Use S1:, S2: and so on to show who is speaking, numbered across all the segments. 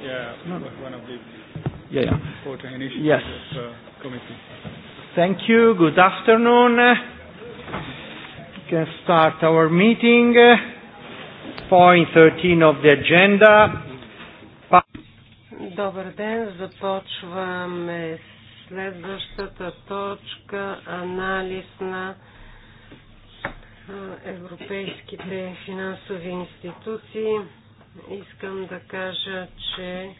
S1: yeah,
S2: yeah, important initiatives yes.
S1: of the committee.
S2: Thank you. Good afternoon.
S3: We can start our meeting. Point 13 of the agenda.
S4: Добър ден. Започваме следващата точка анализ на европейските финансови институции. Искам да кажа, че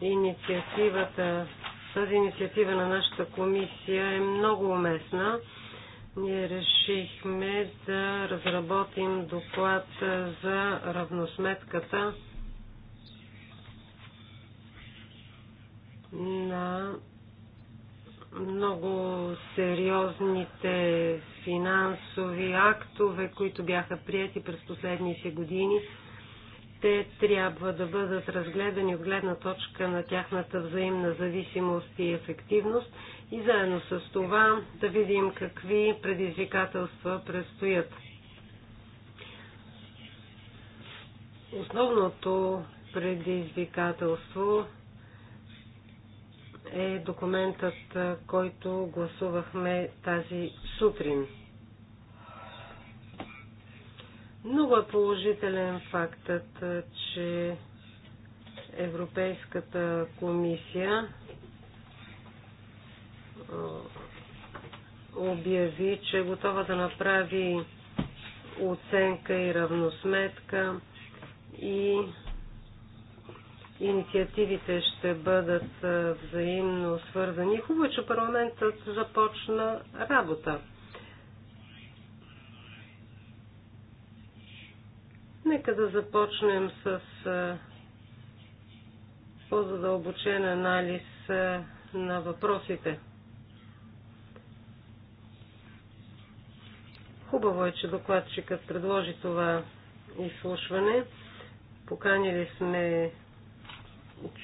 S4: инициативата, тази инициатива на нашата комисия е много уместна. Ние решихме да разработим доклад за равносметката на много сериозните финансови актове, които бяха прияти през последните години, те трябва да бъдат разгледани от гледна точка на тяхната взаимна зависимост и ефективност и заедно с това да видим какви предизвикателства предстоят. Основното предизвикателство е документът, който гласувахме тази сутрин. Много е положителен фактът, че Европейската комисия обяви, че е готова да направи оценка и равносметка и инициативите ще бъдат взаимно свързани. Хубаво, е, че парламентът започна работа. Нека да започнем с по-задълбочен анализ на въпросите. Хубаво е, че докладчикът предложи това изслушване. Поканили сме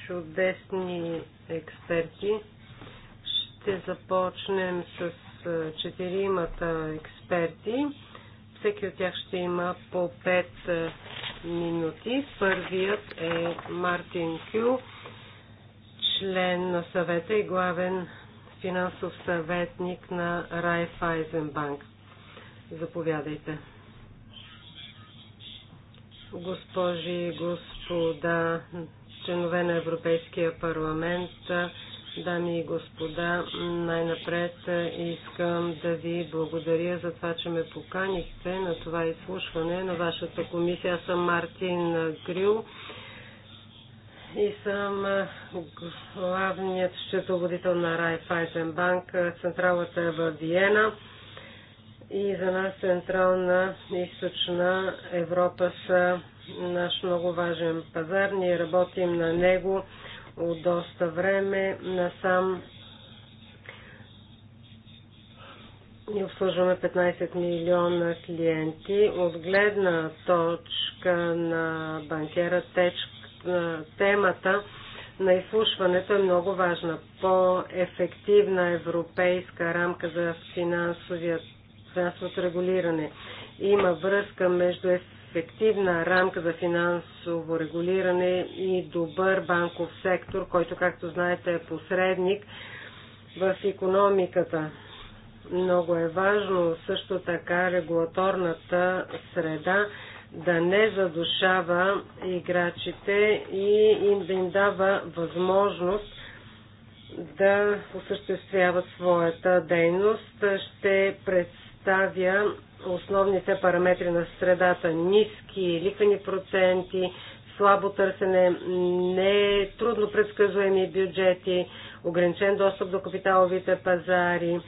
S4: чудесни експерти. Ще започнем с е, четиримата експерти. Всеки от тях ще има по 5 е, минути. Първият е Мартин Кю, член на съвета и главен финансов съветник на Райфайзенбанк. Заповядайте. Госпожи и господа членове на Европейския парламент, дами и господа, най-напред искам да ви благодаря за това, че ме поканихте на това изслушване на вашата комисия. Аз съм Мартин Грил и съм главният счетоводител на Райфайзен банк. Централата е в Виена и за нас Централна и Източна Европа са наш много важен пазар. Ние работим на него от доста време насам. Ние обслужваме 15 милиона клиенти. От гледна точка на банкера теч, темата на изслушването е много важна. По-ефективна европейска рамка за финансовият финансовото регулиране. Има връзка между перспективна рамка за финансово регулиране и добър банков сектор, който, както знаете, е посредник в економиката. Много е важно също така регулаторната среда да не задушава играчите и им да им дава възможност да осъществяват своята дейност. Ще представя основните параметри на средата. Ниски ликвени проценти, слабо търсене, не трудно предсказуеми бюджети, ограничен достъп до капиталовите пазари,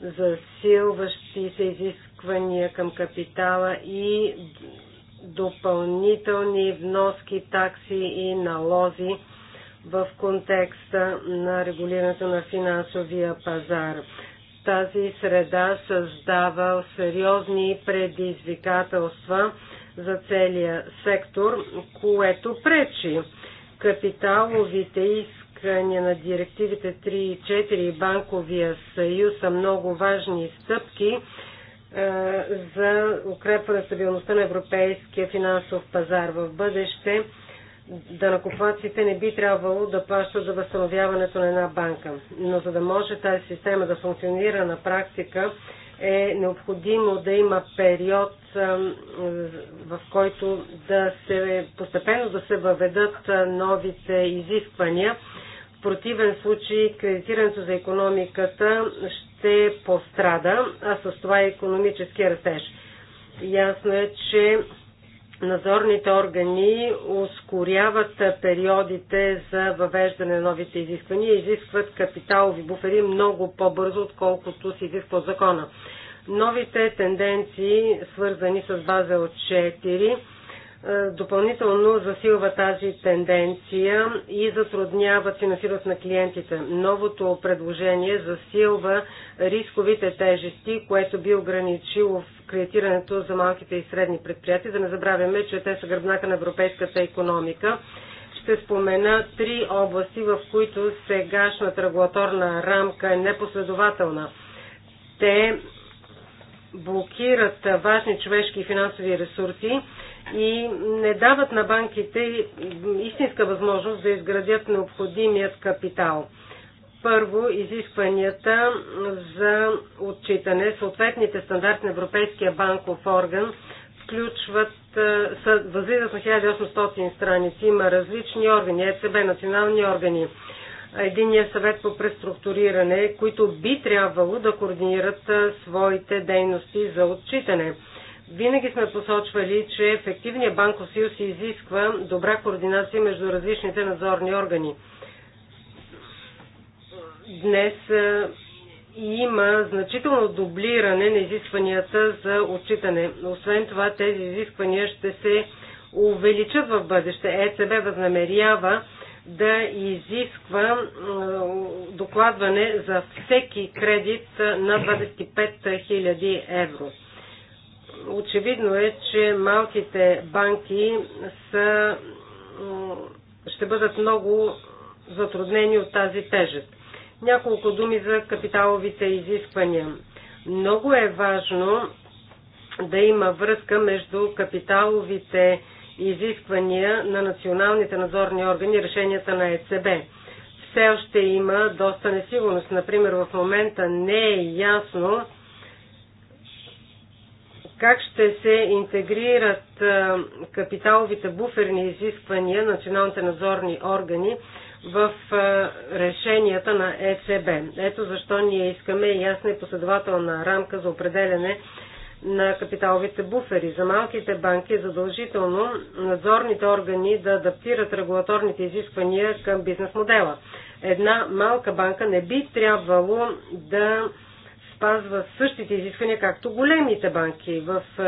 S4: засилващи се изисквания към капитала и допълнителни вноски, такси и налози в контекста на регулирането на финансовия пазар. Тази среда създава сериозни предизвикателства за целия сектор, което пречи капиталовите искания на директивите 3 и 4 и Банковия съюз са много важни стъпки е, за укрепване на стабилността на европейския финансов пазар. В бъдеще Данакоплаците не би трябвало да плащат за възстановяването на една банка. Но за да може тази система да функционира на практика, е необходимо да има период, в който да се постепенно да се въведат новите изисквания. В противен случай кредитирането за економиката ще пострада, а с това и економически растеж. Ясно е, че надзорните органи ускоряват периодите за въвеждане на новите изисквания и изискват капиталови буфери много по-бързо, отколкото се изисква от закона. Новите тенденции, свързани с от 4, е, допълнително засилва тази тенденция и затруднява финансирането на клиентите. Новото предложение засилва рисковите тежести, което би ограничило в кредитирането за малките и средни предприятия. Да не забравяме, че те са гръбнака на европейската економика. Ще спомена три области, в които сегашната регулаторна рамка е непоследователна. Те блокират важни човешки и финансови ресурси, и не дават на банките истинска възможност да изградят необходимият капитал. Първо, изискванията за отчитане. Съответните стандарти на Европейския банков орган включват, е, са, възлизат на 1800 страници, има различни органи, ЕЦБ, национални органи, единия съвет по преструктуриране, които би трябвало да координират е, своите дейности за отчитане. Винаги сме посочвали, че ефективният банков съюз изисква добра координация между различните надзорни органи. Днес е, има значително дублиране на изискванията за отчитане. Освен това, тези изисквания ще се увеличат в бъдеще. ЕЦБ възнамерява да изисква е, докладване за всеки кредит на 25 000 евро. Очевидно е, че малките банки са, ще бъдат много затруднени от тази тежест. Няколко думи за капиталовите изисквания. Много е важно да има връзка между капиталовите изисквания на националните надзорни органи и решенията на ЕЦБ. Все още има доста несигурност. Например, в момента не е ясно как ще се интегрират капиталовите буферни изисквания на националните надзорни органи в решенията на ЕЦБ. Ето защо ние искаме ясна и последователна рамка за определене на капиталовите буфери. За малките банки е задължително надзорните органи да адаптират регулаторните изисквания към бизнес модела. Една малка банка не би трябвало да спазва същите изисквания, както големите банки в, е,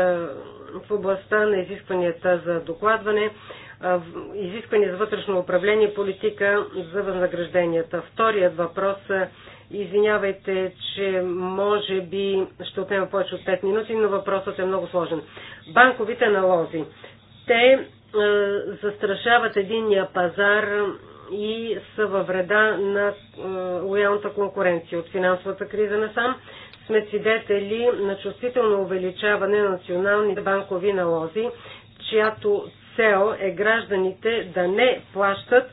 S4: в областта на изискванията за докладване, е, изисквания за вътрешно управление политика за възнагражденията. Вторият въпрос е, Извинявайте, че може би ще отнема повече от 5 минути, но въпросът е много сложен. Банковите налози. Те застрашават единния пазар и са във вреда на е, лоялната конкуренция. От финансовата криза насам сме свидетели на чувствително увеличаване на националните банкови налози, чиято цел е гражданите да не плащат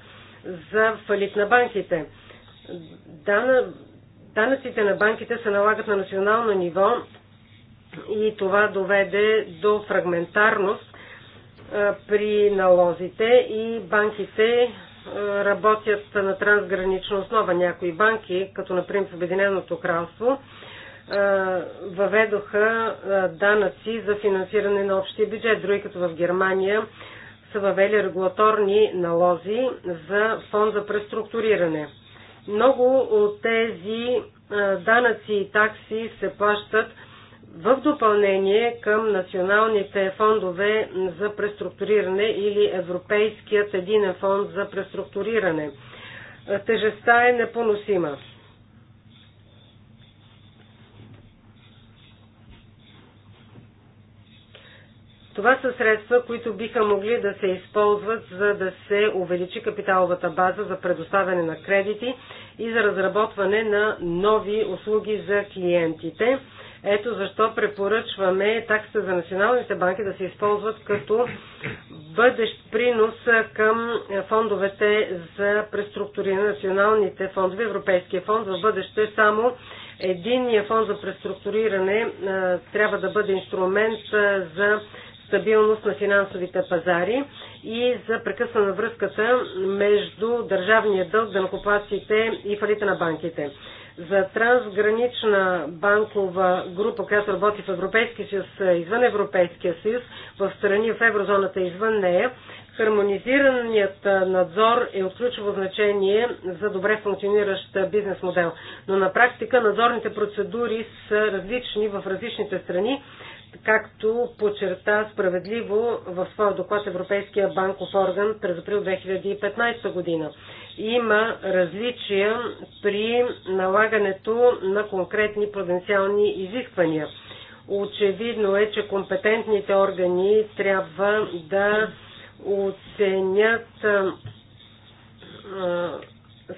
S4: за фалит на банките. данъците на банките се налагат на национално ниво и това доведе до фрагментарност е, при налозите и банките работят на трансгранична основа. Някои банки, като например в Обединеното кралство, въведоха данъци за финансиране на общия бюджет. Други, като в Германия, са въвели регулаторни налози за фонд за преструктуриране. Много от тези данъци и такси се плащат в допълнение към националните фондове за преструктуриране или Европейският единен фонд за преструктуриране. Тежестта е непоносима. Това са средства, които биха могли да се използват за да се увеличи капиталовата база за предоставяне на кредити и за разработване на нови услуги за клиентите. Ето защо препоръчваме такса за националните банки да се използват като бъдещ принос към фондовете за преструктуриране на националните фондове, Европейския фонд в бъдеще само Единния фонд за преструктуриране трябва да бъде инструмент за стабилност на финансовите пазари и за прекъсване на връзката между държавния дълг, данокоплаците и фалите на банките за трансгранична банкова група, която работи в Европейския съюз, извън Европейския съюз, в страни в еврозоната извън нея, хармонизираният надзор е от ключово значение за добре функциониращ бизнес модел. Но на практика надзорните процедури са различни в различните страни, както подчерта справедливо в своя доклад Европейския банков орган през април 2015 година. Има различия при налагането на конкретни проденциални изисквания. Очевидно е, че компетентните органи трябва да оценят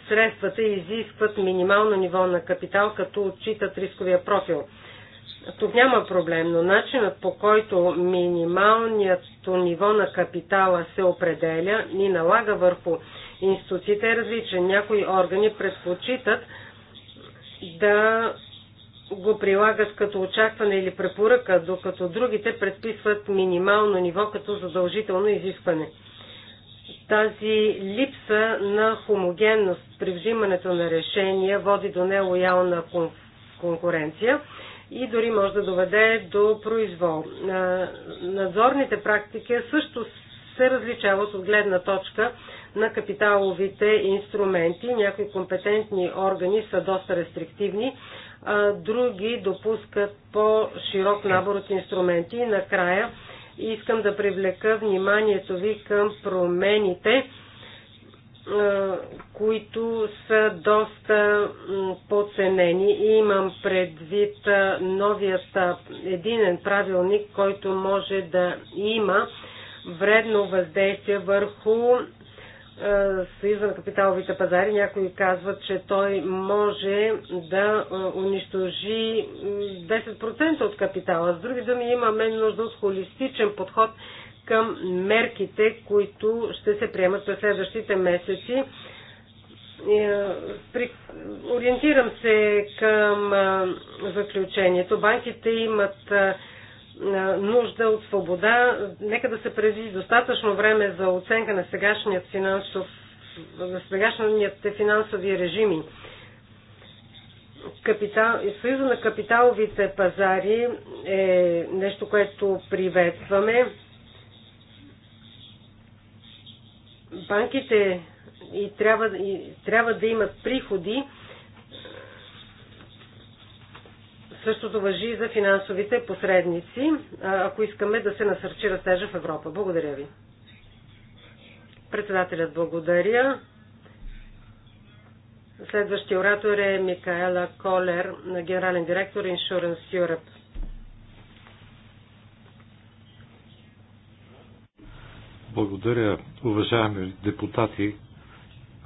S4: средствата и изискват минимално ниво на капитал, като отчитат рисковия профил. Тук няма проблем, но начинът по който минималният ниво на капитала се определя и налага върху институциите е различен. Някои органи предпочитат да го прилагат като очакване или препоръка, докато другите предписват минимално ниво като задължително изискване. Тази липса на хомогенност при взимането на решения води до нелоялна конкуренция и дори може да доведе до произвол. Надзорните практики също се различават от гледна точка на капиталовите инструменти. Някои компетентни органи са доста рестриктивни, а други допускат по-широк набор от инструменти. И накрая искам да привлека вниманието ви към промените които са доста подценени и имам предвид новият единен правилник, който може да има вредно въздействие върху Съюза на капиталовите пазари. Някои казват, че той може да унищожи 10% от капитала. С други думи, имаме нужда от холистичен подход към мерките, които ще се приемат през следващите месеци. Е, ориентирам се към е, заключението. Банките имат е, нужда от свобода. Нека да се преди достатъчно време за оценка на сегашният финансов, за сегашните финансови режими. Капитал, Съюза на капиталовите пазари е нещо, което приветстваме. банките и трябва, и трябва да имат приходи. Същото въжи и за финансовите посредници, ако искаме да се насърчи растежа в Европа. Благодаря ви. Председателят благодаря. Следващия оратор е Микаела Колер, генерален директор Insurance Europe.
S3: Благодаря, уважаеми депутати.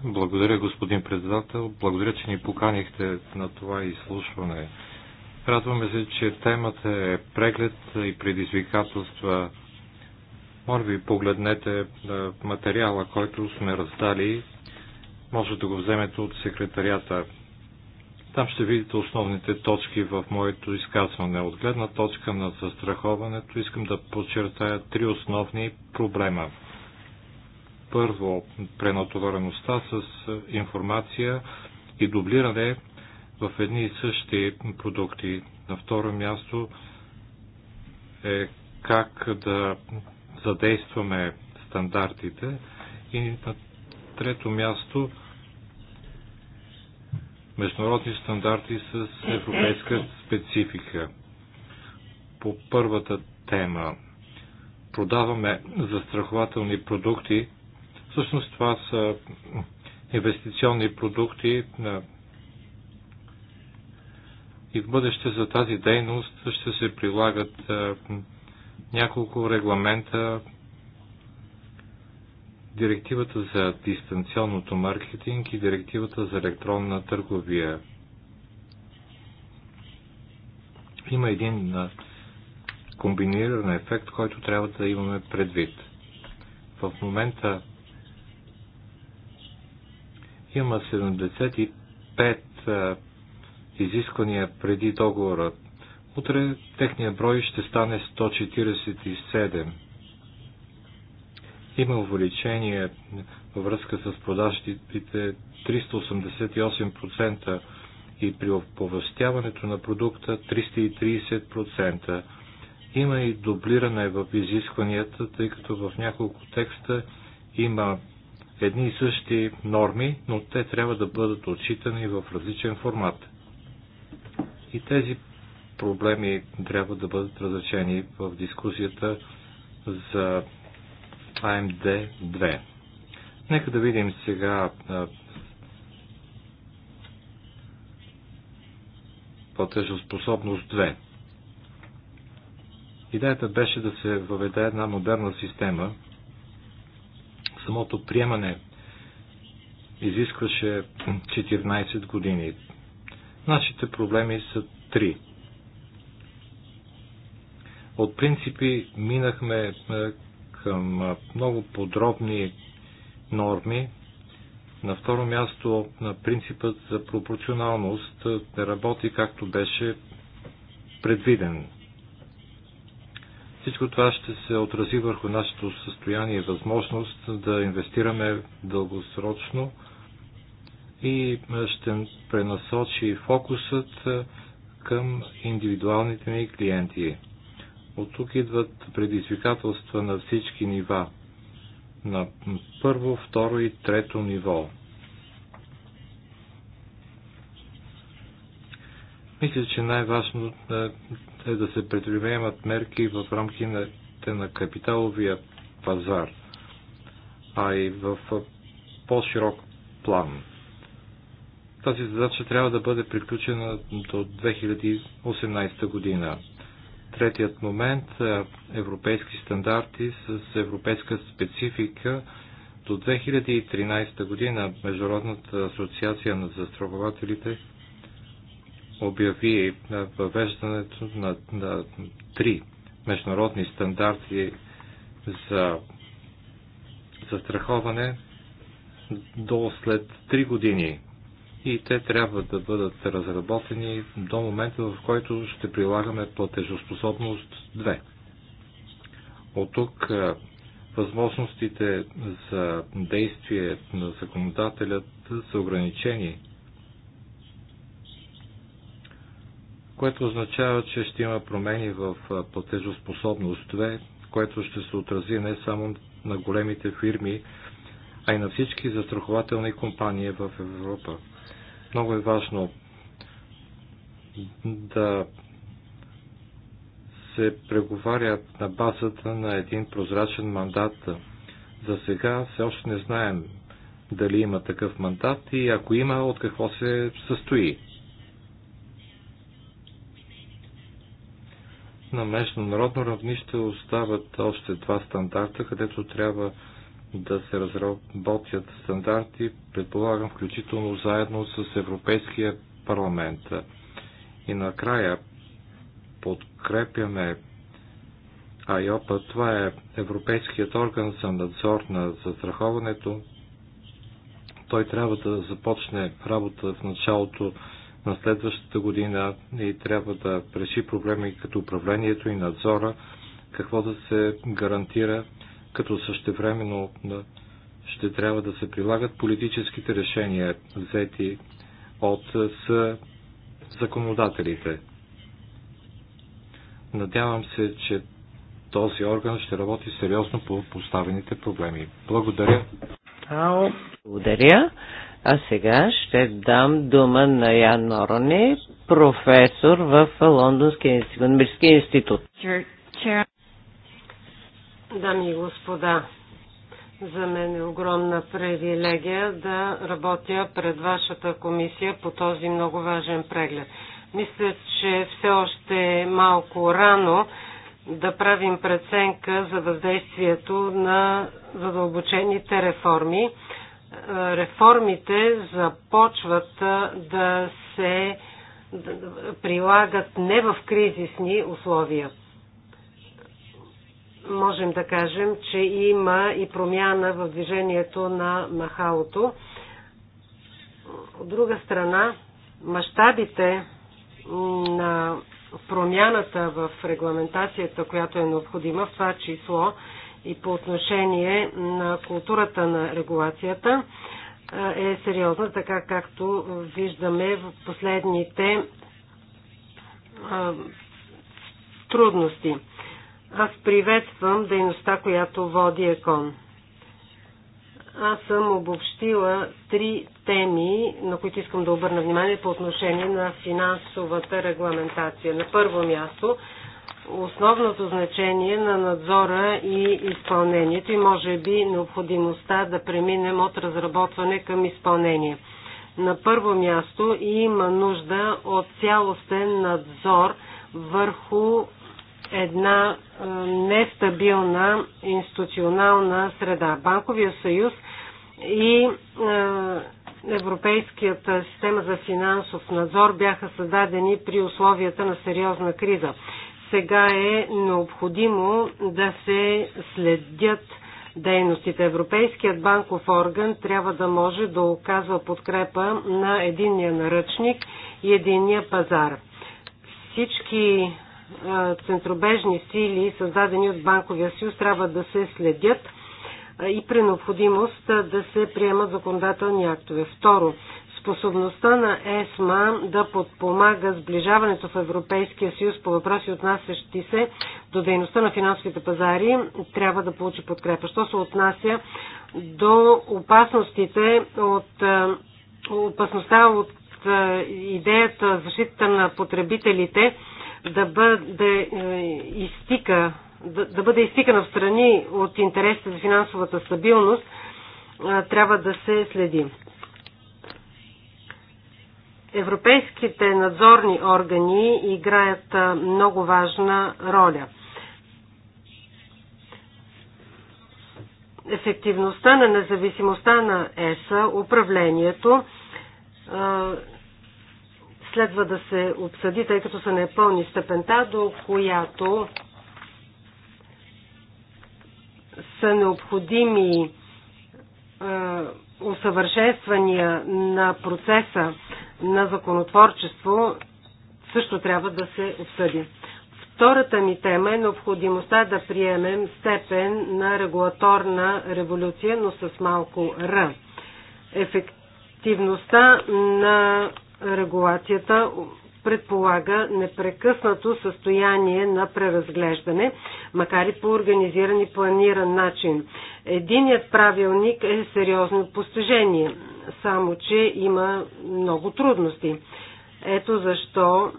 S3: Благодаря, господин председател. Благодаря, че ни поканихте на това изслушване. Радваме се, че темата е преглед и предизвикателства. Може би погледнете материала, който сме раздали. Може да го вземете от секретарията там ще видите основните точки в моето изказване. От гледна точка на застраховането искам да подчертая три основни проблема. Първо, пренатовареността с е, информация и дублиране в едни и същи продукти. На второ място е как да задействаме стандартите и на трето място международни стандарти с европейска специфика. По първата тема продаваме застрахователни продукти. Всъщност това са инвестиционни продукти на и в бъдеще за тази дейност ще се прилагат няколко регламента директивата за дистанционното маркетинг и директивата за електронна търговия. Има един комбиниран ефект, който трябва да имаме предвид. В момента има 75 изисквания преди договора. Утре техния брой ще стане 147. Има увеличение във връзка с продажбите 388% и при оповестяването на продукта 330%. Има и дублиране в изискванията, тъй като в няколко текста има едни и същи норми, но те трябва да бъдат отчитани в различен формат. И тези проблеми трябва да бъдат разрешени в дискусията за АМД-2. Нека да видим сега способност 2. Идеята беше да се въведе една модерна система. Самото приемане изискваше 14 години. Нашите проблеми са 3. От принципи минахме към много подробни норми. На второ място на принципът за пропорционалност да работи както беше предвиден. Всичко това ще се отрази върху нашето състояние и възможност да инвестираме дългосрочно и ще пренасочи фокусът към индивидуалните ни клиенти. От тук идват предизвикателства на всички нива. На първо, второ и трето ниво. Мисля, че най-важно е, е да се предприемат мерки в рамките на капиталовия пазар, а и в по-широк план. Тази задача трябва да бъде приключена до 2018 година. Третият момент – европейски стандарти с европейска специфика. До 2013 година Международната асоциация на застрахователите обяви въвеждането на, на три международни стандарти за застраховане до след 3 години и те трябва да бъдат разработени до момента, в който ще прилагаме платежоспособност 2. От тук е, възможностите за действие на законодателят са ограничени, което означава, че ще има промени в е, платежоспособност 2, което ще се отрази не само на големите фирми, а и на всички застрахователни компании в Европа. Много е важно да се преговарят на базата на един прозрачен мандат. За сега все още не знаем дали има такъв мандат и ако има, от какво се състои. На международно равнище остават още два стандарта, където трябва да се разработят стандарти, предполагам включително заедно с Европейския парламент. И накрая подкрепяме АЙОПА, това е Европейският орган за надзор на застраховането. Той трябва да започне работа в началото на следващата година и трябва да реши проблеми като управлението и надзора, какво да се гарантира като същевременно ще трябва да се прилагат политическите решения, взети от законодателите. Надявам се, че този
S5: орган ще работи сериозно по поставените проблеми. Благодаря. Ао. Благодаря. А сега ще дам дума на Ян Норони, професор в Лондонския институт. институт.
S4: Дами и господа, за мен е огромна привилегия да работя пред вашата комисия по този много важен преглед. Мисля, че все още е малко рано да правим преценка за въздействието на задълбочените реформи. Реформите започват да се прилагат не в кризисни условия можем да кажем, че има и промяна в движението на махалото. От друга страна, мащабите на промяната в регламентацията, която е необходима, в това число и по отношение на културата на регулацията, е сериозна, така както виждаме в последните трудности. Аз приветствам дейността, която води ЕКОН. Аз съм обобщила три теми, на които искам да обърна внимание по отношение на финансовата регламентация. На първо място, основното значение на надзора и изпълнението и може би необходимостта да преминем от разработване към изпълнение. На първо място има нужда от цялостен надзор върху една нестабилна институционална среда. Банковия съюз и Европейският система за финансов надзор бяха създадени при условията на сериозна криза. Сега е необходимо да се следят дейностите. Европейският банков орган трябва да може да оказва подкрепа на единния наръчник и единния пазар. Всички центробежни сили, създадени от Банковия съюз, трябва да се следят и при необходимост да се приемат законодателни актове. Второ, способността на ЕСМА да подпомага сближаването в Европейския съюз по въпроси отнасящи се до дейността на финансовите пазари трябва да получи подкрепа. Що се отнася до опасностите от опасността от идеята защита на потребителите, да бъде е, изтика да, да бъде изтикана в страни от интересите за финансовата стабилност, е, трябва да се следи. Европейските надзорни органи играят е, много важна роля. Ефективността на независимостта на ЕСА, управлението следва да се обсъди, тъй като са непълни степента, до която са необходими усъвършенствания на процеса на законотворчество също трябва да се обсъди. Втората ми тема е необходимостта да приемем степен на регулаторна революция, но с малко Р. Ефективността на регулацията предполага непрекъснато състояние на преразглеждане, макар и по организиран и планиран начин. Единият правилник е сериозно постижение, само че има много трудности. Ето защо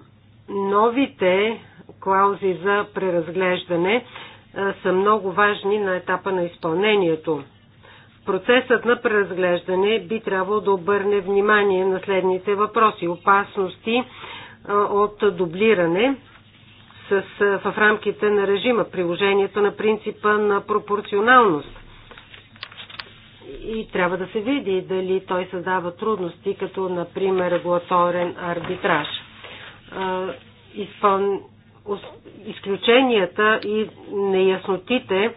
S4: новите клаузи за преразглеждане са много важни на етапа на изпълнението. Процесът на преразглеждане би трябвало да обърне внимание на следните въпроси. Опасности от дублиране с, в рамките на режима, приложението на принципа на пропорционалност. И трябва да се види дали той създава трудности, като например регулаторен арбитраж. Изпълн... Изключенията и неяснотите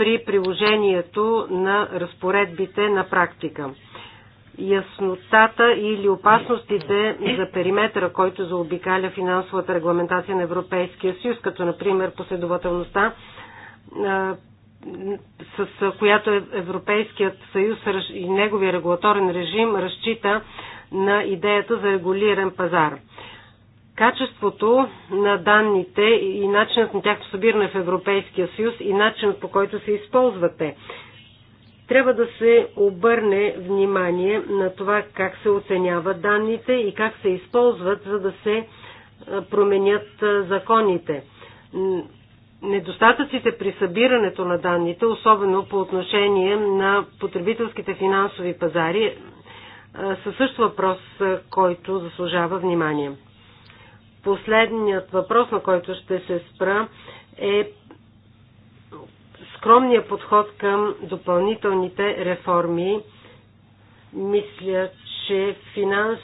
S4: при приложението на разпоредбите на практика. Яснотата или опасностите за периметъра, който заобикаля финансовата регламентация на Европейския съюз, като например последователността, с която е- Европейският съюз и неговия регулаторен режим разчита на идеята за регулиран пазар. Качеството на данните и начинът на тяхното събиране в Европейския съюз и начинът по който се използвате. Трябва да се обърне внимание на това как се оценяват данните и как се използват, за да се променят законите. Недостатъците при събирането на данните, особено по отношение на потребителските финансови пазари, са също въпрос, който заслужава внимание. Последният въпрос, на който ще се спра, е скромният подход към допълнителните реформи. Мисля, че, финанс...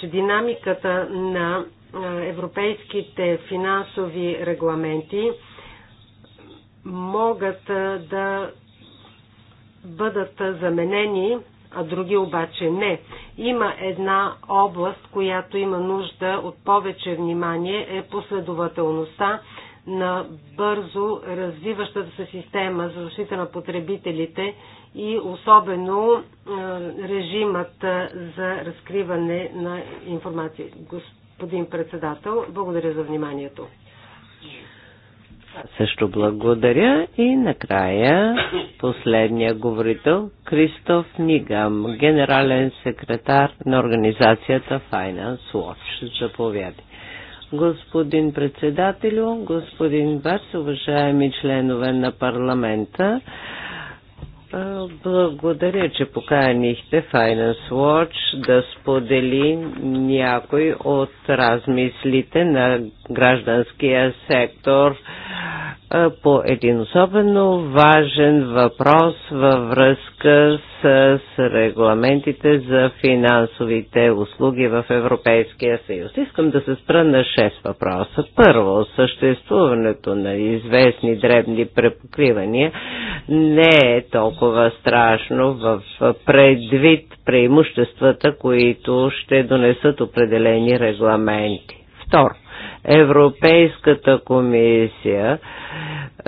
S4: че динамиката на европейските финансови регламенти могат да бъдат заменени а други обаче не. Има една област, която има нужда от повече внимание, е последователността на бързо развиващата се система за защита на потребителите и особено режимът за разкриване на информация. Господин председател, благодаря за вниманието.
S5: Също благодаря и накрая последния говорител Кристоф Нигам, генерален секретар на организацията Finance Watch. заповяди. Господин председателю, господин Барс, уважаеми членове на парламента, благодаря, че поканихте Finance Watch да сподели някой от размислите на гражданския сектор по един особено важен въпрос във връзка с регламентите за финансовите услуги в Европейския съюз. Искам да се спра на 6 въпроса. Първо, съществуването на известни дребни препокривания не е толкова толкова страшно в предвид преимуществата, които ще донесат определени регламенти. Второ, Европейската комисия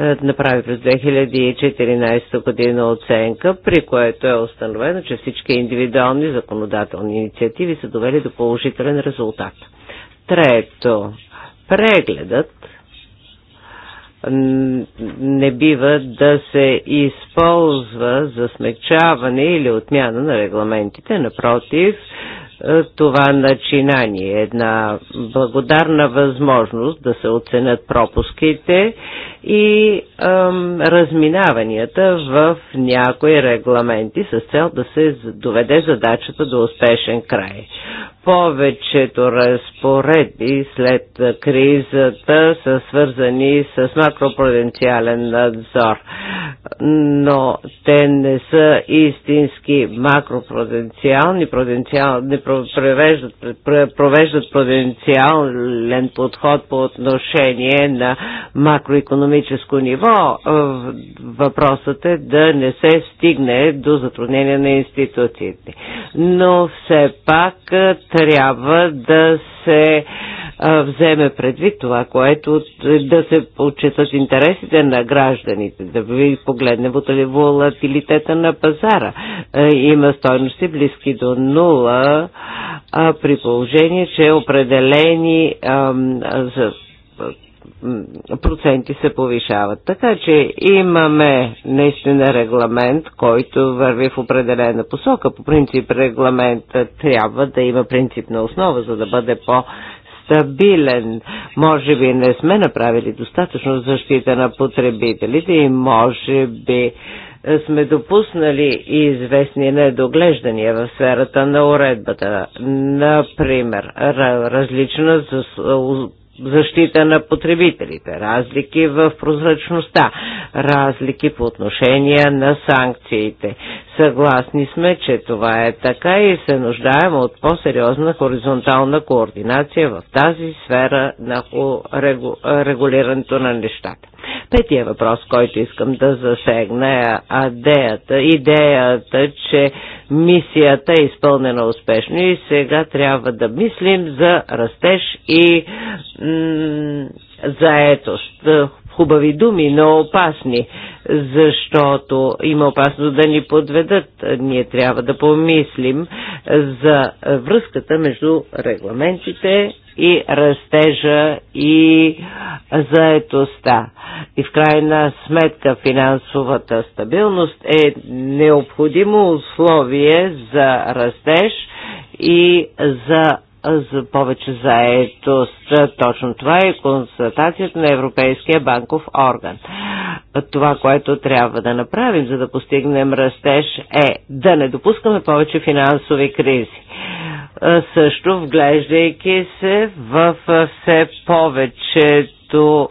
S5: е, направи през 2014 година оценка, при което е установено, че всички индивидуални законодателни инициативи са довели до положителен резултат. Трето, прегледът не бива да се използва за смягчаване или отмяна на регламентите. Напротив, е, това начинание, е една благодарна възможност да се оценят пропуските и ам, разминаванията в някои регламенти с цел да се доведе задачата до успешен край. Повечето разпоредби след кризата са свързани с макропруденциален надзор, но те не са истински макропруденциални, не провеждат, провеждат пруденциален подход по отношение на макроекономическите економическо ниво. Е, въпросът е да не се стигне до затруднения на институциите. Но все пак е, трябва да се е, вземе предвид това, което да се отчитат интересите на гражданите, да ви погледне волатилитета на пазара. Има стойности близки до нула, при положение, че определени проценти се повишават. Така че имаме наистина регламент, който върви в определена посока. По принцип регламента трябва да има принципна основа, за да бъде по стабилен. Може би не сме направили достатъчно защита на потребителите и може би е, сме допуснали и известни недоглеждания в сферата на уредбата. Например, различна защита на потребителите, разлики в прозрачността, разлики по отношение на санкциите. Съгласни сме, че това е така и се нуждаем от по-сериозна хоризонтална координация в тази сфера на регулирането на нещата. Петия въпрос, който искам да засегна е адеята, идеята, че мисията е изпълнена успешно и сега трябва да мислим за растеж и заетост хубави думи, но опасни, защото има опасност да ни подведат. Ние трябва да помислим за връзката между регламентите и растежа и заетостта. И в крайна сметка финансовата стабилност е необходимо условие за растеж и за за повече заетост. Точно това е констатацията на Европейския банков орган. Това, което трябва да направим, за да постигнем растеж, е да не допускаме повече финансови кризи също вглеждайки се в все повечето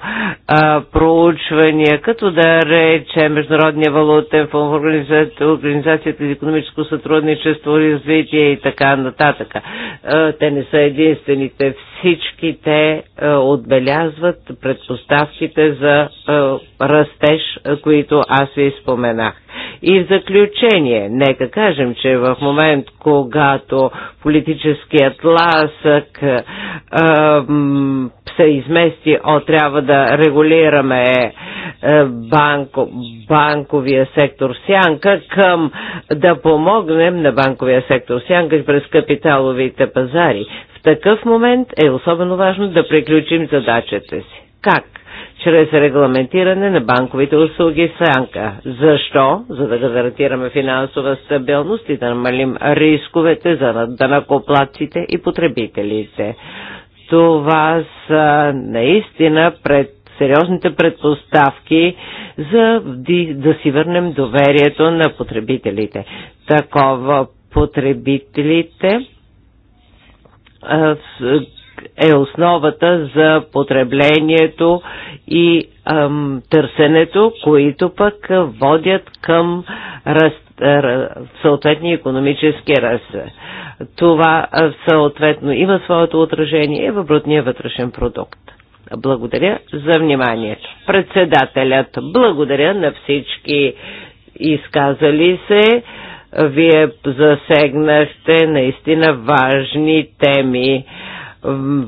S5: а, проучвания, като да рече Международния валутен фонд, организацията, организацията за економическо сътрудничество, развитие и така нататък. А, те не са единствените всички те е, отбелязват предпоставките за е, растеж, е, които аз ви споменах. И в заключение, нека кажем, че в момент, когато политическият ласък ем, се измести, о, трябва да регулираме банко, банковия сектор сянка към да помогнем на банковия сектор сянка през капиталовите пазари такъв момент е особено важно да приключим задачата си. Как? чрез регламентиране на банковите услуги в Сянка. Защо? За да гарантираме финансова стабилност и да намалим рисковете за данакоплаците и потребителите. Това са наистина пред сериозните предпоставки за да си върнем доверието на потребителите. Такова потребителите е основата за потреблението и ам, търсенето, които пък водят към раз, раз, съответния економически ръст. Това съответно има своето отражение в брутния вътрешен продукт. Благодаря за вниманието. Председателят, благодаря на всички изказали се. Вие засегнахте наистина важни теми,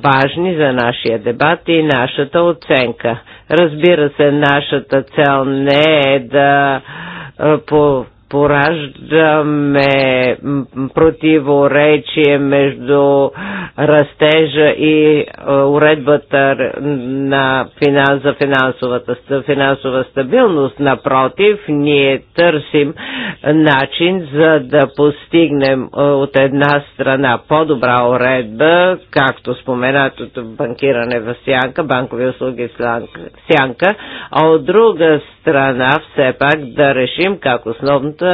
S5: важни за нашия дебат и нашата оценка. Разбира се, нашата цел не е да по пораждаме противоречие между растежа и е, уредбата на финанс, за финансовата, финансова стабилност. Напротив, ние търсим начин за да постигнем е, от една страна по-добра уредба, както споменатото банкиране в сянка, банкови услуги в сянка, а от друга страна все пак да решим как основното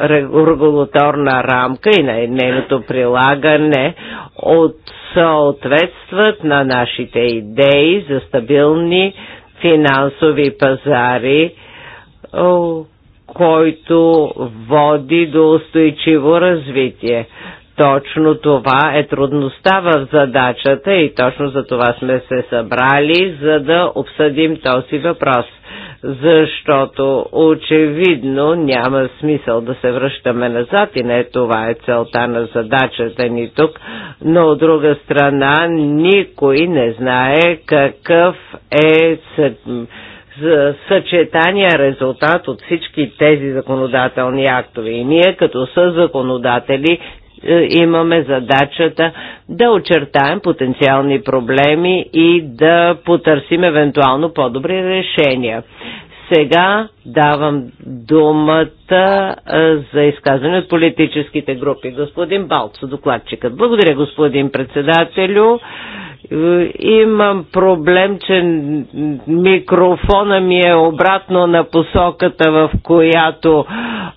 S5: регулаторна рамка и на нейното прилагане от съответстват на нашите идеи за стабилни финансови пазари, който води до устойчиво развитие. Точно това е трудността в задачата и точно за това сме се събрали, за да обсъдим този въпрос защото очевидно няма смисъл да се връщаме назад и не това е целта на задачата ни тук, но от друга страна никой не знае какъв е съчетания резултат от всички тези законодателни актове. И ние като са законодатели е, имаме задачата да очертаем потенциални проблеми и да потърсим евентуално по-добри решения. Сега давам думата е, за изказване от политическите групи. Господин Балцо, докладчикът. Благодаря, господин председателю. Имам проблем, че микрофона ми е обратно на посоката, в която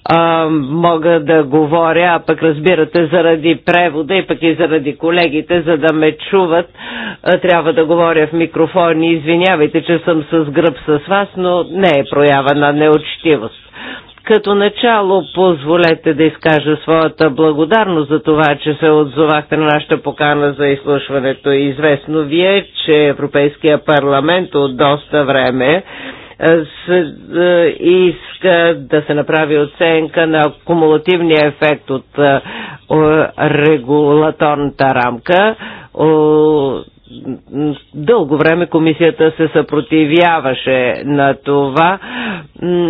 S5: а, мога да говоря, а пък разбирате, заради превода и пък и заради колегите, за да ме чуват, а, трябва да говоря в микрофон и извинявайте, че съм с гръб с вас, но не е проява на неочтивост. Като начало позволете да изкажа своята благодарност за това, че се отзовахте на нашата покана за изслушването. Известно ви е, че Европейския парламент от доста време е, е, иска да се направи оценка на кумулативния ефект от е, регулаторната рамка дълго време комисията се съпротивяваше на това,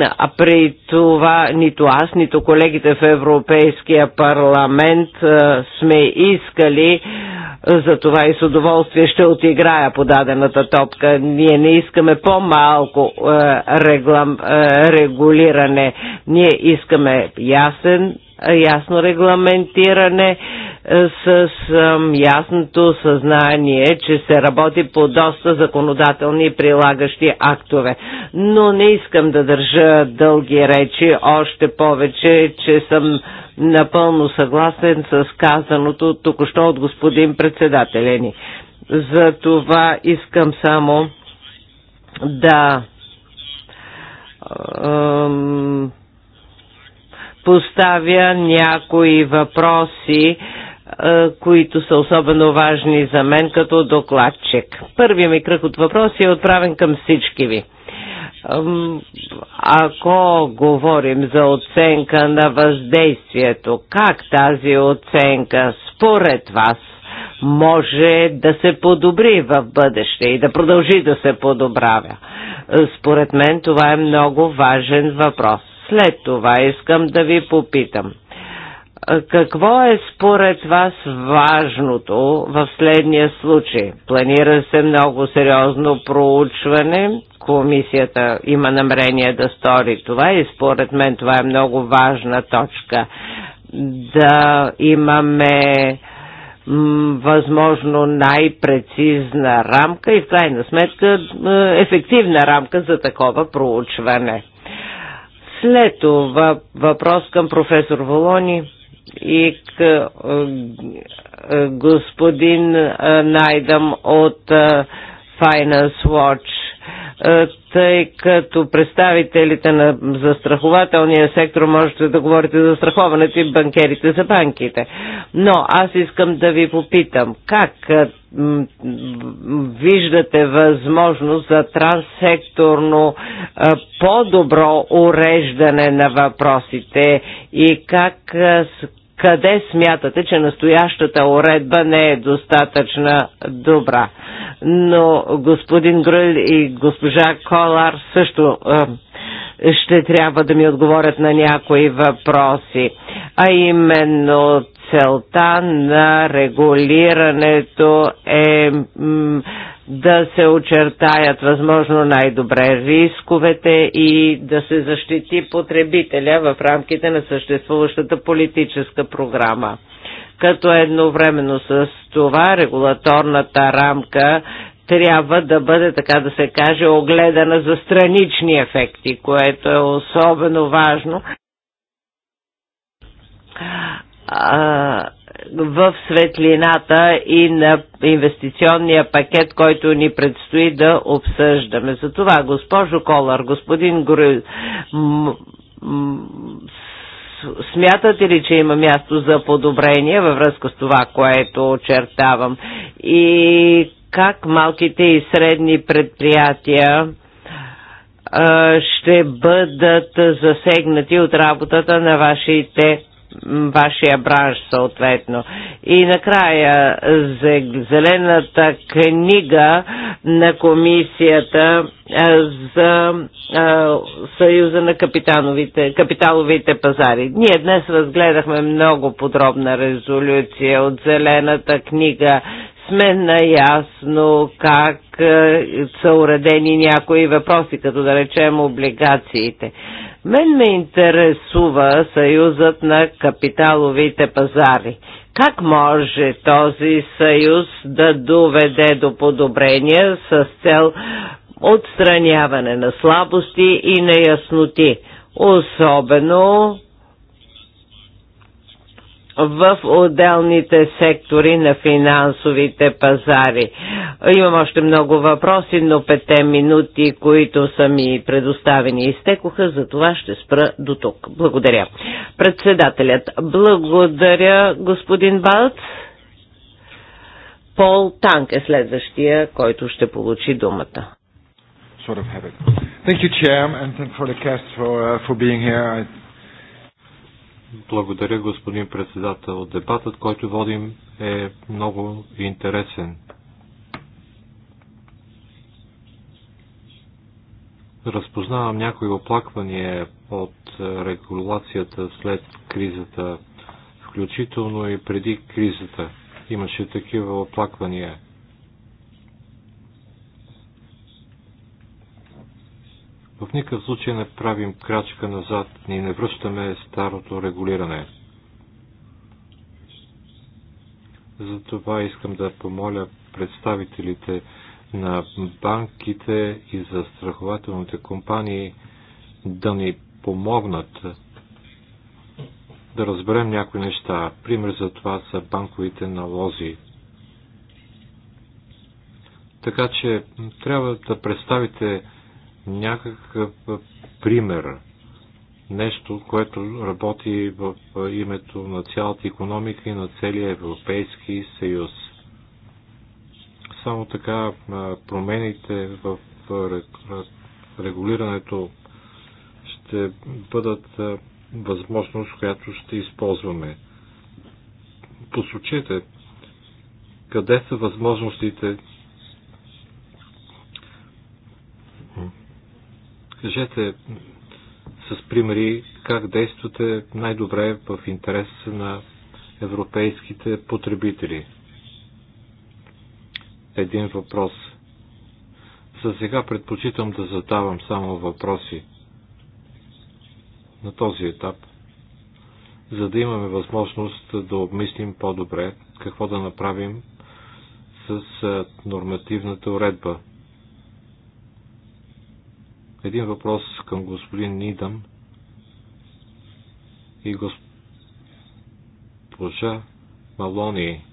S5: а при това нито аз, нито колегите в Европейския парламент сме искали, за това и с удоволствие ще отиграя подадената топка. Ние не искаме по-малко регулиране. Ние искаме ясен ясно регламентиране е, с ясното съзнание, че се работи по доста законодателни прилагащи актове. Но не искам да държа дълги речи, още повече, че съм напълно съгласен с казаното току-що от господин председателя ни. За това искам само да поставя някои въпроси, е, които са особено важни за мен като докладчик. Първият ми кръг от въпроси е отправен към всички ви. Ако говорим за оценка на въздействието, как тази оценка според вас може да се подобри в бъдеще и да продължи да се подобравя? Е, според мен това е много важен въпрос. След това искам да ви попитам. Какво е според вас важното в следния случай? Планира се много сериозно проучване. Комисията има намерение да стори това и според мен това е много важна точка. Да имаме възможно най-прецизна рамка и в крайна сметка ефективна рамка за такова проучване. След това въпрос към професор Волони и к е, е, господин Найдам от е, Finance Watch е, тъй като представителите на застрахователния сектор можете да говорите за страховането и банкерите за банките. Но аз искам да ви попитам, как е, виждате възможност за транссекторно е, по-добро уреждане на въпросите и как къде смятате, че настоящата уредба не е достатъчна добра но господин Гръл и госпожа Колар също ще трябва да ми отговорят на някои въпроси, а именно целта на регулирането е да се очертаят възможно най-добре рисковете и да се защити потребителя в рамките на съществуващата политическа програма като едновременно с това регулаторната рамка трябва да бъде, така да се каже, огледана за странични ефекти, което е особено важно в светлината и на инвестиционния пакет, който ни предстои да обсъждаме. Затова госпожо Колар, господин Груз, смятате ли, че има място за подобрение във връзка с това, което очертавам? И как малките и средни предприятия ще бъдат засегнати от работата на вашите вашия бранш съответно. И накрая за зелената книга на комисията за Съюза на капиталовите пазари. Ние днес разгледахме много подробна резолюция от зелената книга сме наясно как са уредени някои въпроси, като да речем облигациите. Мен ме интересува съюзът на капиталовите пазари. Как може този съюз да доведе до подобрения с цел отстраняване на слабости и неясноти, особено в отделните сектори на финансовите пазари. Имам още много въпроси, но пете минути, които са ми предоставени, изтекоха, за това ще спра до тук. Благодаря. Председателят, благодаря господин Балц. Пол Танк е следващия, който ще получи думата. Sort of Thank you, Chair,
S3: and for the cast for, uh, for being here. I благодаря, господин председател. Дебатът, който водим, е много интересен. Разпознавам някои оплаквания от регулацията след кризата, включително и преди кризата. Имаше такива оплаквания. В никакъв случай не правим крачка назад и не връщаме старото регулиране. Затова искам да помоля представителите на банките и за страхователните компании да ни помогнат да разберем някои неща. Пример за това са банковите налози. Така че трябва да представите някакъв пример, нещо, което работи в името на цялата економика и на целия Европейски съюз. Само така промените в регулирането ще бъдат възможност, която ще използваме. Посочете къде са възможностите кажете с примери как действате най-добре в интерес на европейските потребители. Един въпрос. За сега предпочитам да задавам само въпроси на този етап, за да имаме възможност да обмислим по-добре какво да направим с нормативната уредба. Един въпрос към господин Нидам и госпожа Малони.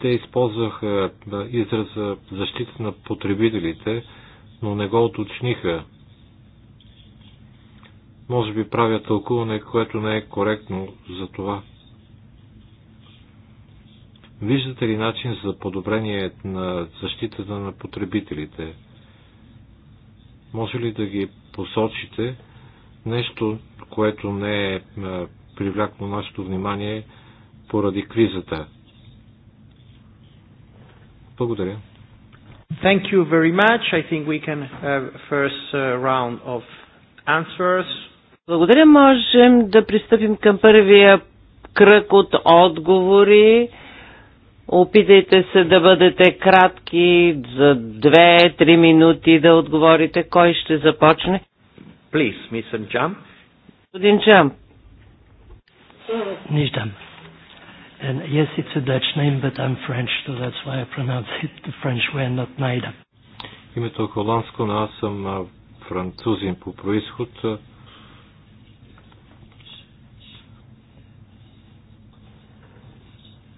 S3: Те използваха израза защита на потребителите, но не го уточниха. Може би правя тълкуване, което не е коректно за това Виждате ли начин за подобрение на защитата на потребителите? Може ли да ги посочите нещо, което не е, е привлякло нашето внимание поради кризата? Благодаря.
S2: Thank you very
S5: much. I think we can have first uh, round of answers. Благодаря. Можем да пристъпим към първия кръг от отговори. Опитайте се да бъдете кратки, за 2-3 минути да отговорите. Кой ще започне? Please, Mr. Jump. Господин Jump. Ниждам. And yes,
S1: it's a Dutch name, but I'm French, so that's why I pronounce it the French way and not Naida.
S3: Името е холандско, но аз съм французин по происход.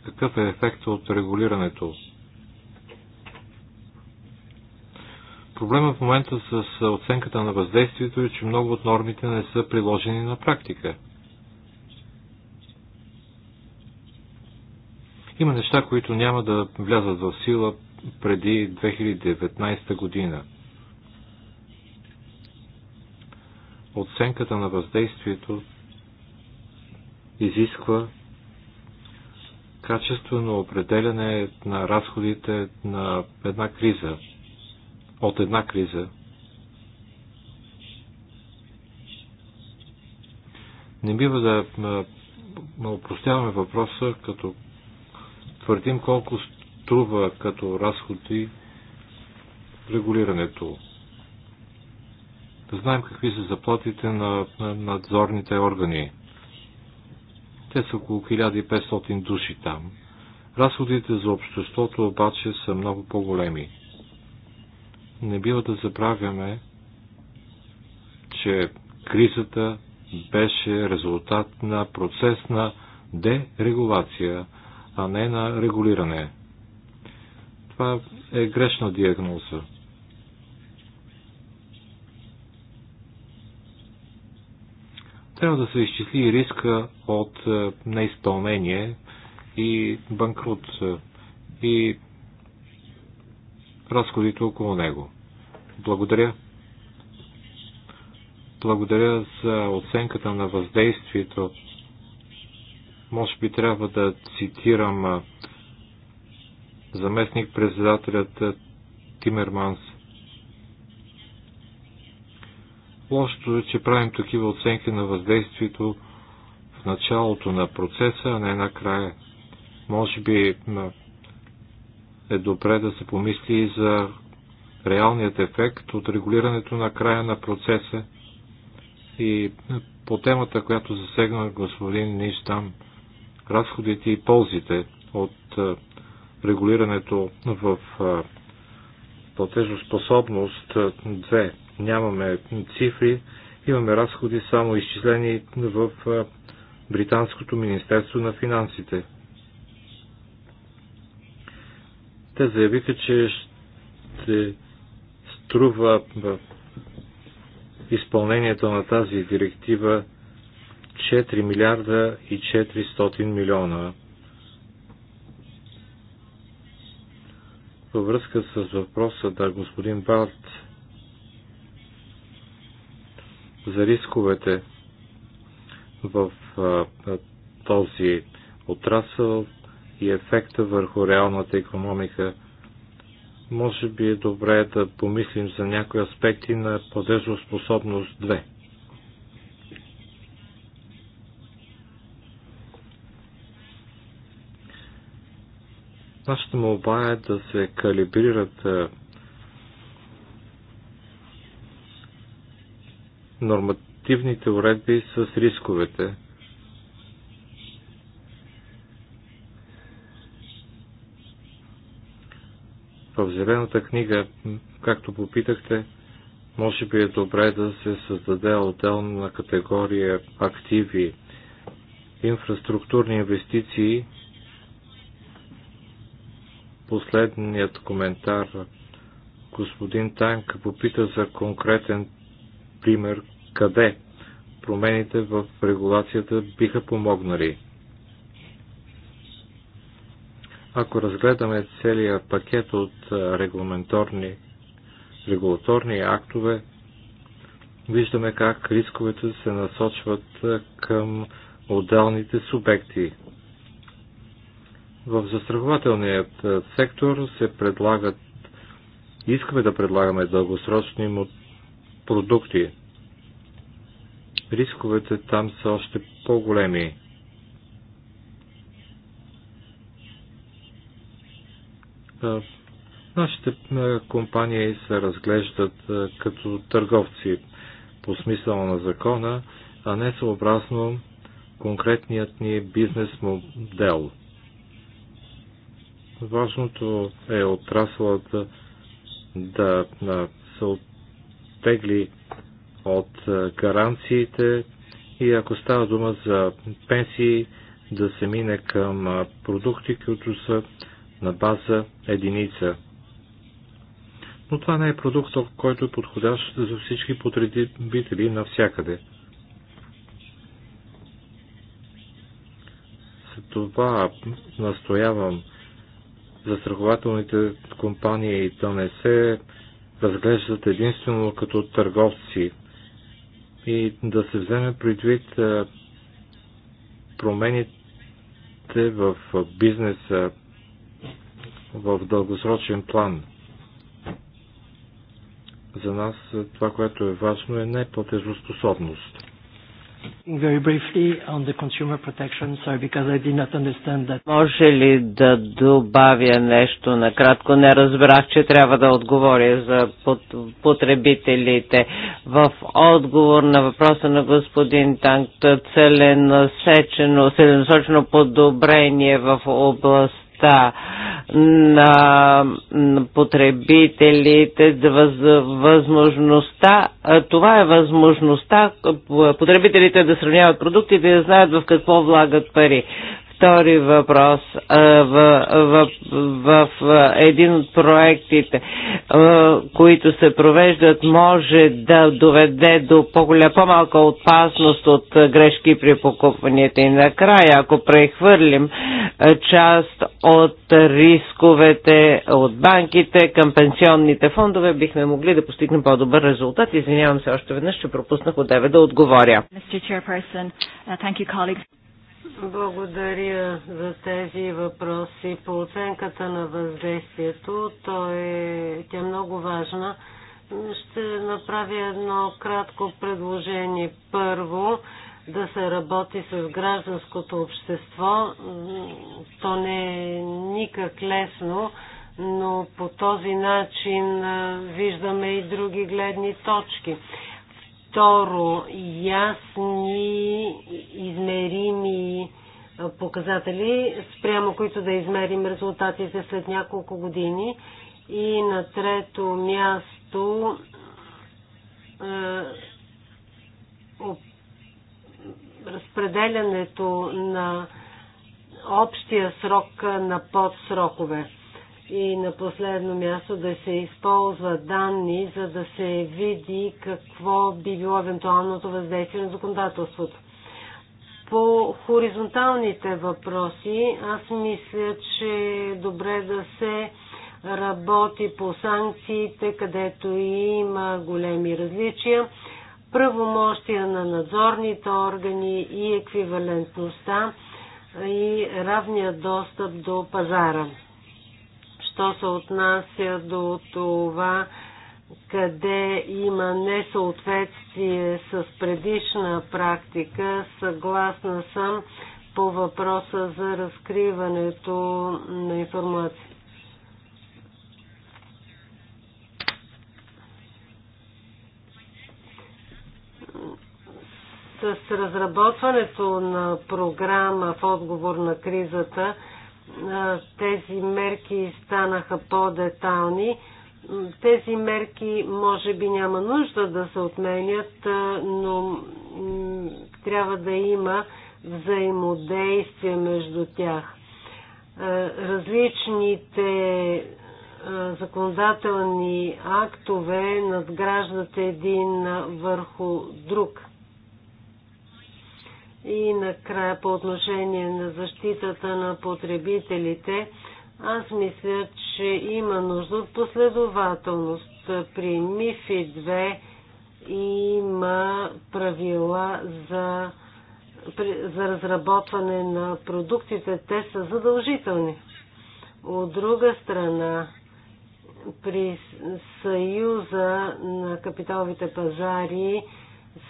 S3: какъв е ефект от регулирането. Проблемът в момента с оценката на въздействието е, че много от нормите не са приложени на практика. Има неща, които няма да влязат в сила преди 2019 година. Оценката на въздействието изисква качествено определяне на разходите на една криза, от една криза. Не бива да упростяваме въпроса, като твърдим колко струва като разходи регулирането. Да знаем какви са заплатите на надзорните органи. Те са около 1500 души там. Разходите за обществото обаче са много по-големи. Не бива да забравяме, че кризата беше резултат на процес на дерегулация, а не на регулиране. Това е грешна диагноза. Трябва да се изчисли риска от е, неизпълнение и банкрут е, и разходите около него. Благодаря. Благодаря за оценката на въздействието. Може би трябва да цитирам е, заместник председателят Тимерманс – Лошото е, че правим такива оценки на въздействието в началото на процеса, а не на края. Може би е добре да се помисли и за реалният ефект от регулирането на края на процеса и по темата, която засегна господин Ништам, разходите и ползите от е, регулирането в е, платежоспособност е, нямаме цифри, имаме разходи само изчислени в Британското Министерство на финансите. Те заявиха, че ще струва изпълнението на тази директива 4 милиарда и 400 милиона. Във връзка с въпроса да господин Барт за рисковете в този отрасъл и ефекта върху реалната економика. Може би е добре да помислим за някои аспекти на платежоспособност 2. Нашата молба е да се калибрират нормативните уредби с рисковете. В зелената книга, както попитахте, може би е добре да се създаде отделна категория активи, инфраструктурни инвестиции. Последният коментар господин Танк попита за конкретен пример къде промените в регулацията биха помогнали. Ако разгледаме целия пакет от регламенторни, регулаторни актове, виждаме как рисковете се насочват към отделните субекти. В застрахователният сектор се предлагат, искаме да предлагаме дългосрочни продукти. Рисковете там са още по-големи. Нашите компании се разглеждат като търговци по смисъла на закона, а не съобразно конкретният ни бизнес модел. Важното е отрасълът да, да се оттегли от гаранциите и ако става дума за пенсии, да се мине към продукти, които са на база единица. Но това не е продукт, който е подходящ за всички потребители навсякъде. За това настоявам застрахователните компании да не се разглеждат единствено като търговци и да се вземе предвид промените в бизнеса в дългосрочен план. За нас това, което е важно, е неплатежоспособност.
S2: Very briefly on the consumer protection, sorry, because I did not understand that.
S5: Може ли да добавя нещо накратко? Не разбрах, че трябва да отговоря за потребителите. В отговор на въпроса на господин Танк, целенасочено подобрение в област защита на потребителите, възможността, това е възможността потребителите да сравняват продуктите и да знаят в какво влагат пари. Втори въпрос. В, в, в, в един от проектите, които се провеждат, може да доведе до по голя по-малка опасност от грешки при покупванията. И накрая, ако прехвърлим част от рисковете от банките към пенсионните фондове, бихме могли да постигнем по-добър резултат. Извинявам се още веднъж, че пропуснах от 9 да отговоря.
S4: Благодаря за тези въпроси. По оценката на въздействието, то е, тя е много важна. Ще направя едно кратко предложение. Първо, да се работи с гражданското общество. То не е никак лесно, но по този начин виждаме и други гледни точки. Второ, ясни, измерими показатели, спрямо които да измерим резултатите след няколко години. И на трето място е, разпределянето на общия срок на подсрокове. И на последно място да се използват данни, за да се види какво би било евентуалното въздействие на законодателството. По хоризонталните въпроси, аз мисля, че е добре да се работи по санкциите, където има големи различия, правомощия на надзорните органи и еквивалентността и равния достъп до пазара. Що се отнася до това, къде има несъответствие с предишна практика, съгласна съм по въпроса за разкриването на информация. С разработването на програма в отговор на кризата, тези мерки станаха по-детални. Тези мерки може би няма нужда да се отменят, но трябва да има взаимодействие между тях. Различните законодателни актове надграждат един върху друг. И накрая по отношение на защитата на потребителите, аз мисля, че има нужда от последователност. При МИФИ 2 има правила за, за разработване на продуктите. Те са задължителни. От друга страна, при Съюза на капиталовите пазари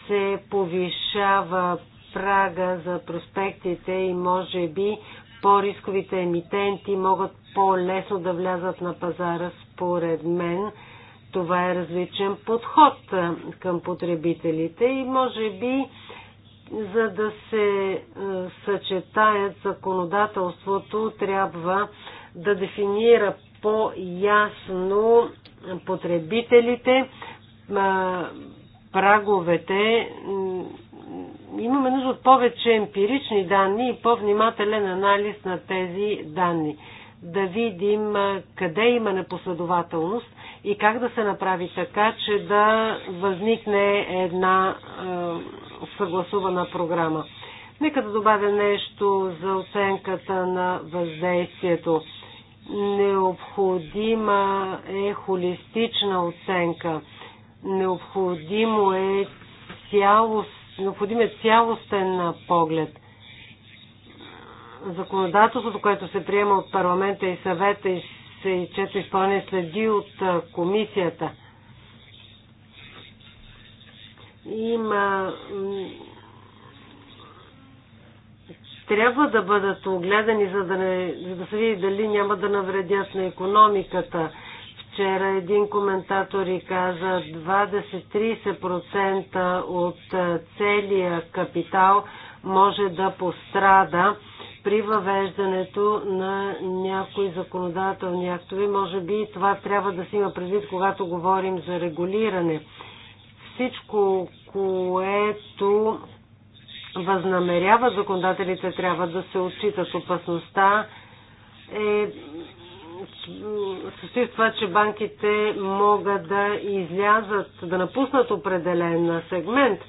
S4: се повишава прага за проспектите и може би по-рисковите емитенти могат по-лесно да влязат на пазара. Според мен това е различен подход към потребителите и може би за да се съчетаят законодателството трябва да дефинира по-ясно потребителите, праговете имаме нужда от повече емпирични данни и по-внимателен анализ на тези данни. Да видим къде има непоследователност и как да се направи така, че да възникне една съгласувана програма. Нека да добавя нещо за оценката на въздействието. Необходима е холистична оценка. Необходимо е цялост Необходим е цялостен поглед. Законодателството, което се приема от парламента и съвета и се чето изпълнение следи от комисията. Има трябва да бъдат огледани, за да, не, за да се види дали няма да навредят на економиката. Вчера един коментатор и каза 20-30% от целия капитал може да пострада при въвеждането на някои законодателни актове. Може би това трябва да се има предвид, когато говорим за регулиране. Всичко, което възнамеряват законодателите, трябва да се отчитат. Опасността е с това, че банките могат да излязат, да напуснат определен сегмент.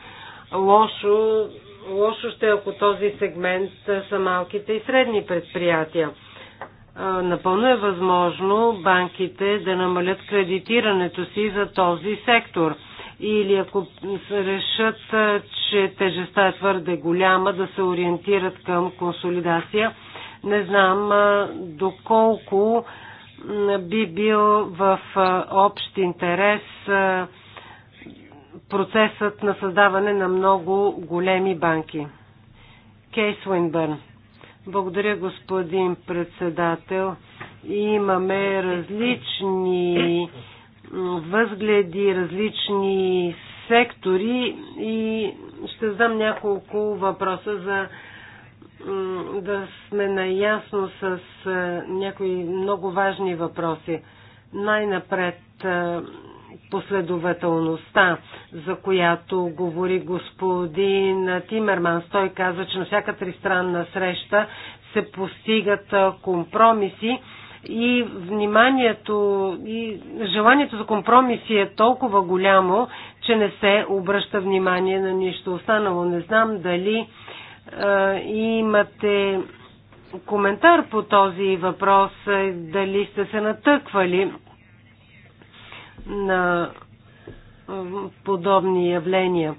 S4: Лошо, лошо ще е, ако този сегмент са малките и средни предприятия. Напълно е възможно банките да намалят кредитирането си за този сектор. Или ако решат, че тежестта е твърде голяма, да се ориентират към консолидация – не знам доколко би бил в общ интерес процесът на създаване на много големи банки. Кейс Уинбърн. Благодаря, господин председател. Имаме различни възгледи, различни сектори и ще задам няколко въпроса за да сме наясно с някои много важни въпроси. Най-напред последователността, за която говори господин Тимерман. Той каза, че на всяка тристранна среща се постигат компромиси и вниманието и желанието за компромиси е толкова голямо, че не се обръща внимание на нищо останало. Не знам дали имате коментар по този въпрос, дали сте се натъквали на подобни явления.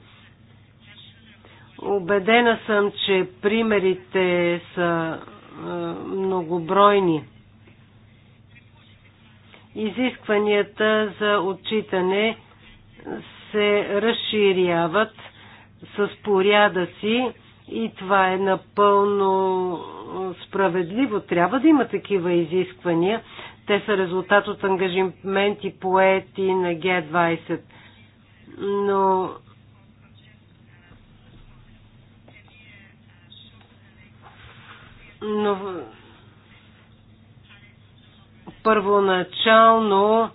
S4: Обедена съм, че примерите са многобройни. Изискванията за отчитане се разширяват с порядъци, и това е напълно справедливо. Трябва да има такива изисквания. Те са резултат от ангажименти поети на Г20. Но но първоначално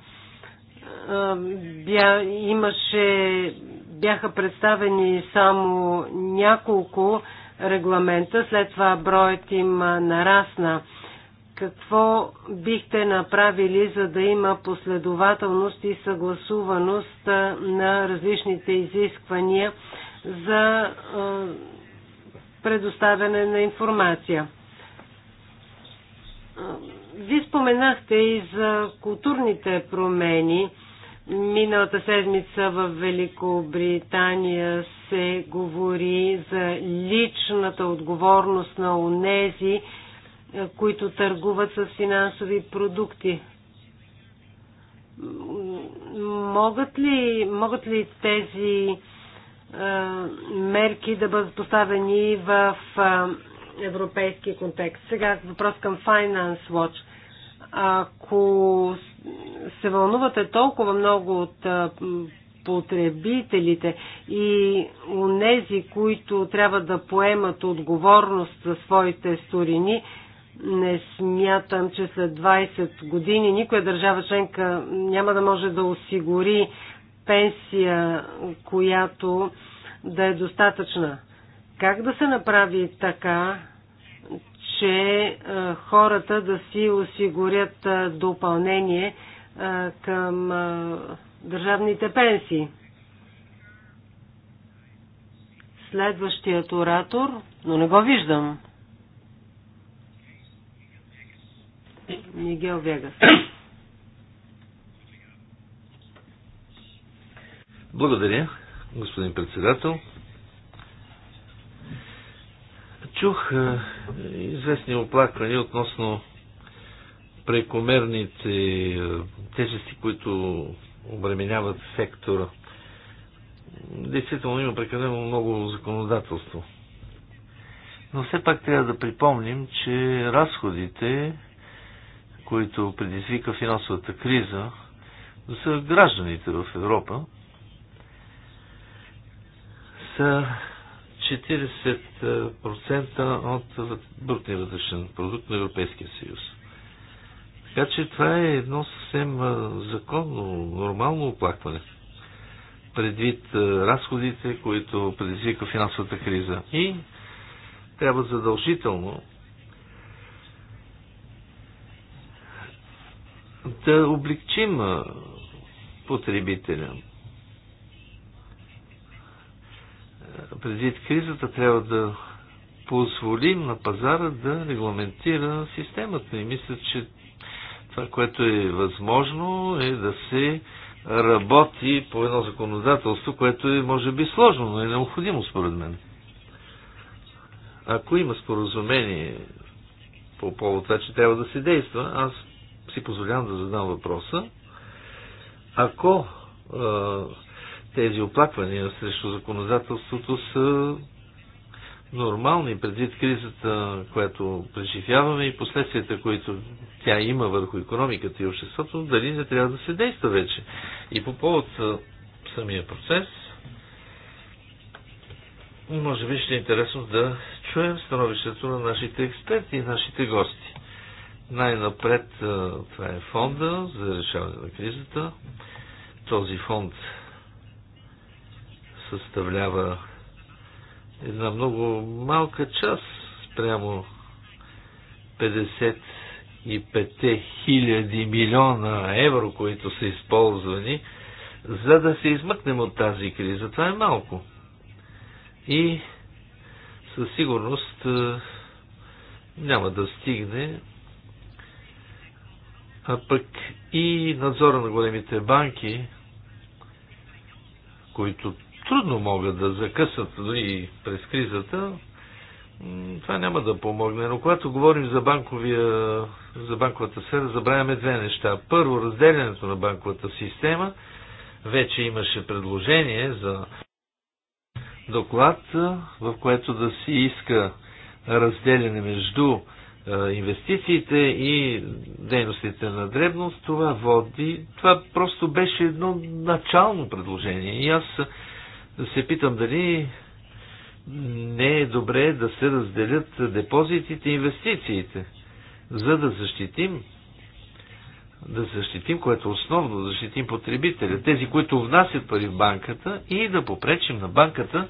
S4: бя, имаше бяха представени само няколко регламента, след това броят им нарасна. Какво бихте направили, за да има последователност и съгласуваност на различните изисквания за предоставяне на информация? Вие споменахте и за културните промени – Миналата седмица в Великобритания се говори за личната отговорност на онези, е, които търгуват с финансови продукти. Могат ли, могат ли тези е, мерки да бъдат поставени в е, европейски контекст. Сега въпрос към Finance Watch. Ако се вълнувате толкова много от потребителите и онези, които трябва да поемат отговорност за своите сторини, не смятам, че след 20 години никоя държава членка няма да може да осигури пенсия, която да е достатъчна. Как да се направи така, че хората да си осигурят допълнение към държавните пенсии. Следващият оратор, но не го виждам. Мигел Вегас.
S2: Благодаря, господин председател. Чух е, известни оплаквания относно прекомерните е, тежести, които обременяват сектора. Действително има прекалено много законодателство. Но все пак трябва да припомним, че разходите, които предизвика финансовата криза, са гражданите в Европа, са 40% от брутния вътрешен продукт на Европейския съюз. Така че това е едно съвсем законно, нормално оплакване предвид разходите, които предизвика финансовата криза. И трябва задължително да облегчим потребителя. предвид кризата, трябва да позволим на пазара да регламентира системата. И мисля, че това, което е възможно, е да се работи по едно законодателство, което е, може би, сложно, но е необходимо, според мен. Ако има споразумение по повод това, че трябва да се действа, аз си позволявам да задам въпроса. Ако е, тези оплаквания срещу законодателството са нормални предвид кризата, която преживяваме и последствията, които тя има върху економиката и обществото, дали не трябва да се действа вече. И по повод самия процес, може би ще е интересно да чуем становището на нашите експерти и нашите гости. Най-напред това е фонда за решаване на кризата. Този фонд съставлява една много малка част прямо 55 хиляди милиона евро, които са използвани, за да се измъкнем от тази криза. Това е малко. И със сигурност е, няма да стигне. А пък и надзора на големите банки, които трудно могат да закъсат дори през кризата, това няма да помогне. Но когато говорим за, банковия, за банковата сфера, забравяме две неща. Първо, разделянето на банковата система. Вече имаше предложение за доклад, в което да си иска разделяне между инвестициите и дейностите на дребност, това води. Това просто беше едно начално предложение. И аз се питам дали не е добре да се разделят депозитите и инвестициите, за да защитим да защитим, което е основно, да защитим потребителя, тези, които внасят пари в банката и да попречим на банката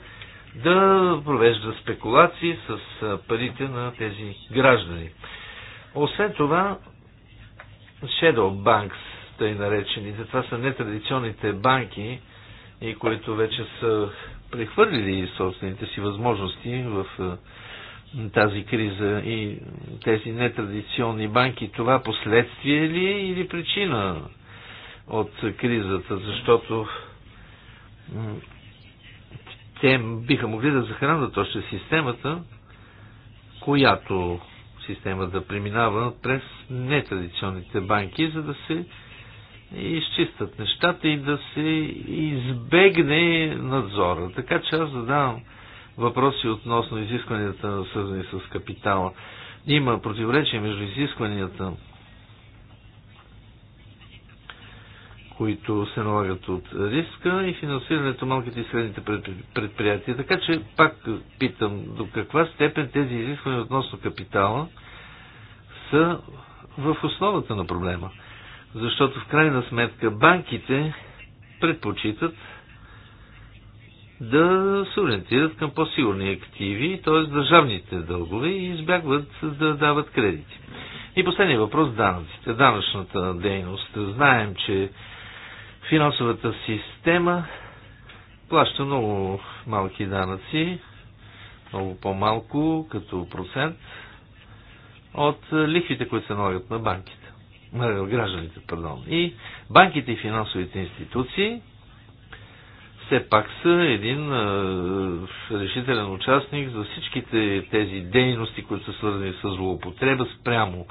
S2: да провежда спекулации с парите на тези граждани. Освен това, Shadow Banks, тъй наречените, това са нетрадиционните банки, и които вече са прехвърлили собствените си възможности в е, тази криза и тези нетрадиционни банки, това последствие ли е или причина от кризата, защото те биха могли да захранват още системата, която система да преминава през нетрадиционните банки, за да се изчистят нещата и да се избегне надзора. Така че аз задавам въпроси относно изискванията, свързани с капитала. Има противоречие между изискванията, които се налагат от риска и финансирането малките и средните предприятия. Така че пак питам до каква степен тези изисквания относно капитала са в основата на проблема. Защото в крайна сметка банките предпочитат да се ориентират към по-сигурни активи, т.е. държавните дългове и избягват да дават кредити. И последния въпрос – данъците, данъчната дейност. Знаем, че финансовата система плаща много малки данъци, много по-малко като процент от лихвите, които се налагат на банките на гражданите, пардон. И банките и финансовите институции все пак са един а, решителен участник за всичките тези дейности, които са свързани с злоупотреба спрямо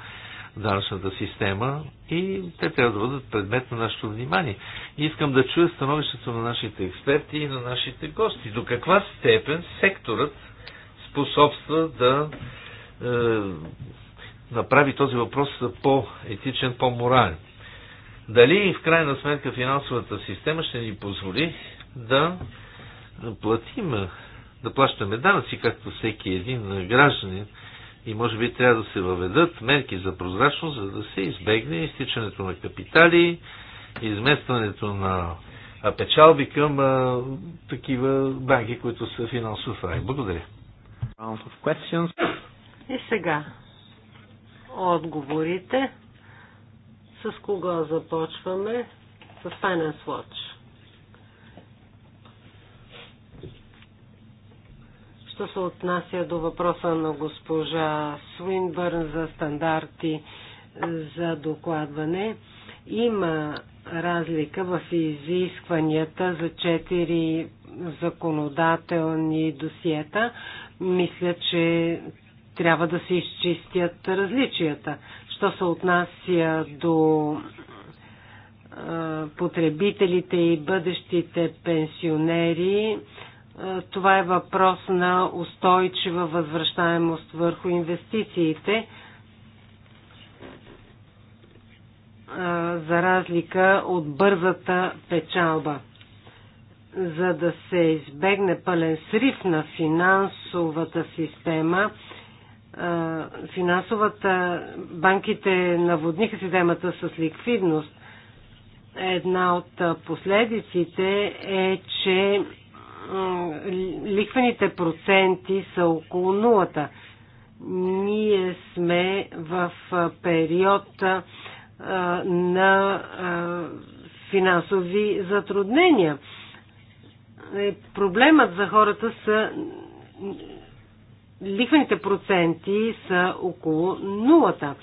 S2: данъчната система и те трябва да бъдат предмет на нашето внимание. И искам да чуя становището на нашите експерти и на нашите гости. До каква степен секторът способства да е, направи този въпрос по-етичен, по-морален. Дали в крайна сметка финансовата система ще ни позволи да платим, да плащаме данъци, както всеки един гражданин, и може би трябва да се въведат мерки за прозрачност, за да се избегне изтичането на капитали, изместването на печалби към а, такива банки, които са финансов рай. Благодаря.
S4: И сега отговорите. С кого започваме? С Finance Watch. Що се отнася до въпроса на госпожа Свинбърн за стандарти за докладване, има разлика в изискванията за четири законодателни досиета. Мисля, че трябва да се изчистят различията. Що се отнася до потребителите и бъдещите пенсионери, това е въпрос на устойчива възвръщаемост върху инвестициите, за разлика от бързата печалба. За да се избегне пълен срив на финансовата система, финансовата банките наводниха си темата с ликвидност. Една от последиците е, че лихвените проценти са около нулата. Ние сме в период на финансови затруднения. Е, проблемът за хората са лихвените проценти са около нулата.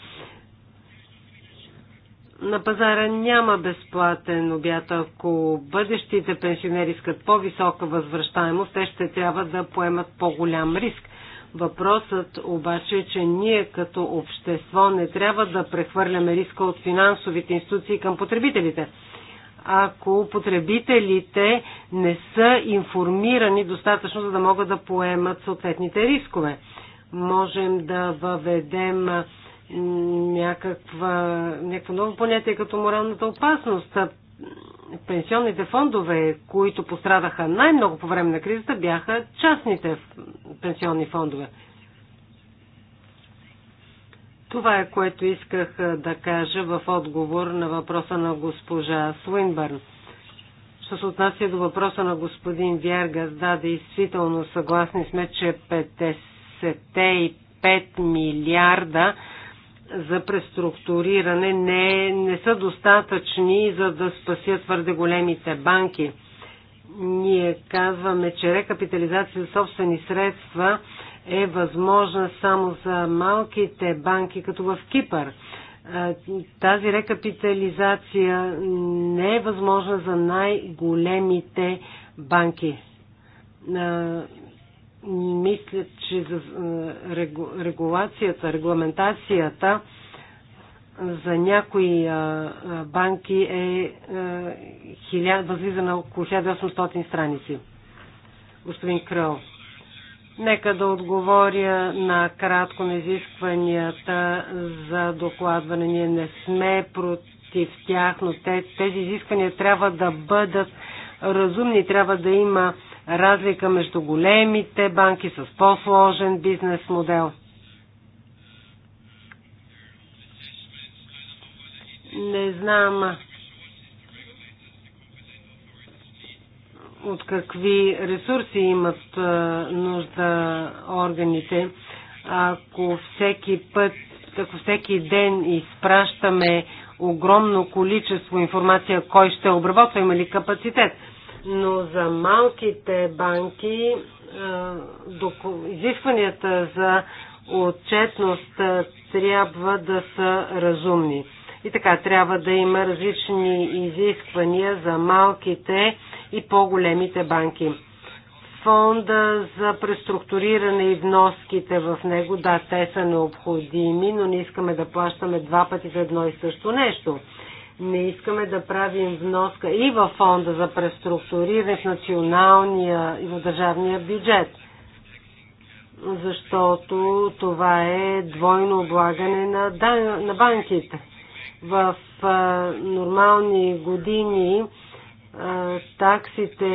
S4: На пазара няма безплатен обяд. Ако бъдещите пенсионери искат по-висока възвръщаемост, те ще трябва да поемат по-голям риск. Въпросът обаче е, че ние като общество не трябва да прехвърляме риска от финансовите институции към потребителите ако потребителите не са информирани достатъчно, за да могат да поемат съответните рискове. Можем да въведем някаква, някакво ново понятие като моралната опасност. Пенсионните фондове, които пострадаха най-много по време на кризата, бяха частните пенсионни фондове. Това е което исках да кажа в отговор на въпроса на госпожа Суинбърн. Що се отнася до въпроса на господин Вяргас, да, действително съгласни сме, че 55 милиарда за преструктуриране не, не са достатъчни за да спасят твърде големите банки. Ние казваме, че рекапитализация за собствени средства е възможна само за малките банки, като в Кипър. Тази рекапитализация не е възможна за най-големите банки. Мисля, че за регулацията, регламентацията за някои банки е възлиза на около 1800 страници. Господин Кръл. Нека да отговоря на кратко на изискванията за докладване. Ние не сме против тях, но тези изисквания трябва да бъдат разумни, трябва да има разлика между големите банки с по-сложен бизнес модел. Не знам от какви ресурси имат нужда органите. Ако всеки път, ако всеки ден изпращаме огромно количество информация, кой ще обработва, има ли капацитет. Но за малките банки изискванията за отчетност трябва да са разумни. И така, трябва да има различни изисквания за малките и по-големите банки. Фонда за преструктуриране и вноските в него, да, те са необходими, но не искаме да плащаме два пъти за едно и също нещо. Не искаме да правим вноска и във фонда за преструктуриране в националния и в държавния бюджет защото това е двойно облагане на, дан... на банките. В а, нормални години таксите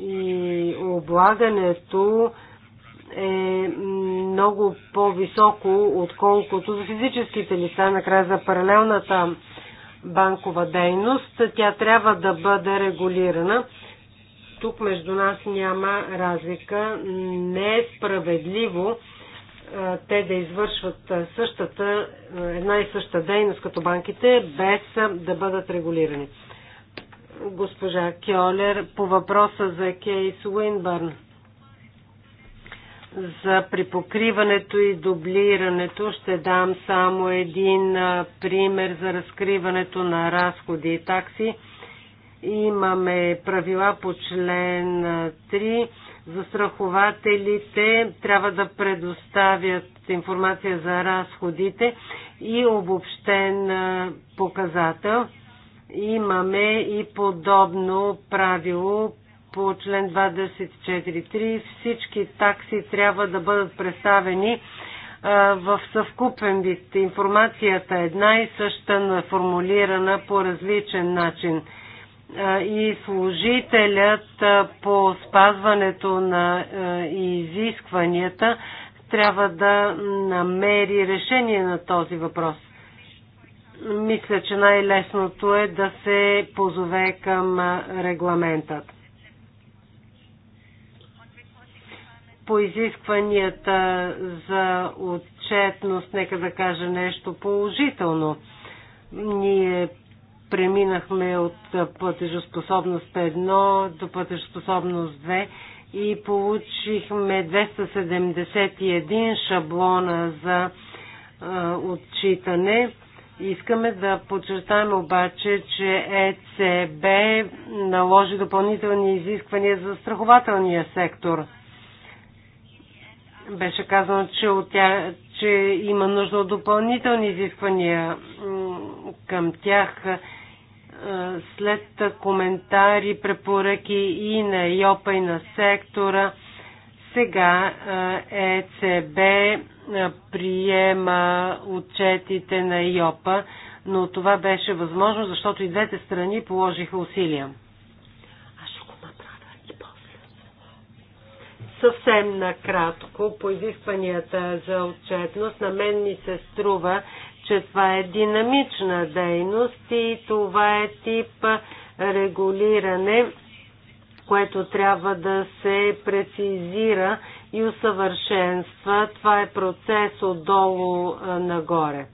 S4: и облагането е много по-високо, отколкото за физическите лица. Накрая за паралелната банкова дейност, тя трябва да бъде регулирана. Тук между нас няма разлика. Не е справедливо те да извършват същата, една и съща дейност като банките, без да бъдат регулирани госпожа Кьолер по въпроса за Кейс Уинбърн за припокриването и дублирането ще дам само един пример за разкриването на разходи и такси. Имаме правила по член 3. Застрахователите трябва да предоставят информация за разходите и обобщен показател – Имаме и подобно правило по член 24.3. Всички такси трябва да бъдат представени в съвкупен вид. Информацията е една и съща, но е формулирана по различен начин. И служителят по спазването на изискванията трябва да намери решение на този въпрос. Мисля, че най-лесното е да се позове към регламентът. По изискванията за отчетност, нека да кажа нещо положително. Ние преминахме от платежоспособност 1 до платежоспособност 2 и получихме 271 шаблона за отчитане. Искаме да подчертаем обаче, че ЕЦБ наложи допълнителни изисквания за страхователния сектор. Беше казано, че, от тя, че има нужда от допълнителни изисквания към тях след коментари, препоръки и на ЙОПа и на сектора – сега ЕЦБ приема отчетите на ИОПА, но това беше възможно, защото и двете страни положиха усилия. ще го направя и после. Съвсем накратко, по изискванията за отчетност, на мен ми се струва, че това е динамична дейност и това е тип регулиране, което трябва да се прецизира и усъвършенства. Това е процес отдолу нагоре.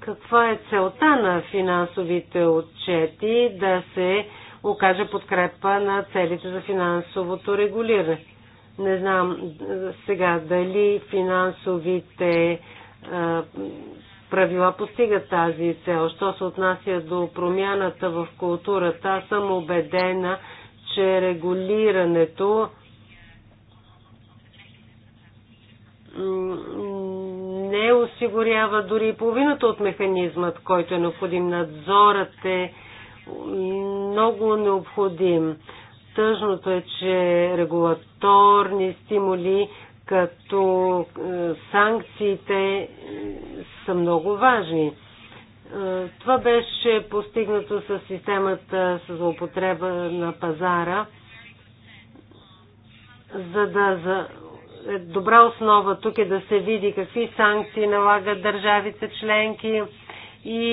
S4: Каква е целта на финансовите отчети да се окаже подкрепа на целите за финансовото регулиране? Не знам сега дали финансовите правила постигат тази цел. Що се отнася до промяната в културата, съм убедена, че регулирането не осигурява дори половината от механизма, който е необходим. Надзорът е много необходим. Тъжното е, че регулаторни стимули като е, санкциите е, са много важни. Е, това беше постигнато с системата с злоупотреба на пазара, за да за... добра основа тук е да се види какви санкции налагат държавите членки и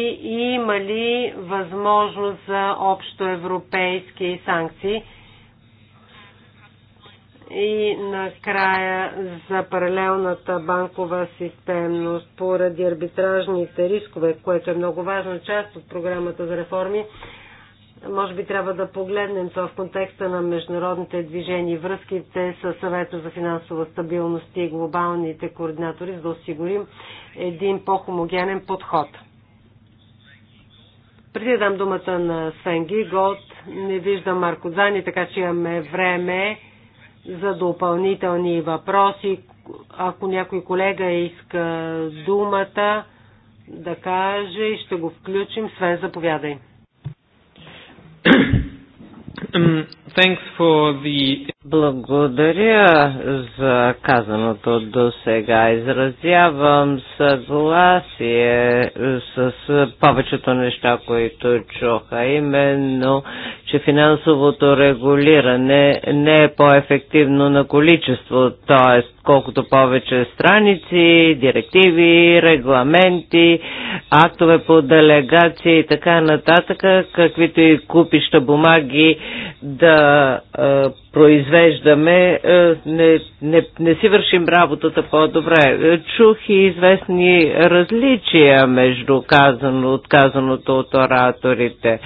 S4: има ли възможност за общо европейски санкции. И накрая за паралелната банкова системност поради арбитражните рискове, което е много важна част от програмата за реформи, може би трябва да погледнем това в контекста на международните движения и връзките с съвета за финансова стабилност и глобалните координатори, за да осигурим един по-хомогенен подход. Преди да дам думата на Сенги, Год. не виждам Марко Дзани, така че имаме време за допълнителни въпроси. Ако някой колега иска думата да каже и ще го включим, Свен, заповядай.
S5: The... Благодаря за казаното до сега. Изразявам съгласие с повечето неща, които чуха. Именно, че финансовото регулиране не е по-ефективно на количество, т.е. колкото повече страници, директиви, регламенти, актове по делегация и така нататък, каквито и купища бумаги да произвеждаме, не, не, не си вършим работата по-добре. Чух и известни различия между казано, отказаното от ораторите.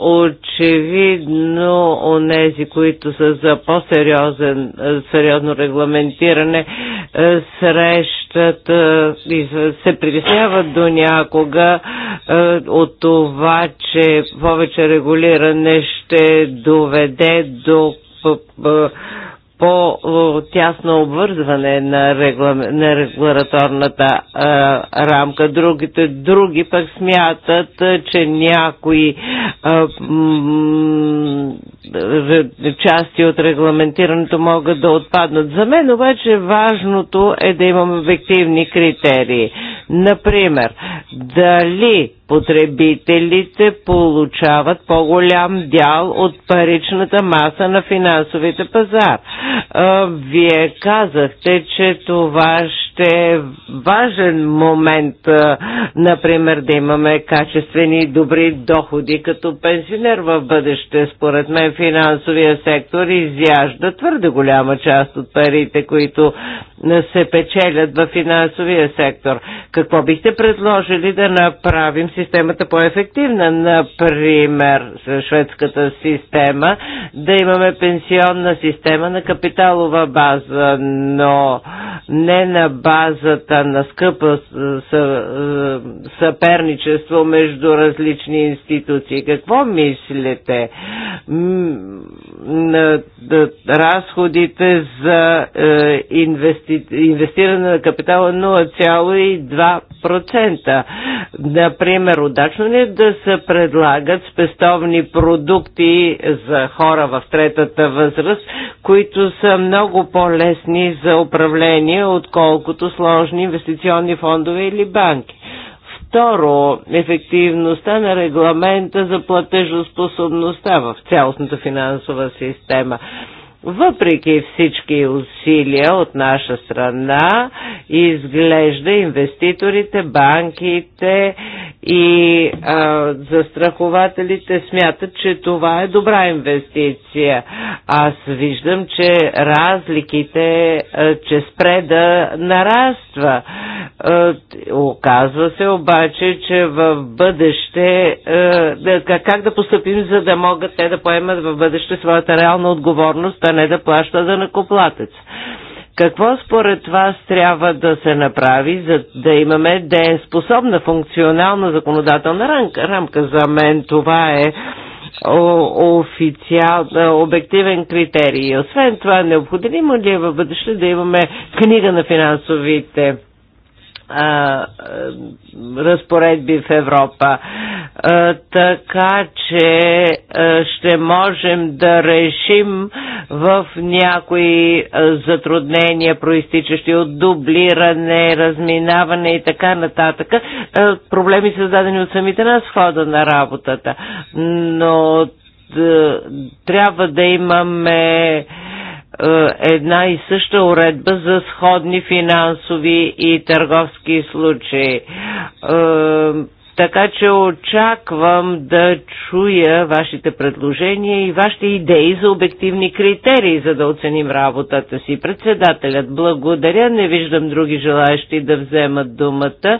S5: очевидно, онези, които са за по-сериозен, сериозно регламентиране, срещат и се притесняват до някога от това, че повече регулиране ще до доведе до по-тясно обвързване на, регла... на регулаторната а, рамка. Другите, други пък смятат, че някои а, м... части от регламентирането могат да отпаднат. За мен обаче важното е да имам обективни критерии. Например, дали потребителите получават по-голям дял от паричната маса на финансовите пазари. Вие казахте, че това ще е важен момент, например, да имаме качествени и добри доходи като пенсионер в бъдеще. Според мен финансовия сектор изяжда твърде голяма част от парите, които се печелят в финансовия сектор. Какво бихте предложили да направим системата по-ефективна? Например, шведската система, да имаме пенсионна система на капиталова база, но не на базата на скъпа е, съперничество между различни институции. Какво мислите? Разходите за е, инвести... инвестиране на капитала 0,2%. Например, удачно ли е да се предлагат спестовни продукти за хора в третата възраст, които които са много по-лесни за управление, отколкото сложни инвестиционни фондове или банки. Второ, ефективността на регламента за платежоспособността в цялостната финансова система. Въпреки всички усилия от наша страна, изглежда инвеститорите, банките и а, застрахователите смятат, че това е добра инвестиция. Аз виждам, че разликите, а, че спре да нараства. оказва се обаче, че в бъдеще, а, как да поступим, за да могат те да поемат в бъдеще своята реална отговорност, не да плаща за накоплатец. Какво според вас трябва да се направи, за да имаме дееспособна функционална законодателна рамка? За мен това е официал, е, обективен критерий. Освен това, необходимо ли е в бъдеще да имаме книга на финансовите разпоредби в Европа. така че ще можем да решим в някои затруднения, проистичащи от дублиране, разминаване и така нататък. Проблеми проблеми създадени от самите нас в хода на работата. Но трябва да имаме е, една и съща уредба за сходни финансови и търговски случаи. Е, така че очаквам да чуя вашите предложения и вашите идеи за обективни критерии, за да оценим работата си. Председателят, благодаря. Не виждам други желаящи да вземат думата. Е,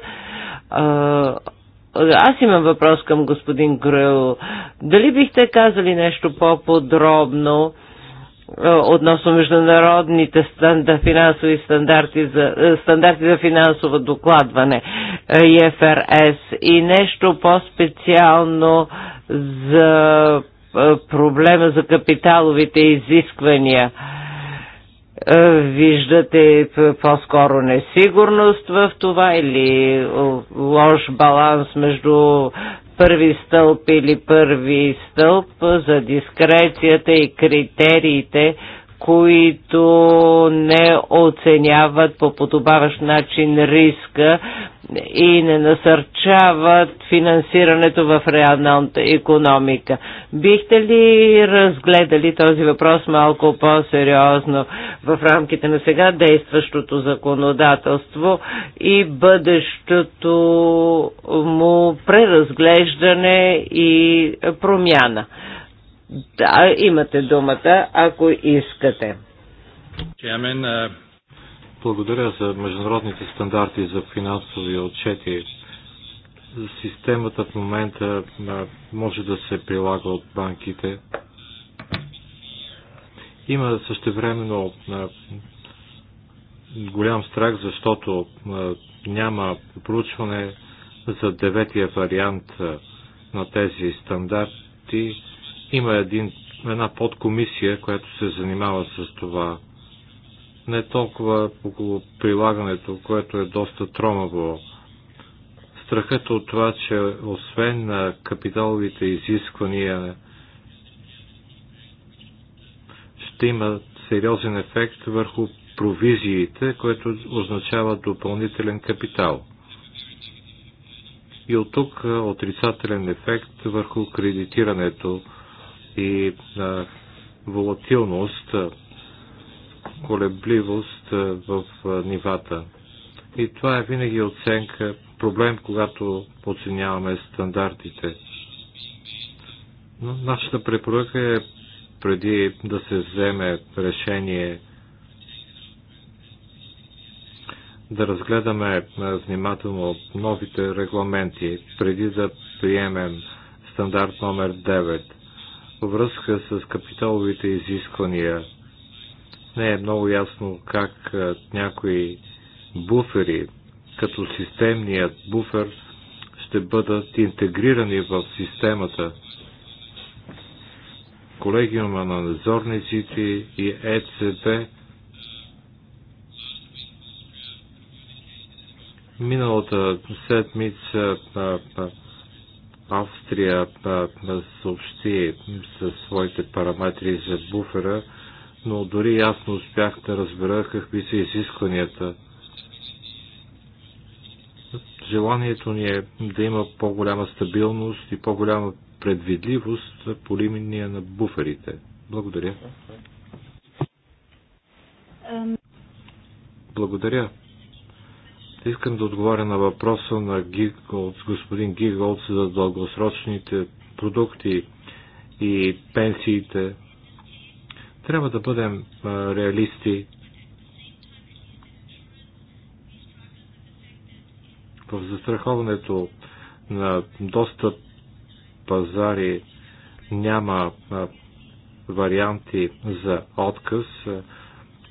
S5: аз имам въпрос към господин Грил. Дали бихте казали нещо по-подробно е, относно международните финансови стандарти за, е, стандарти за финансово докладване и е, ФРС и нещо по-специално за проблема за капиталовите изисквания виждате по-скоро несигурност в това или лош баланс между първи стълб или първи стълб за дискрецията и критериите които не оценяват по подобаващ начин риска и не насърчават финансирането в реалната економика. Бихте ли разгледали този въпрос малко по-сериозно в рамките на сега действащото законодателство и бъдещото му преразглеждане и промяна? Да, имате думата, ако искате.
S3: Чемен, uh, благодаря за международните стандарти за финансови отчети. Системата в момента може да се прилага от банките. Има същевременно голям страх, защото няма проучване за деветия вариант на тези стандарти. Има един, една подкомисия, която се занимава с това. Не толкова около прилагането, което е доста тромаво. Страхът от това, че освен на капиталовите изисквания, ще има сериозен ефект върху провизиите, което означава допълнителен капитал. И от тук е, отрицателен ефект върху кредитирането и волатилност, колебливост е, в е, нивата. И това е винаги оценка, проблем, когато оценяваме стандартите. Но нашата препоръка е преди да се вземе решение да разгледаме е, внимателно новите регламенти преди да приемем стандарт номер 9 връзка с капиталовите изисквания. Не е много ясно как някои буфери, като системният буфер, ще бъдат интегрирани в системата. Колегиума на надзорниците и ЕЦБ миналата седмица Австрия съобщи със своите параметри за буфера, но дори ясно успях да разбера какви са изискванията. Желанието ни е да има по-голяма стабилност и по-голяма предвидливост по линия на буферите. Благодаря. Благодаря. Искам да отговоря на въпроса на Гиголц, господин Гиголц за дългосрочните продукти и пенсиите. Трябва да бъдем реалисти. В застраховането на доста пазари няма варианти за отказ.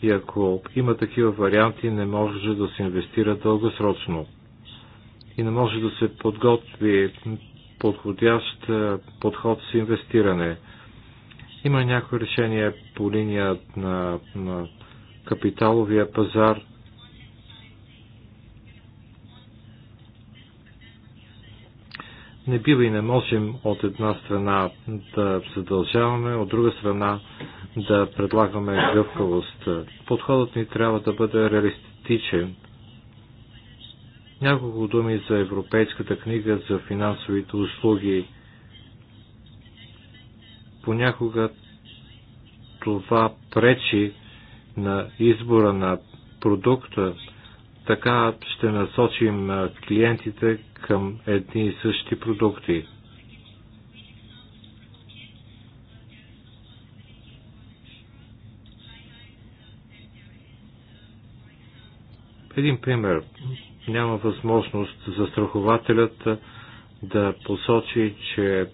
S3: И ако има такива варианти, не може да се инвестира дългосрочно. И не може да се подготви подходящ е, подход с инвестиране. Има някои решения по линия на, на капиталовия пазар. Не бива и не можем от една страна да задължаваме, от друга страна да предлагаме гъвкавост. Подходът ни трябва да бъде реалистичен. Няколко думи за Европейската книга за финансовите услуги. Понякога това пречи на избора на продукта, така ще насочим клиентите към едни и същи продукти. Един пример. Няма възможност застрахователят да посочи, че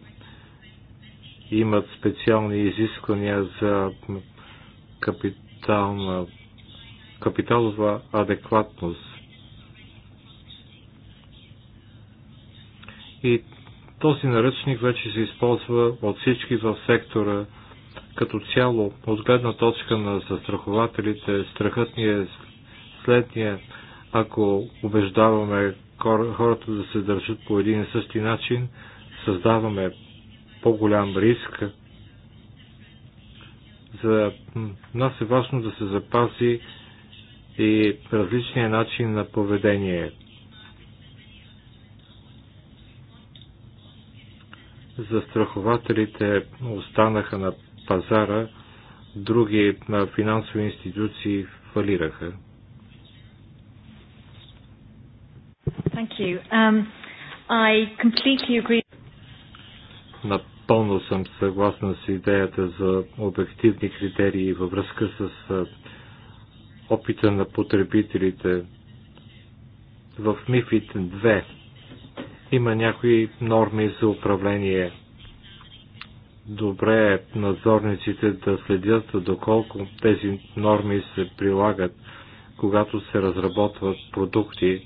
S3: имат специални изисквания за капитална, капиталова адекватност. И този наръчник вече се използва от всички в сектора. Като цяло, от гледна точка на застрахователите, страхът ни е следния. Ако убеждаваме хората да се държат по един и същи начин, създаваме по-голям риск. За нас е важно да се запази и различния начин на поведение. Застрахователите останаха на пазара, други финансови институции фалираха.
S4: Thank you. Um, I completely agree.
S3: Напълно съм съгласна с идеята за обективни критерии във връзка с опита на потребителите. В МИФИТ 2 има някои норми за управление. Добре е надзорниците да следят доколко тези норми се прилагат, когато се разработват продукти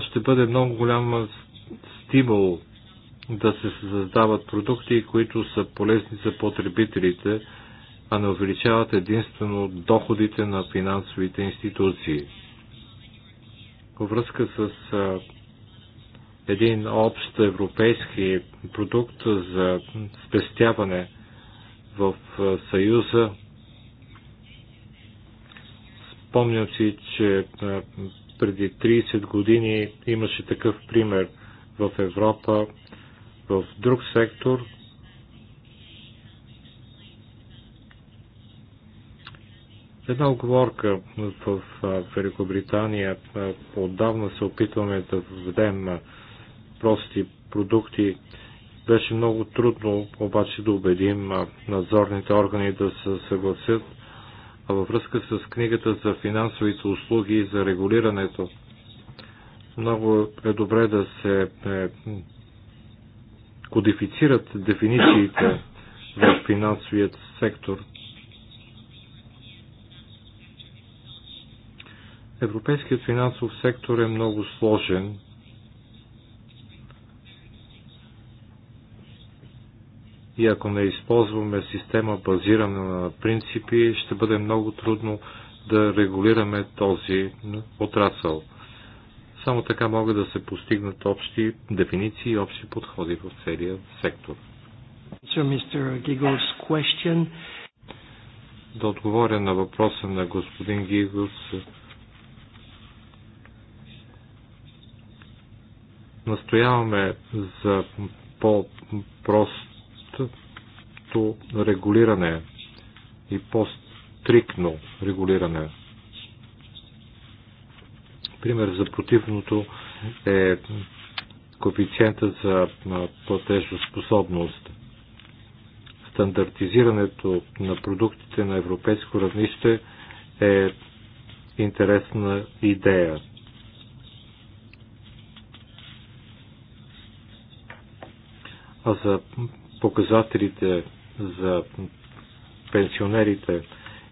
S3: това ще бъде много голям стимул да се създават продукти, които са полезни за потребителите, а не увеличават единствено доходите на финансовите институции. Във връзка с един общ европейски продукт за спестяване в Съюза. Спомням си, че преди 30 години имаше такъв пример в Европа, в друг сектор. Една оговорка в Великобритания. Отдавна се опитваме да введем прости продукти. Беше много трудно обаче да убедим надзорните органи да се съгласят – а във връзка с книгата за финансовите услуги и за регулирането. Много е добре да се е, кодифицират дефинициите в финансовият сектор. Европейският финансов сектор е много сложен и ако не използваме система базирана на принципи, ще бъде много трудно да регулираме този отрасъл. Само така могат да се постигнат общи дефиниции и общи подходи в целия сектор. Да отговоря на въпроса на господин Гигос. Настояваме за по-прост по строгото регулиране и по-стрикно регулиране. Пример за противното е коефициента за платежоспособност. Стандартизирането на продуктите на европейско равнище е интересна идея. А за показателите за пенсионерите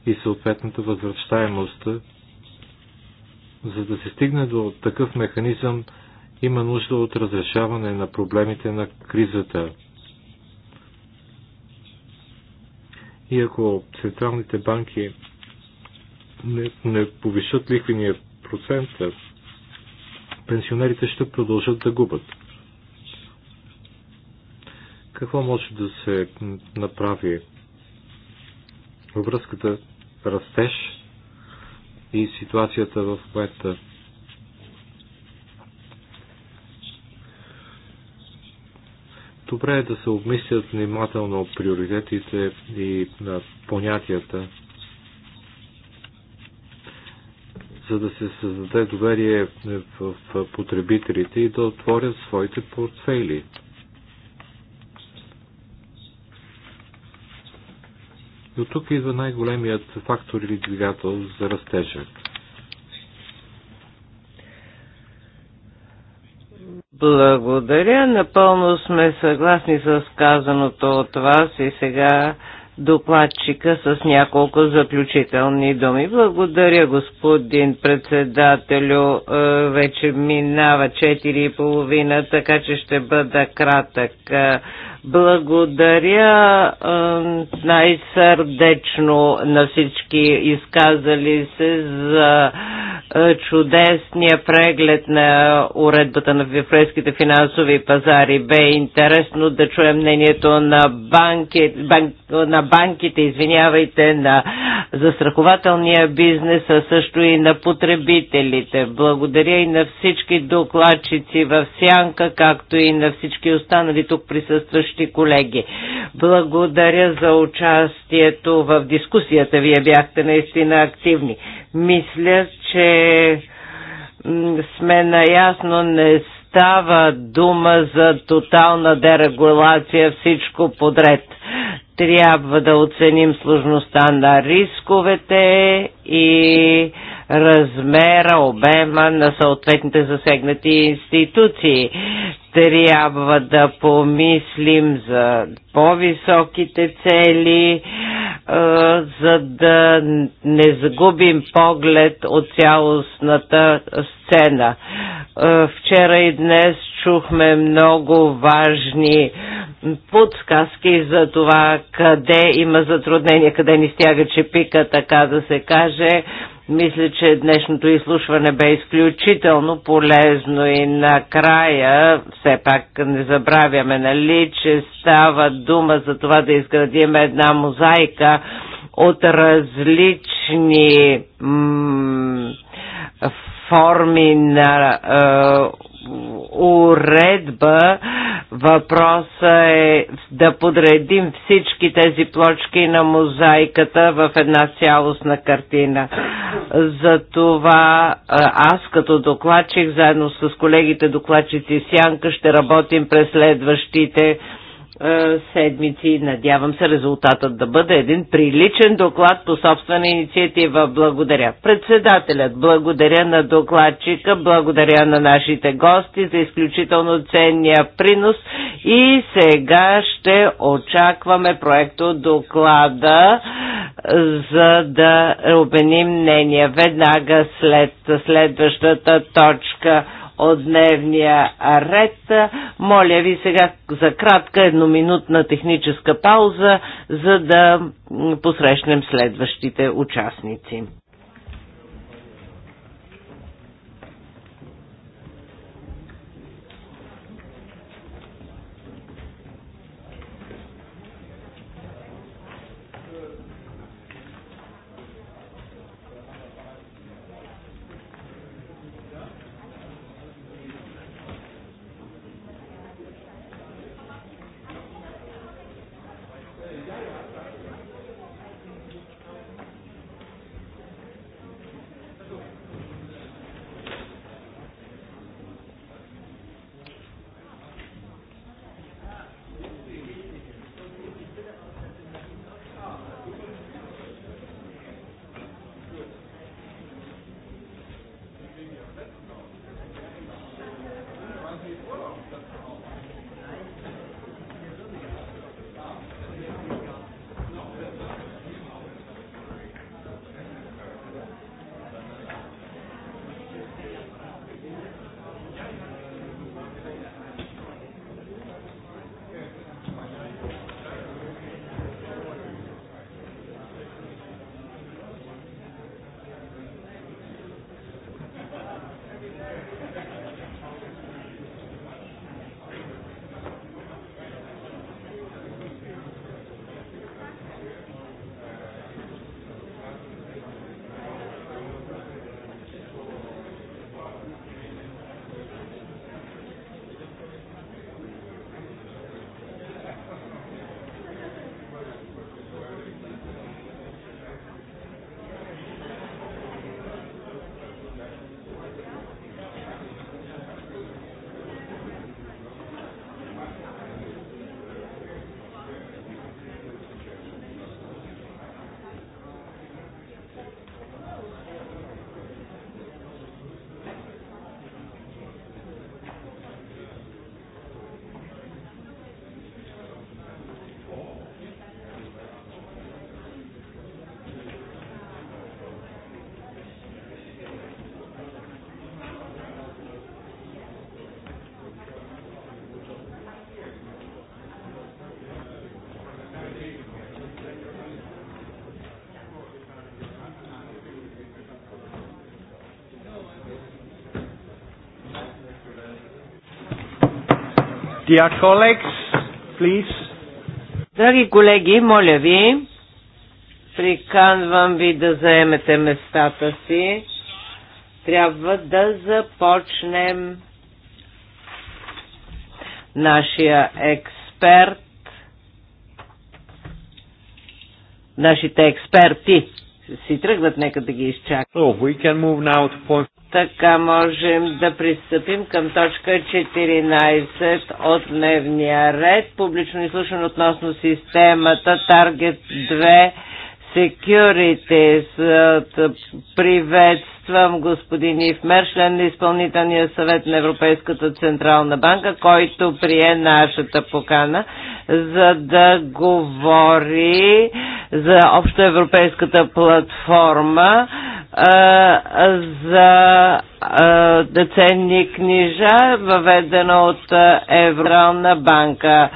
S3: и съответната възвръщаемост, за да се стигне до такъв механизъм, има нужда от разрешаване на проблемите на кризата. И ако централните банки не, не повишат лихвения процент, пенсионерите ще продължат да губят. Какво може да се направи във връзката растеж и ситуацията в момента? Добре е да се обмислят внимателно приоритетите и понятията, за да се създаде доверие в потребителите и да отворят своите портфели – И от тук идва най-големият фактор или двигател за растежа.
S5: Благодаря. Напълно сме съгласни с казаното от вас и сега докладчика с няколко заключителни думи. Благодаря, господин председателю. Е, вече минава 4,5, така че ще бъда кратък. Е, благодаря най-сърдечно на всички изказали се за чудесния преглед на уредбата на европейските финансови пазари. Бе интересно да чуем мнението на, банки, бан, на банките, извинявайте, на застрахователния бизнес, а също и на потребителите. Благодаря и на всички докладчици в Сянка, както и на всички останали тук присъстващи преждеговоривши колеги. Благодаря за участието в дискусията. Вие бяхте наистина активни. Мисля, че сме наясно не става дума за тотална дерегулация, всичко подред. Трябва да оценим сложността на рисковете и размера, обема на съответните засегнати институции. Трябва да помислим за по-високите цели, е, за да не загубим поглед от цялостната сцена. Е, вчера и днес чухме много важни подсказки за това къде има затруднения, къде ни стяга чепика, така да се каже. Мисля, че днешното изслушване бе изключително полезно и накрая, все пак не забравяме, нали, че става дума за това да изградим една мозайка от различни форми на е, уредба. Въпросът е да подредим всички тези плочки на мозайката в една цялостна картина. Затова аз като докладчик, заедно с колегите докладчици Сянка, ще работим през следващите е, седмици. Надявам се резултатът да бъде един приличен доклад по собствена инициатива. Благодаря. Председателят, благодаря на докладчика, благодаря на нашите гости за изключително ценния принос и сега ще очакваме проекто доклада, за да обменим мнение веднага след следващата точка от дневния ред. Моля ви сега за кратка едноминутна техническа пауза, за да посрещнем следващите участници. Dear colleagues, please. Драги колеги, моля ви, приканвам ви да заемете местата си. Трябва да започнем нашия експерт, нашите експерти си тръгват, нека да ги изчакаме. So, we can move now to point така можем да пристъпим към точка 14 от дневния ред. Публично изслушан относно системата Target 2 Security. Приветствам господин Ивмер, член на изпълнителния съвет на Европейската централна банка, който прие нашата покана, за да говори за общоевропейската платформа за ценни книжа, въведена от Еврона банка.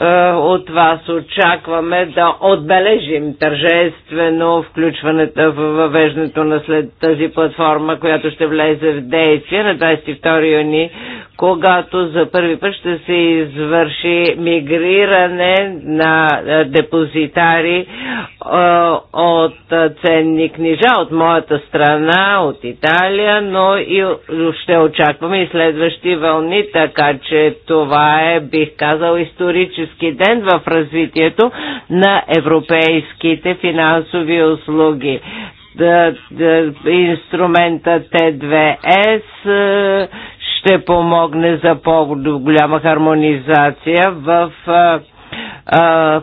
S5: Е, от вас очакваме да отбележим тържествено включването в въвеждането на след тази платформа, която ще влезе в действие на 22 юни, когато за първи път ще се извърши мигриране на е, депозитари е, от ценни книжа от моята страна, от Италия, но и ще очакваме и следващи вълни, така че това е, бих казал, историческо исторически ден в развитието на европейските финансови услуги. Да, да, инструмента Т2С е, ще помогне за по-голяма хармонизация в е,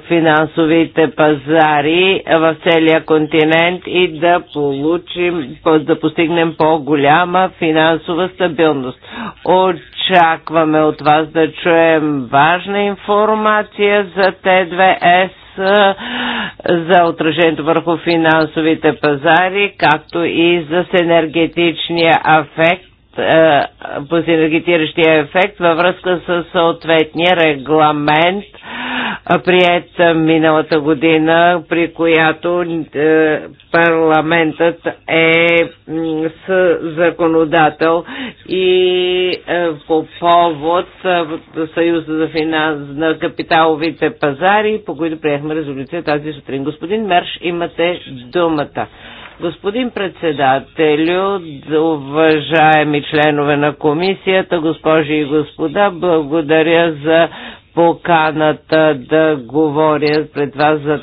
S5: финансовите пазари в целия континент и да получим, да постигнем по-голяма финансова стабилност. Очакваме от вас да чуем важна информация за Т2С за отражението върху финансовите пазари, както и за енергетичния ефект по енергетиращия ефект във връзка с съответния регламент прият миналата година, при която е, парламентът е с законодател и е, по повод е, Съюза за финанс на капиталовите пазари, по които приехме резолюция тази сутрин. Господин Мерш, имате думата. Господин председателю, уважаеми членове на комисията, госпожи и господа, благодаря за поканата да говоря пред вас за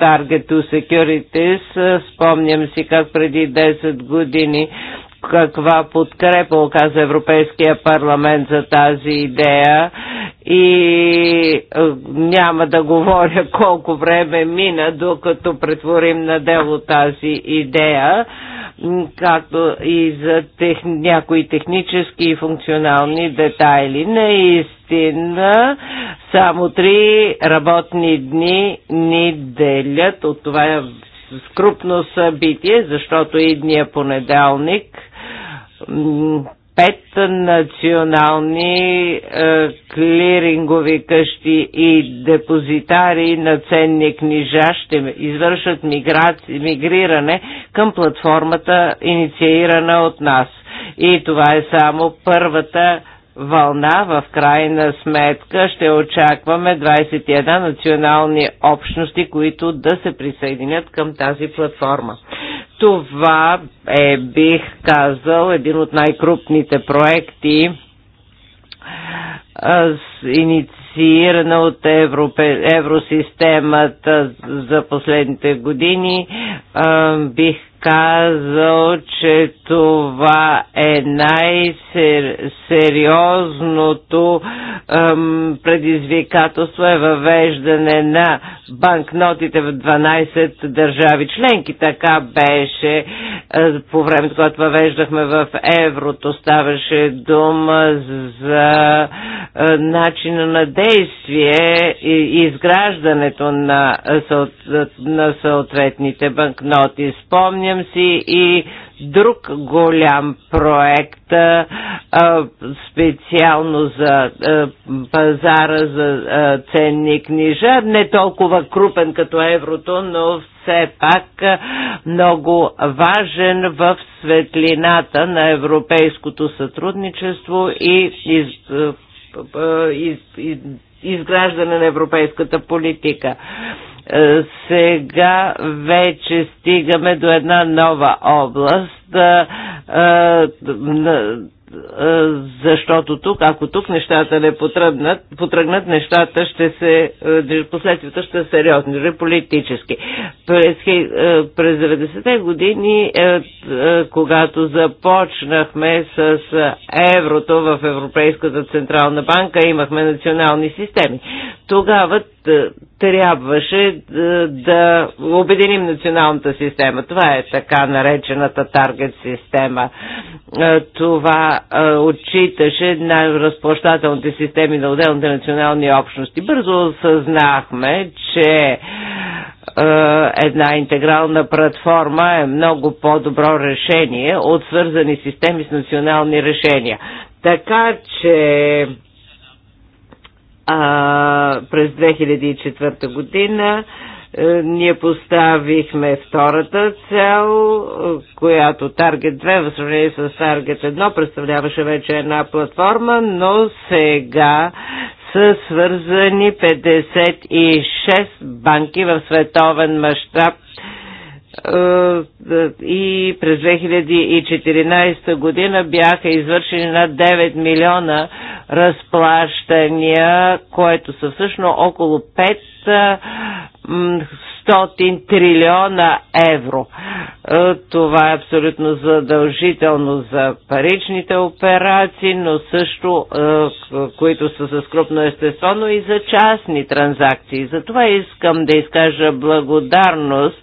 S5: Target to Securities. Спомням си как преди 10 години каква подкрепа оказа Европейския парламент за тази идея и няма да говоря колко време мина, докато претворим на дело тази идея както и за тех, някои технически и функционални детайли. Наистина, само три работни дни ни делят от това скрупно събитие, защото идния понеделник пет национални е, клирингови къщи и депозитари на ценни книжа ще извършат миграци, мигриране към платформата, инициирана от нас. И това е само първата вълна, в крайна сметка ще очакваме 21 национални общности, които да се присъединят към тази платформа. Това е, бих казал, един от най-крупните проекти инициирана от Европе, евросистемата за последните години. Бих казал, че това е най-сериозното предизвикателство е въвеждане на банкнотите в 12 държави членки. Така беше по времето, когато въвеждахме в еврото. Ставаше дума за начина на действие и изграждането на, на съответните банкноти. Спомням Спомням си и друг голям проект, специално за пазара за ценни книжа, не толкова крупен като еврото, но все пак много важен в светлината на европейското сътрудничество и из, из, из, изграждане на европейската политика. Е, сега вече стигаме до една нова област е, е, е, защото тук, ако тук нещата не потръгнат, потръгнат нещата ще се, е, последствията ще са сериозни, дори политически. През, е, през 90-те години, когато започнахме с еврото в Европейската Централна банка, имахме национални системи. Тогава трябваше да обединим националната система. Това е така наречената таргет система. Това отчиташе на разплащателните системи на отделните национални общности. Бързо осъзнахме, че една интегрална платформа е много по-добро решение от свързани системи с национални решения. Така че а, през 2004 година е, ние поставихме втората цел, която Target 2 в сравнение с Target 1 представляваше вече една платформа, но сега са свързани 56 банки в световен мащаб е, е, и през 2014 година бяха извършени над 9 милиона разплащания, което са всъщност около 5 500 трилиона евро. Е, това е абсолютно задължително за паричните операции, но също, е, които са с крупно естество, но и за частни транзакции. Затова искам да изкажа благодарност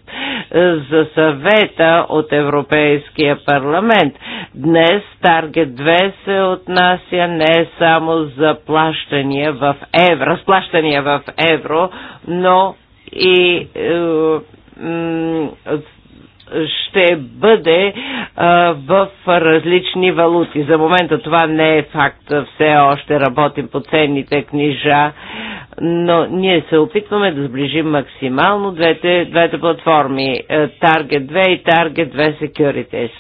S5: е, за съвета от Европейския парламент. Днес Таргет 2 се отнася не само за плащания в евро, разплащания в евро, но и е, ще бъде а, в различни валути. За момента това не е факт. Все още работим по ценните книжа, но ние се опитваме да сближим максимално двете, двете платформи е, Target 2 и Target 2 Securities.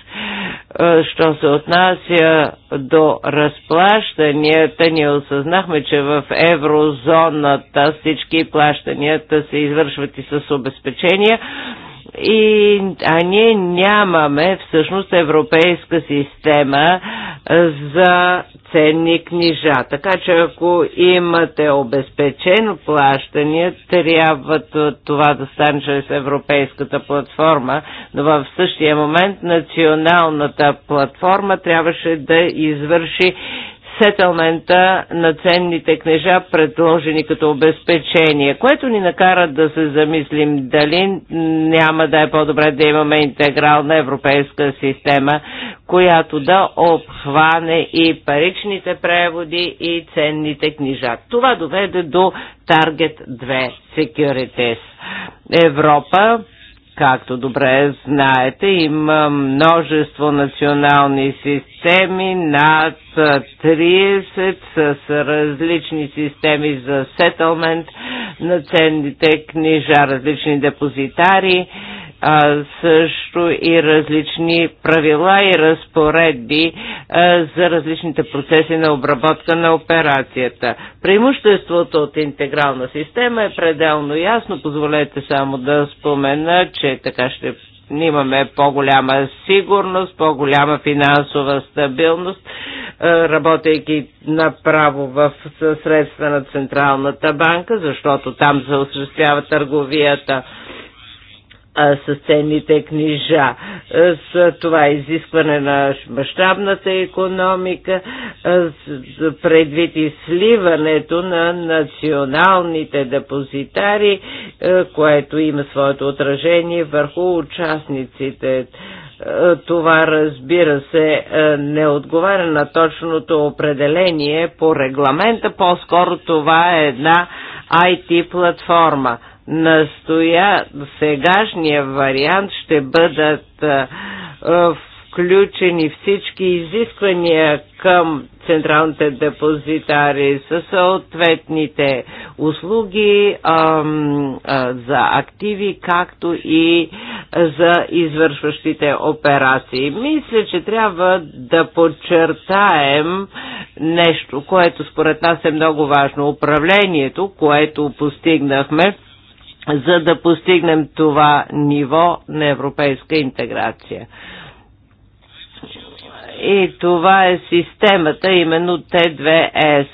S5: Е, що се отнася до разплащанията, ние осъзнахме, че в еврозоната всички плащанията се извършват и с обезпечения и, а ние нямаме всъщност европейска система за ценни книжа. Така че ако имате обезпечено плащане, трябва това да стане чрез европейската платформа, но в същия момент националната платформа трябваше да извърши сетълмента на ценните книжа, предложени като обезпечение, което ни накара да се замислим дали няма да е по-добре да имаме интегрална европейска система, която да обхване и паричните преводи и ценните книжа. Това доведе до Target 2 Securities. Европа Както добре знаете, има множество национални системи, над 30 с различни системи за сетълмент на ценните книжа, различни депозитари а също и различни правила и разпоредби а, за различните процеси на обработка на операцията. Преимуществото от интегрална система е пределно ясно. Позволете само да спомена, че така ще имаме по-голяма сигурност, по-голяма финансова стабилност, работейки направо в средства на Централната банка, защото там се осъществява търговията с ценните книжа, е, с това изискване на мащабната економика, е, предвид и сливането на националните депозитари, е, което има своето отражение върху участниците. Това, разбира се, не отговаря на точното определение по регламента, по-скоро това е една IT платформа. Настоя сегашния вариант ще бъдат включени всички изисквания към централните депозитари със съответните услуги ам, а, за активи, както и за извършващите операции. Мисля, че трябва да подчертаем нещо, което според нас е много важно. Управлението, което постигнахме за да постигнем това ниво на европейска интеграция. И това е системата, именно Т2С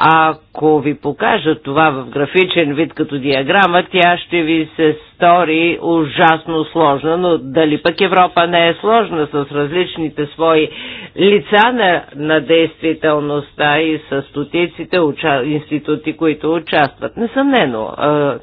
S5: ако ви покажа това в графичен вид като диаграма, тя ще ви се стори ужасно сложна, но дали пък Европа не е сложна с различните свои лица на, на действителността и с стотиците уча, институти, които участват. Несъмнено,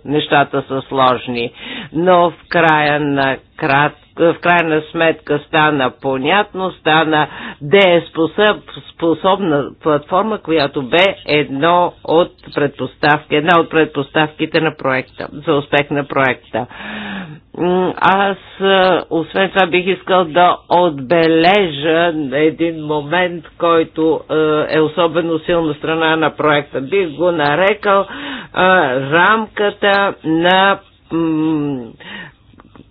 S5: нещата са сложни, но в края на крат в крайна сметка стана понятно, стана дееспособна платформа, която бе едно от предпоставки, една от предпоставките на проекта, за успех на проекта. Аз, освен това, бих искал да отбележа един момент, който е особено силна страна на проекта. Бих го нарекал рамката на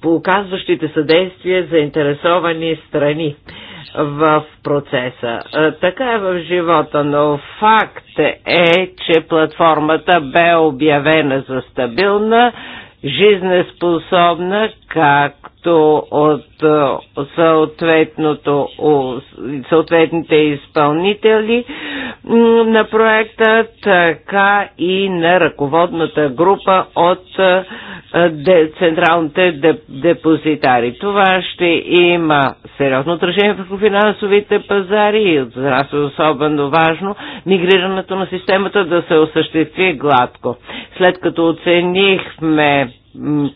S5: по оказващите съдействие заинтересовани страни в процеса. Е, така е в живота, но факт е, че платформата бе обявена за стабилна, жизнеспособна, как както от е, съответното, съответните изпълнители на проекта, така и на ръководната група от е, централните депозитари. Това ще има сериозно отражение върху финансовите пазари и за нас е особено важно мигрирането на системата да се осъществи гладко. След като оценихме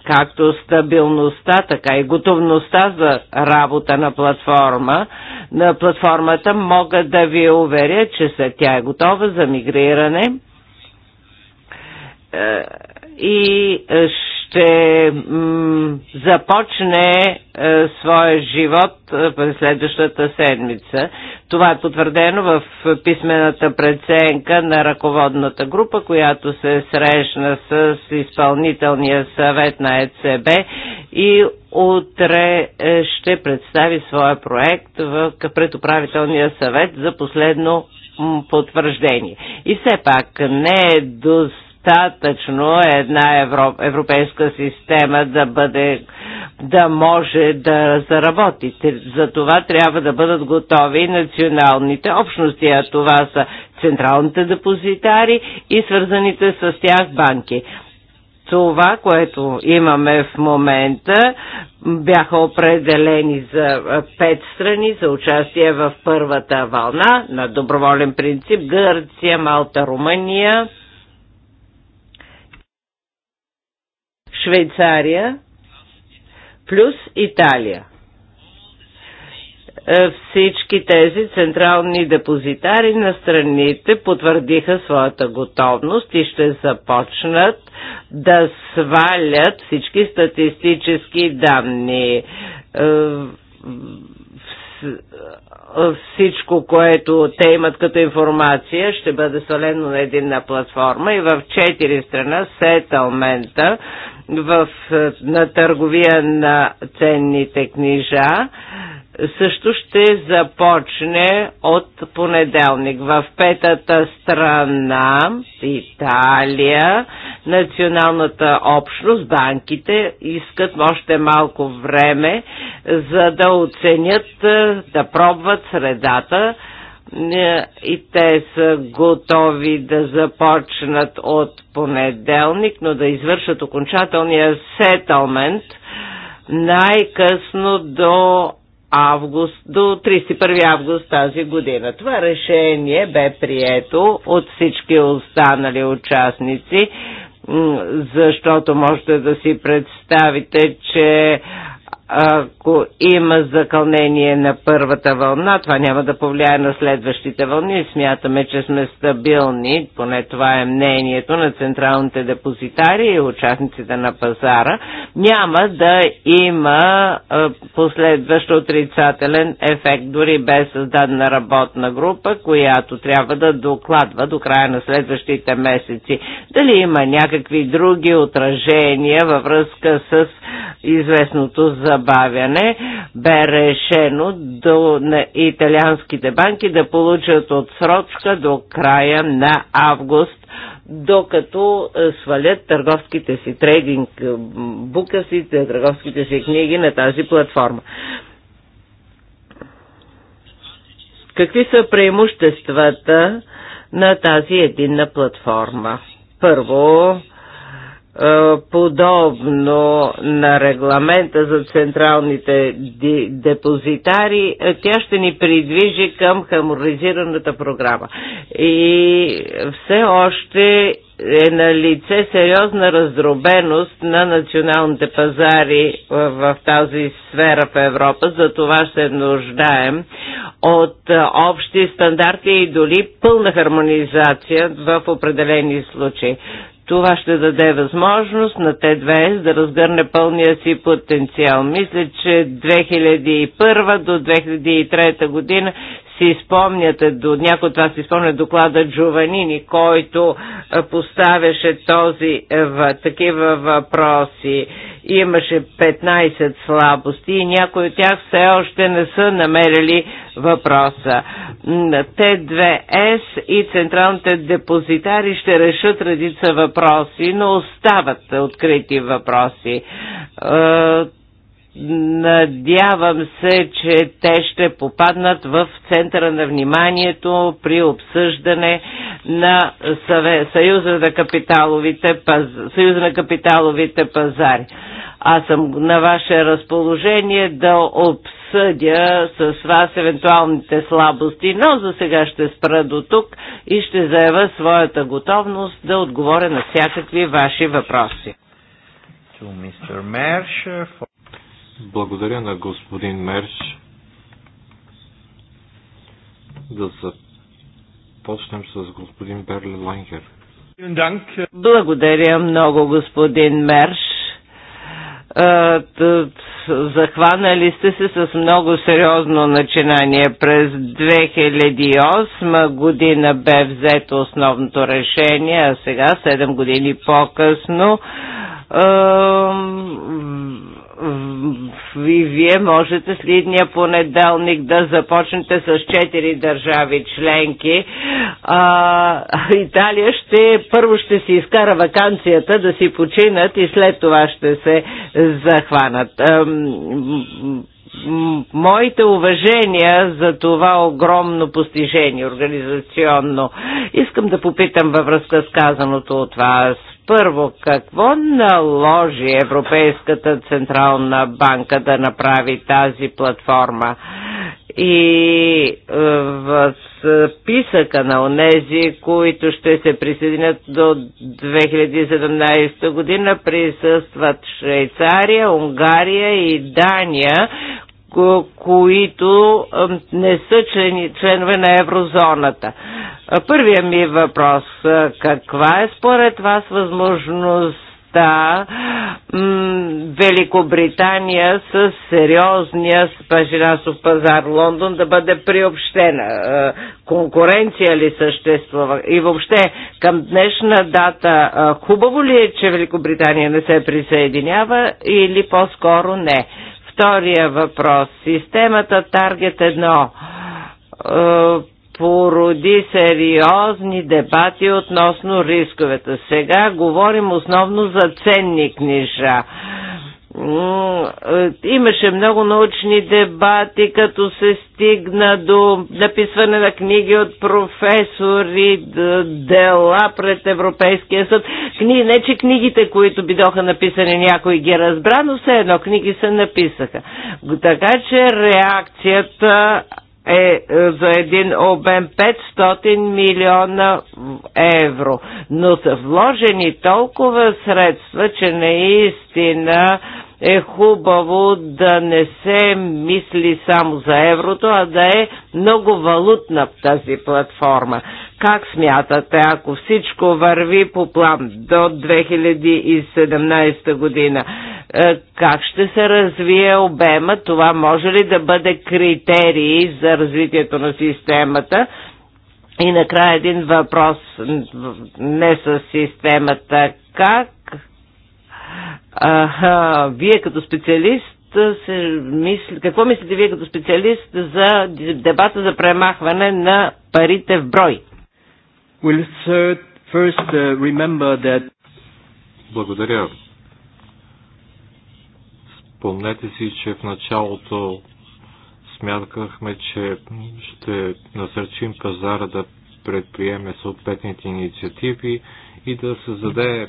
S5: както стабилността, така и готовността за работа на платформа, на платформата мога да ви уверя, че след тя е готова за мигриране е, и ще започне е, своя живот е, през следващата седмица. Това е потвърдено в писмената преценка на ръководната група, която се срещна с изпълнителния съвет на ЕЦБ и утре е, ще представи своя проект в предуправителния съвет за последно потвърждение. И все пак не е достатъчно достатъчно една европейска система да бъде да може да заработи. За това трябва да бъдат готови националните общности, а това са централните депозитари и свързаните с тях банки. Това, което имаме в момента, бяха определени за пет страни за участие в първата вълна на доброволен принцип Гърция, Малта, Румъния Швейцария плюс Италия. Е, всички тези централни депозитари на страните потвърдиха своята готовност и ще започнат да свалят всички статистически данни е, всичко, което те имат като информация, ще бъде свалено на единна платформа и в четири страна сетълмента в, е, на търговия на ценните книжа също ще започне от понеделник. В петата страна, Италия, националната общност, банките искат още малко време, за да оценят, е, да пробват средата, е, и те са готови да започнат от понеделник, но да извършат окончателния сетълмент най-късно до август, до 31 август тази година. Това решение бе прието от всички останали участници, защото можете да си представите, че ако има закълнение на първата вълна, това няма да повлияе на следващите вълни. Смятаме, че сме стабилни, поне това е мнението на централните депозитари и участниците на пазара. Няма да има последващ отрицателен ефект, дори без създадена работна група, която трябва да докладва до края на следващите месеци. Дали има някакви други отражения във връзка с известното за забавяне бе решено до, на италианските банки да получат отсрочка до края на август, докато е, свалят търговските си трейдинг е, букасите, търговските си книги на тази платформа. Какви са преимуществата на тази единна платформа? Първо, е, подобно на регламента за централните депозитари, е, тя ще ни придвижи към хаморизираната програма. И все още е на лице сериозна раздробеност на националните пазари е, в тази сфера в Европа. За това се нуждаем от общи стандарти и дори пълна хармонизация в определени случаи. Това ще даде възможност на Т2С да разгърне пълния си потенциал. Мисля, че 2001 до 2003 година си спомняте, до някой от вас си спомня доклада Джованини, който поставяше този, е, в, такива въпроси. Имаше 15 слабости и някои от тях все още не са намерили въпроса. Т2С и централните депозитари ще решат редица въпроси, но остават открити въпроси е, Надявам се, че те ще попаднат в центъра на вниманието при обсъждане на Съюза на капиталовите, паз... Съюза на капиталовите пазари. Аз съм на ваше разположение да обсъдя с вас евентуалните слабости, но за сега ще спра до тук и ще заявя своята готовност да отговоря на всякакви ваши въпроси.
S3: Благодаря на господин Мерш да започнем с господин Берли Лайнгер.
S5: Благодаря много, господин Мерш. Захванали сте се с много сериозно начинание. През 2008 година бе взето основното решение, а сега, 7 години по-късно, и вие можете следния понеделник да започнете с 4 държави членки. А, Италия ще, първо ще си изкара вакансията да си починат и след това ще се захванат моите уважения за това огромно постижение организационно. Искам да попитам във връзка с казаното от вас. Първо, какво наложи Европейската Централна банка да направи тази платформа? И е, в е, списъка на онези, които ще се присъединят до 2017 година, присъстват Швейцария, Унгария и Дания, които не са члени, членове на еврозоната. Първия ми въпрос. Каква е според вас възможност да, Великобритания с сериозния финансов пазар Лондон да бъде приобщена. Конкуренция ли съществува? И въобще, към днешна дата, хубаво ли е, че Великобритания не се присъединява или по-скоро не? Втория въпрос. Системата Таргет 1 е, породи сериозни дебати относно рисковете. Сега говорим основно за ценни книжа е, имаше много научни дебати, като се стигна до написване на книги от професори, дела пред Европейския съд. Кни, не, че книгите, които бидоха написани, някой ги разбра, но все едно книги се написаха. Така че реакцията е, е за един обем 500 милиона евро. Но са вложени толкова средства, че наистина е хубаво да не се мисли само за еврото, а да е много валутна тази платформа. Как смятате, ако всичко върви по план до 2017 година, е, как ще се развие обема? Това може ли да бъде критерий за развитието на системата? И накрая един въпрос не с системата. Как Аха, вие като специалист се мисли, какво мислите вие като специалист за дебата за премахване на парите в брой? We'll third, first uh, remember that Благодаря.
S3: Спомнете си, че в началото смятахме, че ще насърчим пазара да предприеме съответните инициативи и да създаде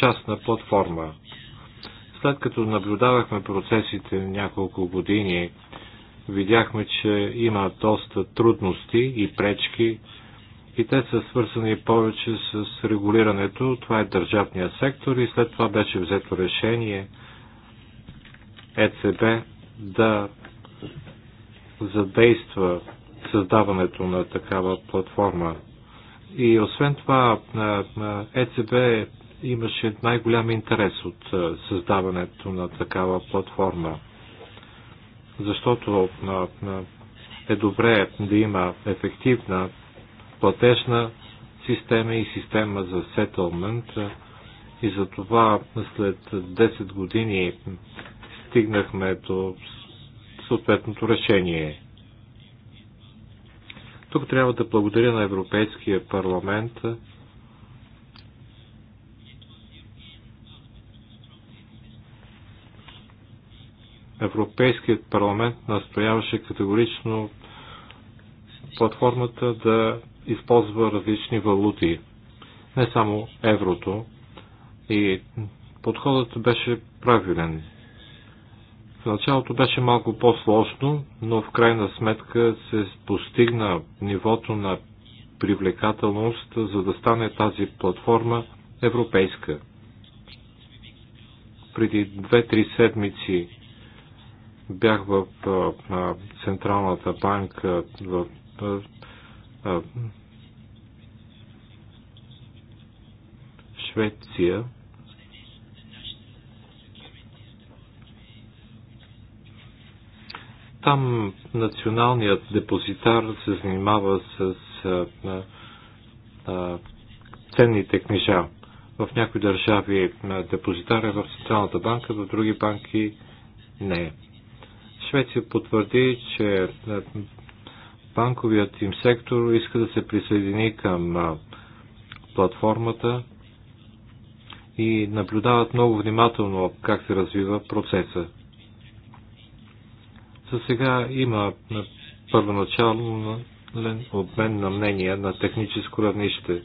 S3: частна платформа. След като наблюдавахме процесите няколко години, видяхме, че има доста трудности и пречки и те са свързани повече с регулирането. Това е държавния сектор и след това беше взето решение ЕЦБ да задейства създаването на такава платформа. И освен това, ЕЦБ имаше най-голям интерес от създаването на такава платформа, защото е добре да има ефективна платежна система и система за сетълмент. И за това след 10 години стигнахме до съответното решение. Тук трябва да благодаря на Европейския парламент, Европейският парламент настояваше категорично платформата да използва различни валути, не само еврото. И подходът беше правилен. В началото беше малко по-сложно, но в крайна сметка се постигна нивото на привлекателност, за да стане тази платформа европейска. Преди 2-3 седмици бях в Централната банка в Швеция там националният депозитар се занимава с а, а, ценните книжа. В някои държави депозитар е в Централната банка, в други банки не. Швеция потвърди, че банковият им сектор иска да се присъедини към платформата и наблюдават много внимателно как се развива процеса. За сега има първоначален обмен на мнения на техническо равнище.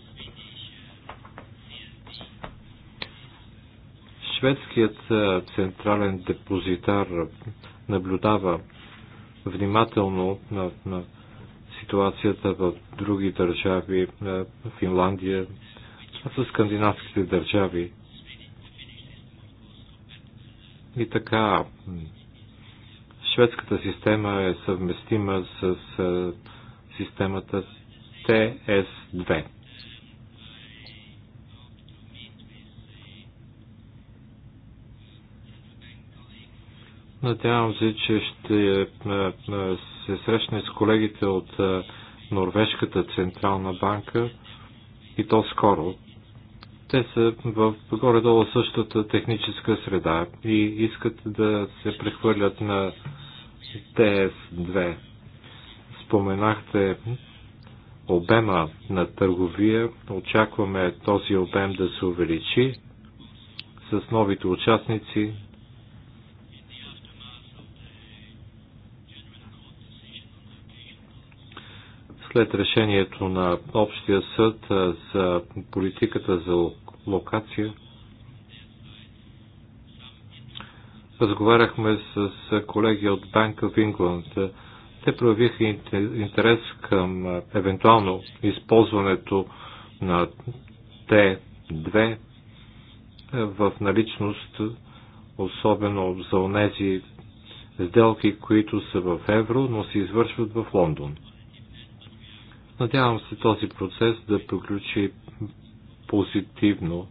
S3: Шведският централен депозитар наблюдава внимателно на, на ситуацията в други държави, е, Финландия, с скандинавските държави. И така, шведската система е съвместима с е, системата ТС2. Надявам се, че ще е, е, е, се срещне с колегите от Норвежката централна банка и то скоро. Те са в горе-долу същата техническа среда и искат да се прехвърлят на ТС-2. Споменахте обема на търговия. Очакваме този обем да се увеличи с новите участници, След решението на Общия съд за политиката за локация, разговаряхме с колеги от Bank of England. Те проявиха интерес към евентуално използването на Т2 в наличност, особено за онези сделки, които са в евро, но се извършват в Лондон. Надявам се този процес да приключи позитивно,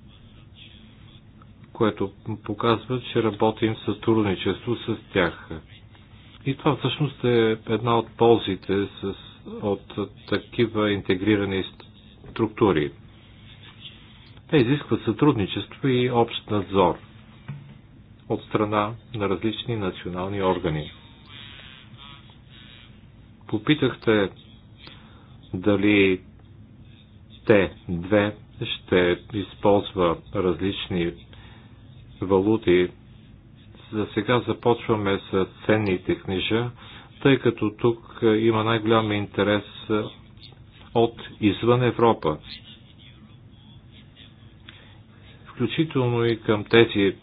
S3: което показва, че работим в сътрудничество с тях. И това всъщност е една от ползите с, от такива интегрирани структури. Те изискват сътрудничество и общ надзор от страна на различни национални органи. Попитахте дали те две ще използва различни валути. За сега започваме с ценните книжа, тъй като тук има най-голям интерес от извън Европа. Включително и към тези е,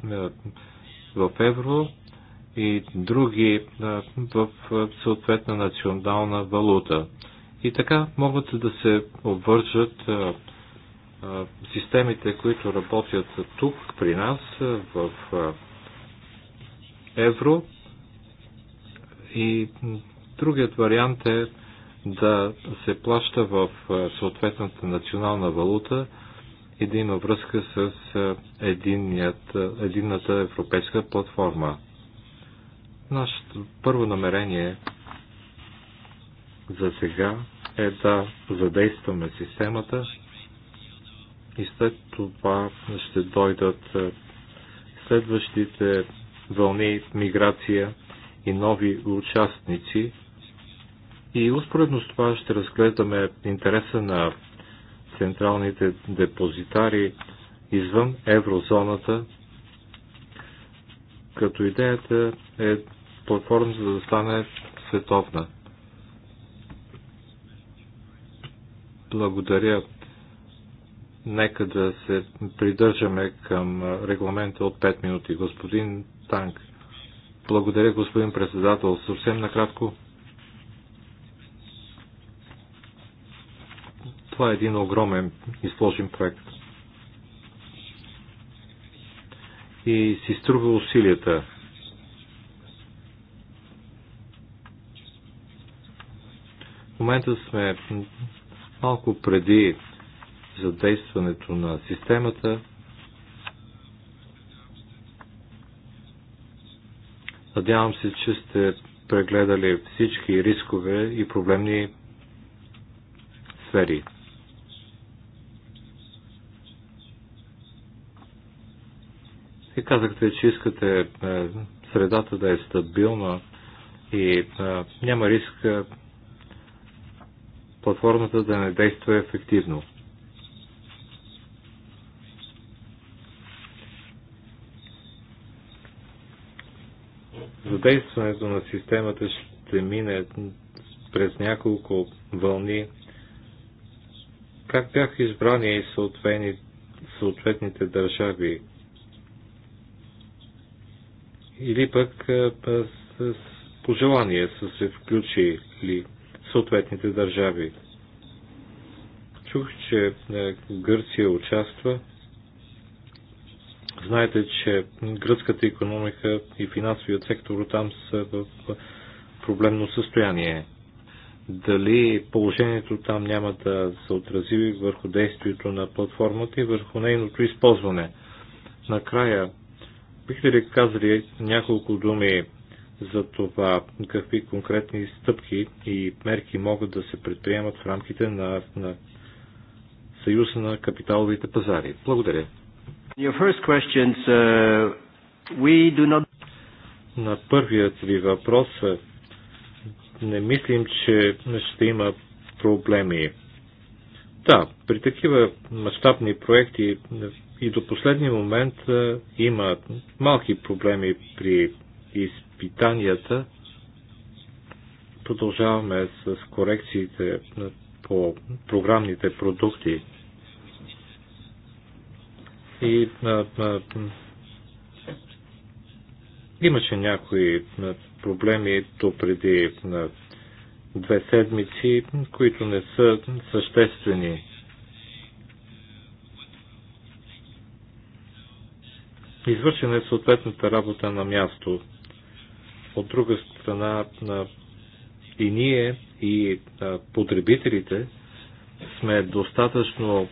S3: в евро и други е, в е, съответна национална валута. И така могат да се обвържат системите, които работят тук при нас в евро. И другият вариант е да се плаща в съответната национална валута и да има връзка с единният, единната европейска платформа. Нашето първо намерение е за сега е да задействаме системата и след това ще дойдат е, следващите вълни миграция и нови участници. И успоредно с това ще разгледаме интереса на централните депозитари извън еврозоната, като идеята е платформата да стане световна. Благодаря. Нека да се придържаме към регламента от 5 минути. Господин Танк. Благодаря, господин председател. Съвсем накратко. Това е един огромен и сложен проект. И си струва усилията. В момента сме малко преди задействането на системата. Надявам се, че сте прегледали всички рискове и проблемни сфери. И казахте, че искате е, средата да е стабилна и е, няма риск е, платформата да не действа ефективно. Задействането на системата ще мине през няколко вълни. Как бяха избрани и съответните държави? Или пък с пожелание са се включили съответните държави. Чух, че е, Гърция участва. Знаете, че гръцката економика и финансовият сектор там са в проблемно състояние. Дали положението там няма да се отрази върху действието на платформата и върху нейното използване? Накрая, бихте ли казали няколко думи за това какви конкретни стъпки и мерки могат да се предприемат в рамките на, на Съюза на капиталовите пазари. Благодаря. Your first question, sir, we do not... На първият ви въпрос е, не мислим, че ще има проблеми. Да, при такива мащабни проекти е, и до последния момент е, има малки проблеми при изпълнението изпитанията. Продължаваме с корекциите по програмните продукти и а, а, имаше някои проблеми до преди две седмици, които не са съществени. Извършена е съответната работа на място. От друга страна, и ние, и потребителите сме достатъчно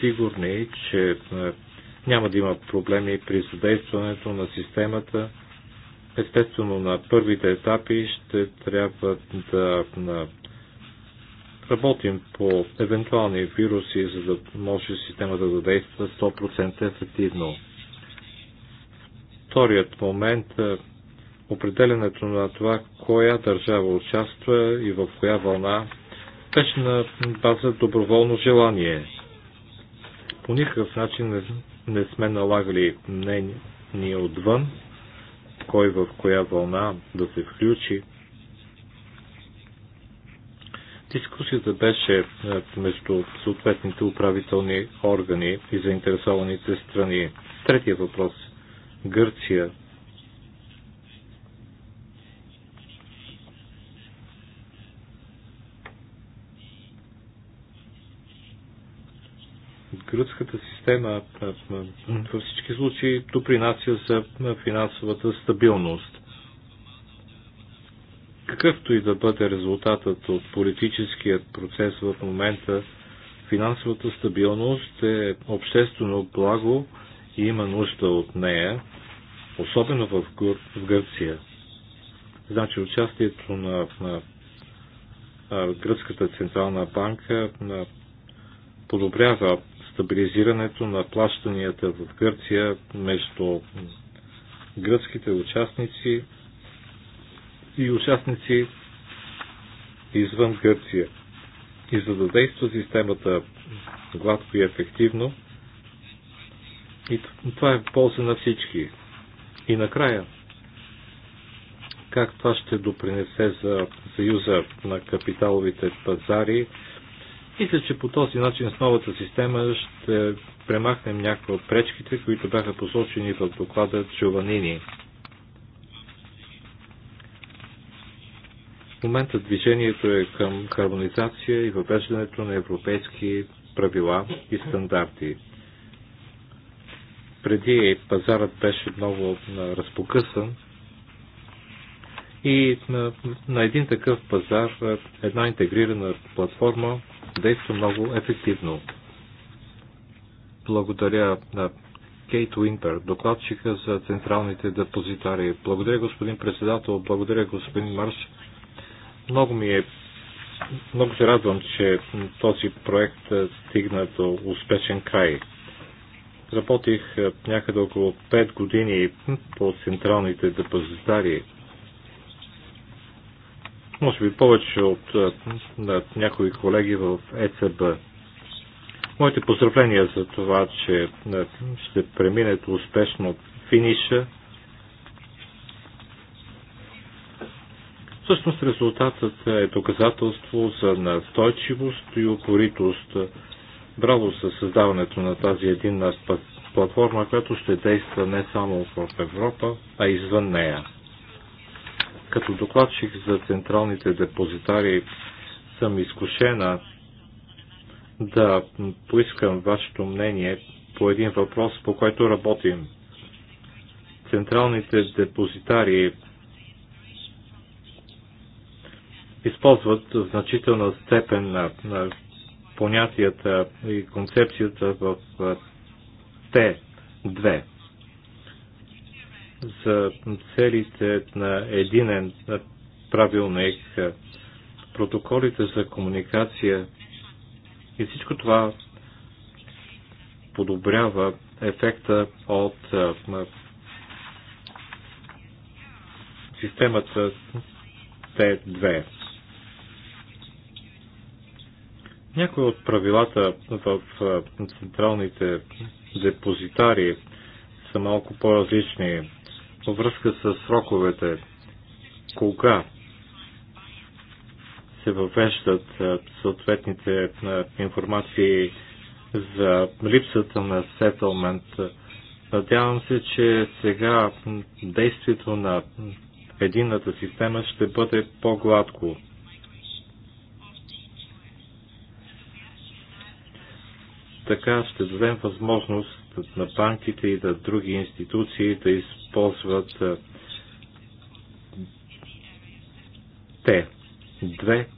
S3: сигурни, че няма да има проблеми при съдействането на системата. Естествено, на първите етапи ще трябва да работим по евентуални вируси, за да може системата да действа 100% ефективно. Вторият момент определенето на това, коя държава участва и в коя вълна, беше на база доброволно желание. По никакъв начин не, не сме налагали мнение отвън, кой в коя вълна да се включи. Дискусията беше е, между съответните управителни органи и заинтересованите страни. Третия въпрос – Гърция – гръцката система във всички случаи допринася за финансовата стабилност. Какъвто и да бъде резултатът от политическият процес в момента, финансовата стабилност е обществено благо и има нужда от нея, особено в, Гър... в Гърция. Значи участието на, на, на Гръцката централна банка на подобрява стабилизирането на плащанията в Гърция между гръцките участници и участници извън Гърция. И за да действа системата гладко и ефективно, и това е в полза на всички. И накрая, как това ще допринесе за съюза на капиталовите пазари, мисля, че по този начин с новата система ще премахнем някои от пречките, които бяха посочени в доклада Чуванини. В момента движението е към хармонизация и въвеждането на европейски правила и стандарти. Преди пазарът беше много разпокъсан и на, на един такъв пазар една интегрирана платформа действа много ефективно. Благодаря на Кейт Уинтер, докладчика за централните депозитари. Благодаря, господин председател, благодаря, господин Марш. Много ми е много се радвам, че този проект е, стигна до успешен край. Работих е, някъде около 5 години по централните депозитари може би повече от е, някои колеги в ЕЦБ. Моите поздравления за това, че е, ще преминете успешно финиша. Всъщност резултатът е доказателство за настойчивост и упоритост. Браво за създаването на тази единна платформа, която ще действа не само в Европа, а извън нея. Като докладчик за централните депозитари съм изкушена да поискам вашето мнение по един въпрос, по който работим. Централните депозитари използват значителна степен на, на понятията и концепцията в Т2 за целите на единен правилник, протоколите за комуникация и всичко това подобрява ефекта от системата Т2. Някои от правилата в централните депозитари са малко по-различни във връзка с сроковете, кога се въвеждат съответните информации за липсата на сетълмент. Надявам се, че сега действието на единната система ще бъде по-гладко. Така ще дадем възможност възможност на банките и на други институции да използват те. Две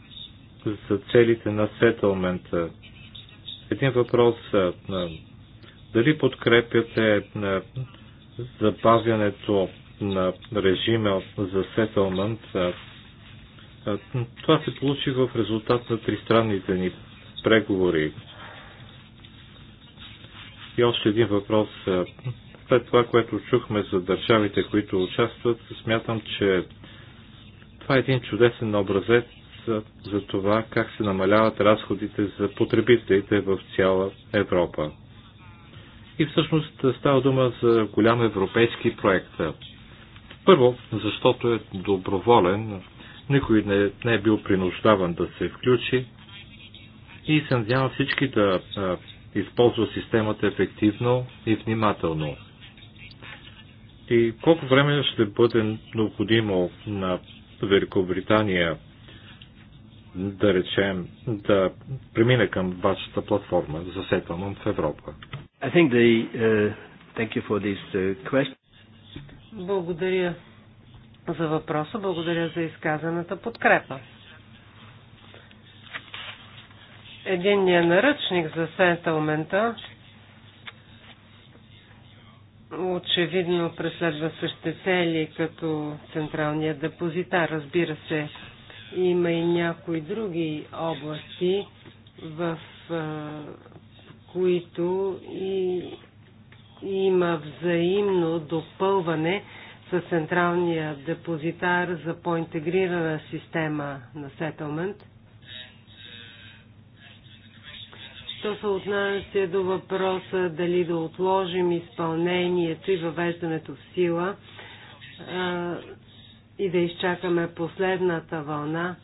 S3: за целите на сетълмента. Един въпрос дали подкрепяте на забавянето на режима за сетълмент. Това се получи в резултат на тристранните ни преговори и още един въпрос. Е, след това, което чухме за държавите, които участват, смятам, че това е един чудесен образец за, това как се намаляват разходите за потребителите в цяла Европа. И всъщност е, става дума за голям европейски проект. Първо, защото е доброволен, никой не, не е бил принуждаван да се включи и се надявам всички да а, е, използва системата ефективно и внимателно. И колко време ще бъде необходимо на Великобритания, да речем, да премине към вашата платформа за сетълмент в Европа? I think the, uh, thank you for this, uh, question.
S4: Благодаря за въпроса, благодаря за изказаната подкрепа. единния наръчник за сетълмента очевидно преследва същите цели като централния депозитар. Разбира се, има и някои други области, в които и има взаимно допълване с централния депозитар за по-интегрирана система на сетълмент – Що се отнася до въпроса дали да отложим изпълнението и въвеждането в сила а, и да изчакаме последната вълна,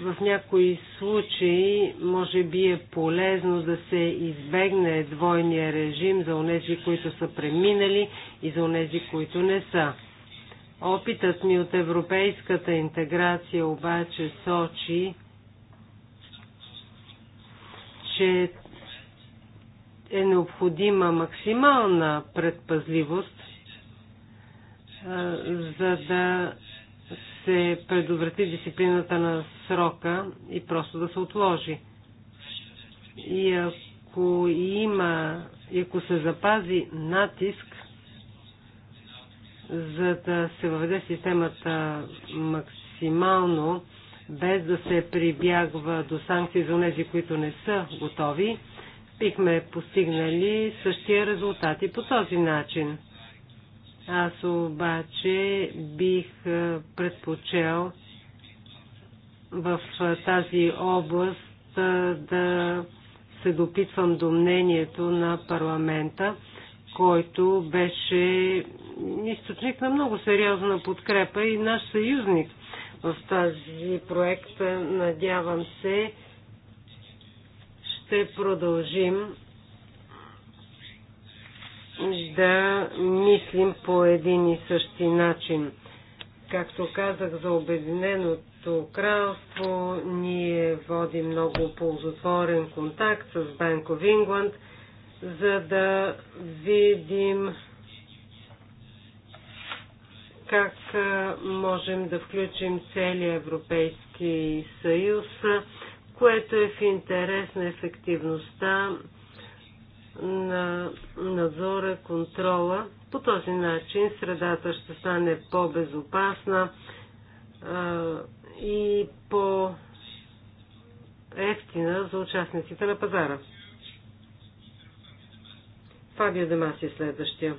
S4: в някои случаи може би е полезно да се избегне двойния режим за онези, които са преминали и за онези, които не са. Опитът ми от европейската интеграция обаче сочи, че е необходима максимална предпазливост, за да се предотврати дисциплината на срока и просто да се отложи. И ако има, и ако се запази натиск, за да се въведе системата максимално, без да се прибягва до санкции за тези, които не са готови, бихме постигнали същия резултат и по този начин. Аз обаче бих предпочел в тази област да се допитвам до мнението на парламента, който беше източник на много сериозна подкрепа и наш съюзник – в тази проект. Надявам се, ще продължим да мислим по един и същи начин. Както казах за Обединеното кралство, ние водим много ползотворен контакт с Банк of за да видим как можем да включим целия Европейски съюз, което е в интерес на ефективността на надзора, контрола. По този начин средата ще стане по-безопасна и по-ефтина за участниците на пазара. Фабио Демаси следващия.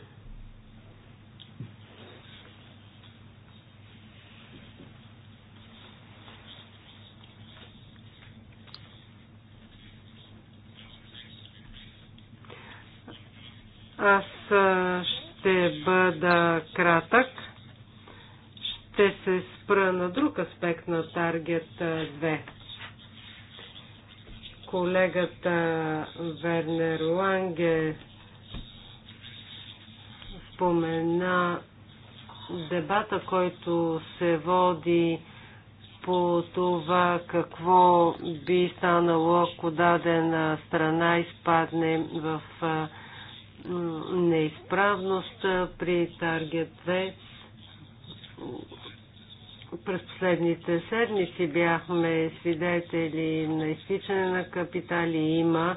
S4: Аз ще бъда кратък. Ще се спра на друг аспект на Таргет 2. Колегата Вернер Ланге спомена дебата, който се води по това какво би станало, ако дадена страна изпадне в неизправност при Target 2. През последните седмици бяхме свидетели на изтичане на капитали. Има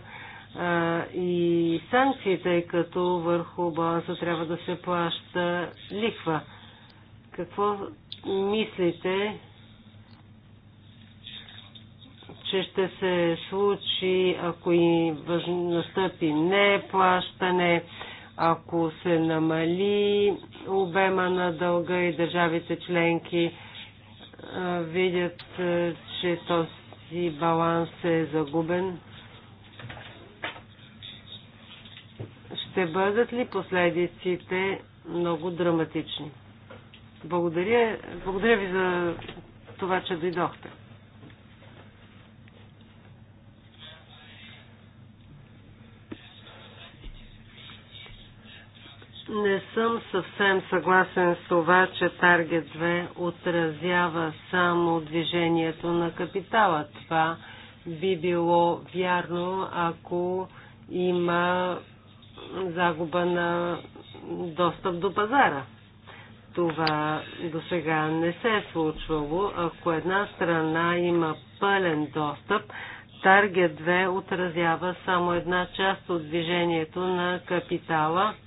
S4: и санкциите, като върху баланса трябва да се плаща лихва. Какво мислите че ще се случи, ако и настъпи неплащане, е ако се намали обема на дълга и държавите членки видят, че този баланс е загубен. Ще бъдат ли последиците много драматични? Благодаря, благодаря ви за това, че дойдохте. Не съм съвсем съгласен с това, че Таргет 2 отразява само движението на капитала. Това би било вярно, ако има загуба на достъп до пазара. Това до сега не се е случвало. Ако една страна има пълен достъп, Таргет 2 отразява само една част от движението на капитала –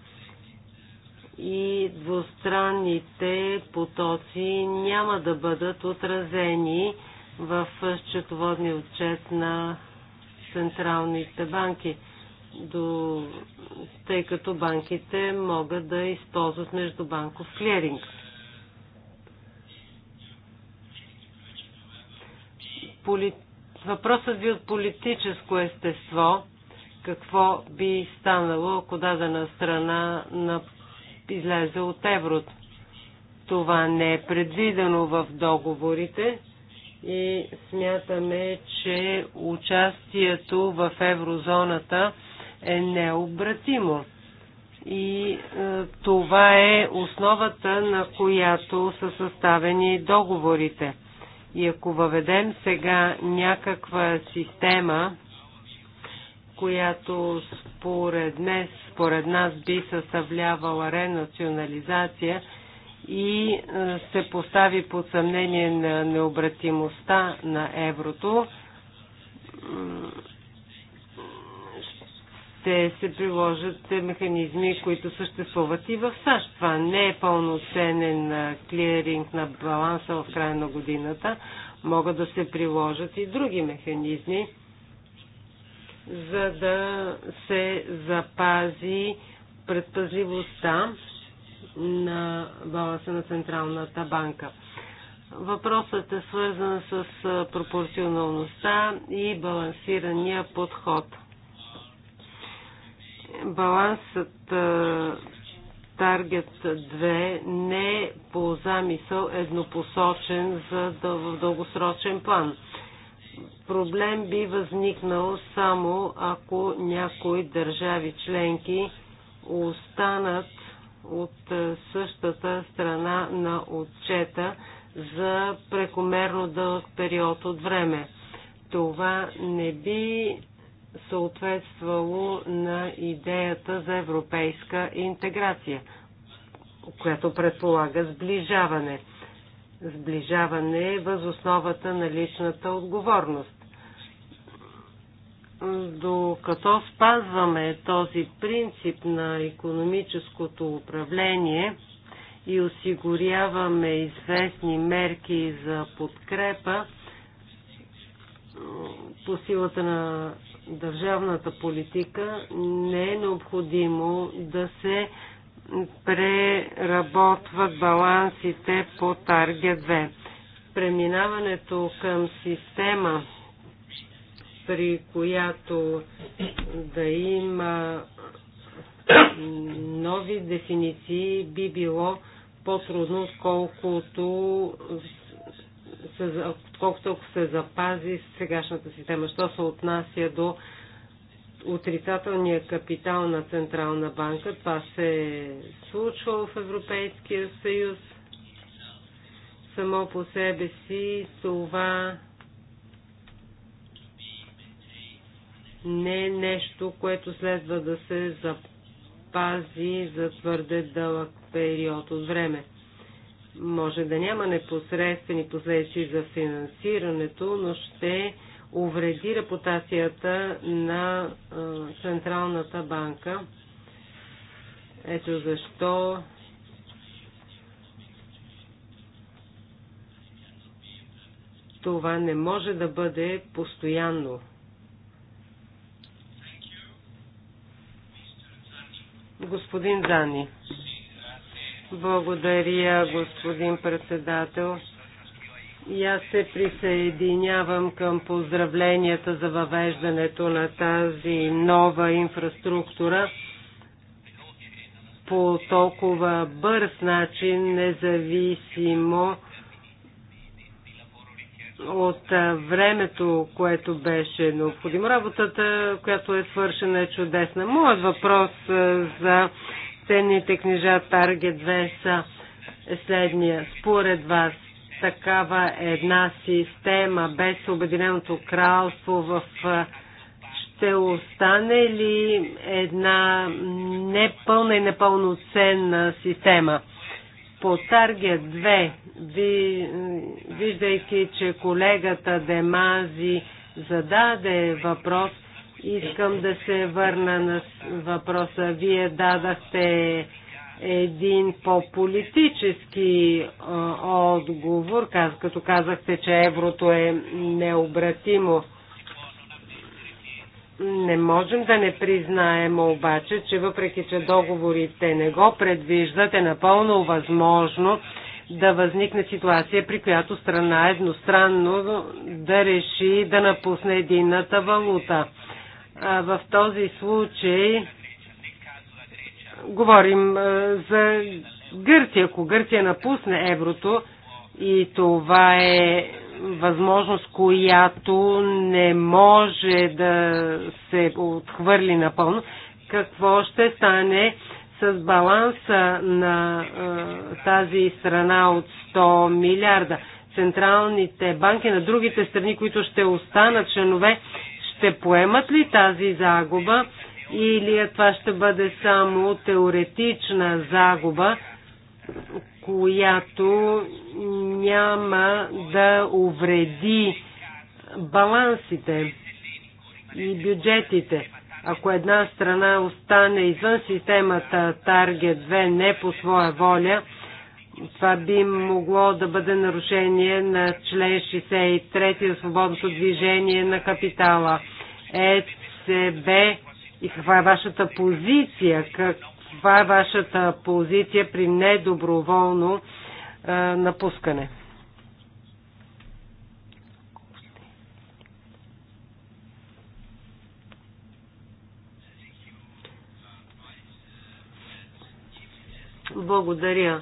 S4: и двустранните потоци няма да бъдат отразени в счетоводния отчет на централните банки, до, тъй като банките могат да използват междубанков клиринг. Поли... Въпросът ви от политическо естество какво би станало, ако дадена страна на излезе от еврото. Това не е предвидено в договорите и смятаме, че участието в еврозоната е необратимо. И е, това е основата, на която са съставени договорите. И ако въведем сега някаква система, която според, днес, според нас би съставлявала ренационализация и е, се постави под съмнение на необратимостта на еврото, ще се приложат механизми, които съществуват и в САЩ. Това не е пълноценен е, клиринг на баланса в края на годината. Могат да се приложат и други механизми за да се запази предпазливостта на баланса на Централната банка. Въпросът е свързан с пропорционалността и балансирания подход. Балансът Таргет 2 не е по замисъл еднопосочен за в дългосрочен план проблем би възникнал само ако някои държави членки останат от е, същата страна на отчета за прекомерно дълъг период от време. Това не би съответствало на идеята за европейска интеграция, която предполага сближаване. Сближаване е основата на личната отговорност докато спазваме този принцип на економическото управление и осигуряваме известни мерки за подкрепа по силата на държавната политика, не е необходимо да се преработват балансите по Таргет 2. Преминаването към система при която да има нови дефиниции, би било по-трудно, отколкото колкото ако се запази сегашната система. Що се отнася до отрицателния капитал на Централна банка, това се случва в Европейския съюз. Само по себе си това не е нещо, което следва да се запази за твърде дълъг период от време. Може да няма непосредствени последици за финансирането, но ще увреди репутацията на Централната банка. Ето защо това не може да бъде постоянно господин Дани. Благодаря, господин председател. И аз се присъединявам към поздравленията за въвеждането на тази нова инфраструктура по толкова бърз начин, независимо от времето, което беше необходимо. Работата, която е свършена, е чудесна. Моят въпрос за ценните книжа Target 2 са е следния. Според вас, такава една система без Обединеното кралство в ще остане ли една непълна и непълноценна система? По Таргет 2, ви, виждайки, че колегата Демази зададе въпрос, искам да се върна на въпроса. Вие дадахте един по-политически отговор, като казахте, че еврото е необратимо. Не можем да не признаем обаче, че въпреки, че договорите не го предвиждат, е напълно възможно да възникне ситуация, при която страна едностранно да реши да напусне единната валута. А в този случай говорим за Гърция. Ако Гърция напусне еврото и това е възможност, която не може да се отхвърли напълно. Какво ще стане с баланса на тази страна от 100 милиарда? Централните банки на другите страни, които ще останат членове, ще поемат ли тази загуба или е това ще бъде само теоретична загуба? която няма да увреди балансите и бюджетите. Ако една страна остане извън системата Target 2 не по своя воля, това би могло да бъде нарушение на член 63 за свободното движение на капитала. ЕЦБ и каква е вашата позиция? Как, каква е вашата позиция при недоброволно а, напускане? Благодаря.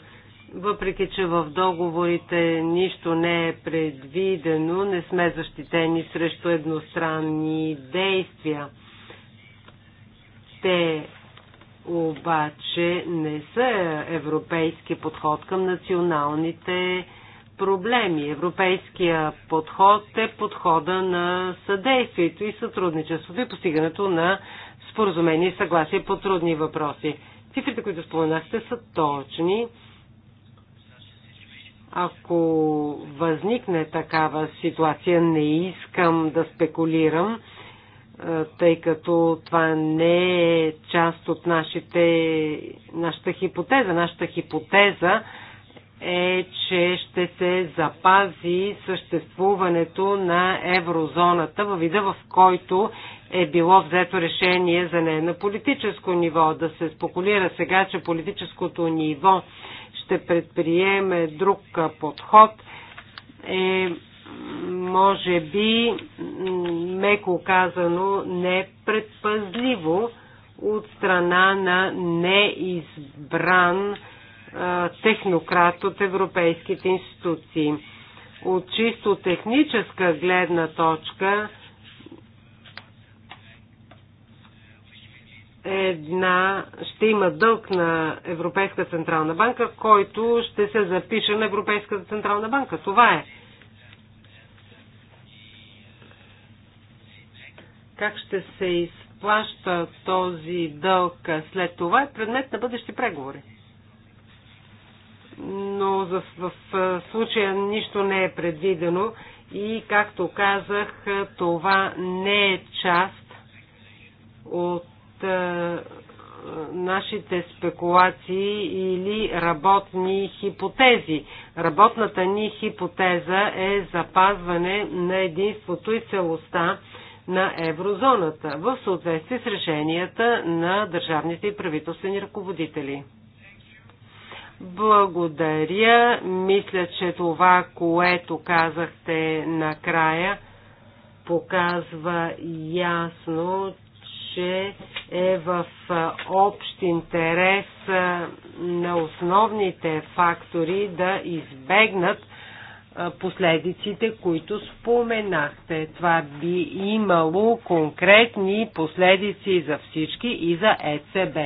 S4: Въпреки, че в договорите нищо не е предвидено, не сме защитени срещу едностранни действия. Те обаче не са европейски подход към националните проблеми. Европейския подход е подхода на съдействието и сътрудничеството и постигането на споразумение и съгласие по трудни въпроси. Цифрите, които споменахте, са точни. Ако възникне такава ситуация, не искам да спекулирам, тъй като това не е част от нашите, нашата хипотеза. Нашата хипотеза е, че ще се запази съществуването на еврозоната във вида, в който е било взето решение за нея на политическо ниво. Да се спекулира сега, че политическото ниво ще предприеме друг подход е може би, меко казано, непредпазливо от страна на неизбран технократ от европейските институции. От чисто техническа гледна точка една, ще има дълг на Европейска Централна банка, който ще се запише на Европейската Централна банка. Това е. как ще се изплаща този дълг след това е предмет на бъдещи преговори. Но в, в, в случая нищо не е предвидено и, както казах, това не е част от е, нашите спекулации или работни хипотези. Работната ни хипотеза е запазване на единството и целостта на еврозоната в съответствие с решенията на държавните и правителствени ръководители. Благодаря. Мисля, че това, което казахте накрая, показва ясно, че е в общ интерес на основните фактори да избегнат последиците, които споменахте. Това би имало конкретни последици за всички и за ЕЦБ.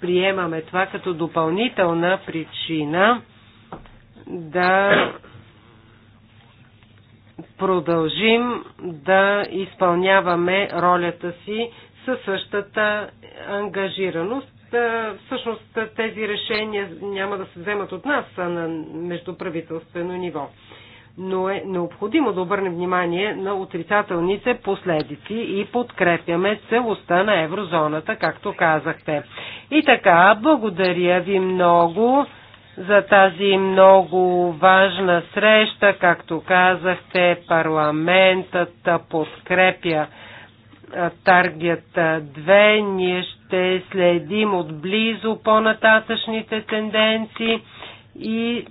S4: Приемаме това като допълнителна причина да продължим да изпълняваме ролята си със същата ангажираност. Е, всъщност тези решения няма да се вземат от нас, а на междуправителствено ниво. Но е необходимо да обърнем внимание на отрицателните последици и подкрепяме целостта на еврозоната, както казахте. И така, благодаря ви много за тази много важна среща. Както казахте, парламентът подкрепя Таргет 2. Ние ще следим отблизо по-нататъчните тенденции и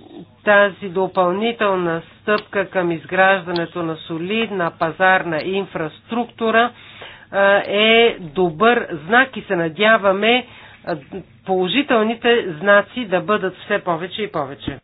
S4: тази допълнителна стъпка към изграждането на солидна пазарна инфраструктура е добър знак и се надяваме положителните знаци да бъдат все повече и повече.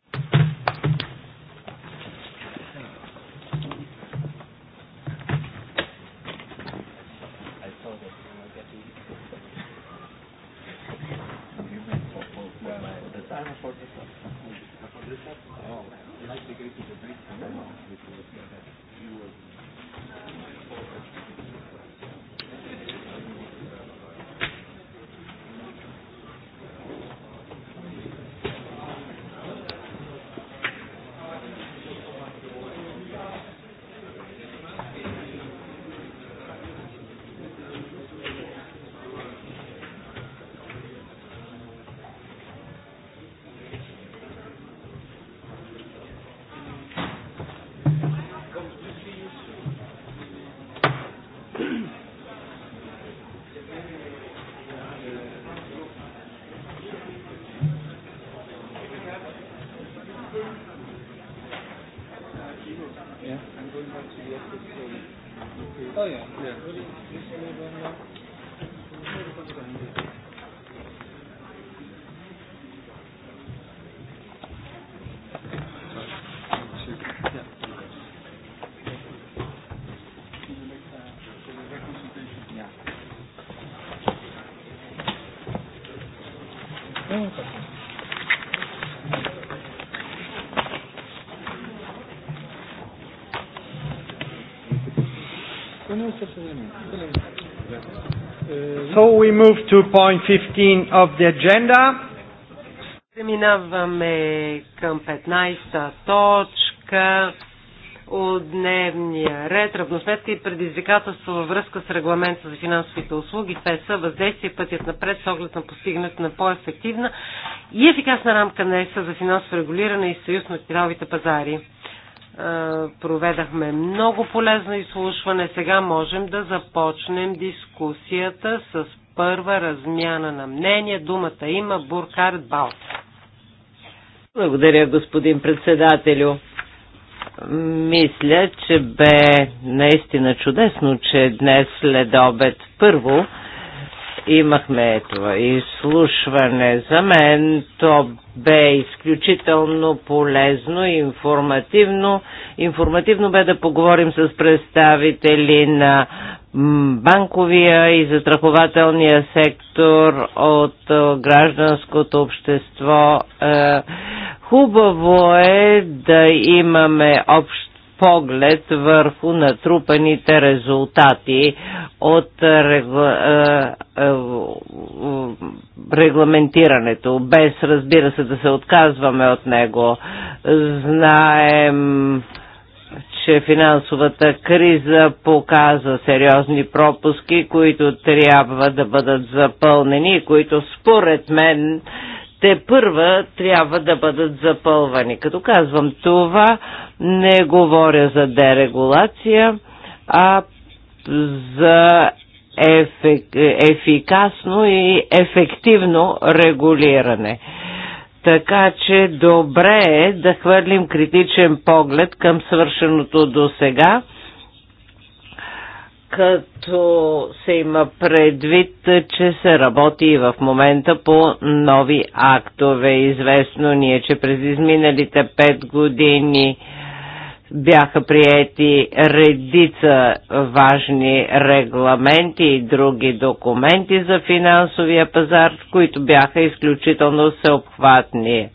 S4: So
S3: we move to point 15 of the agenda.
S4: Преминаваме към 15-та точка от дневния ред, равносметка и предизвикателство във връзка с регламента за финансовите услуги, ФЕСА, въздействие пътят напред с оглед на постигането на по-ефективна и ефикасна рамка на ЕСА за финансово регулиране и съюз на капиталовите пазари. Е, проведахме много полезно изслушване. Сега можем да започнем дискусията с първа размяна на мнение. Думата има Буркард Балт.
S5: Благодаря, господин председателю. Мисля, че бе наистина чудесно, че днес след обед първо Имахме това изслушване. За мен то бе изключително полезно и информативно. Информативно бе да поговорим с представители на банковия и застрахователния сектор от е, гражданското общество. Е, хубаво е да имаме общ поглед върху натрупаните резултати от е, е, регламентирането, без разбира се да се отказваме от него. Знаем, че финансовата криза показа сериозни пропуски, които трябва да бъдат запълнени и които според мен те първа трябва да бъдат запълвани. Като казвам това, не говоря за дерегулация, а за ефик... ефикасно и ефективно регулиране. Така че добре е да хвърлим критичен поглед към свършеното до сега като се има предвид, че се работи и в момента по нови актове. Известно ни е, че през изминалите пет години бяха приети редица важни регламенти и други документи за финансовия пазар, които бяха изключително всеобхватни е,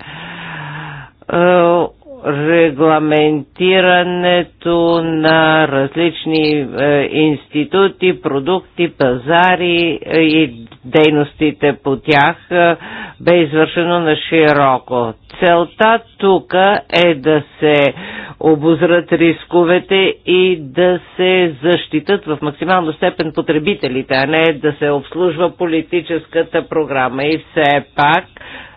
S5: регламентирането на различни е, институти, продукти, пазари е, и дейностите по тях е, бе извършено на широко. Целта тук е да се обозрат рисковете и да се защитат в максимална степен потребителите, а не да се обслужва политическата програма. И все пак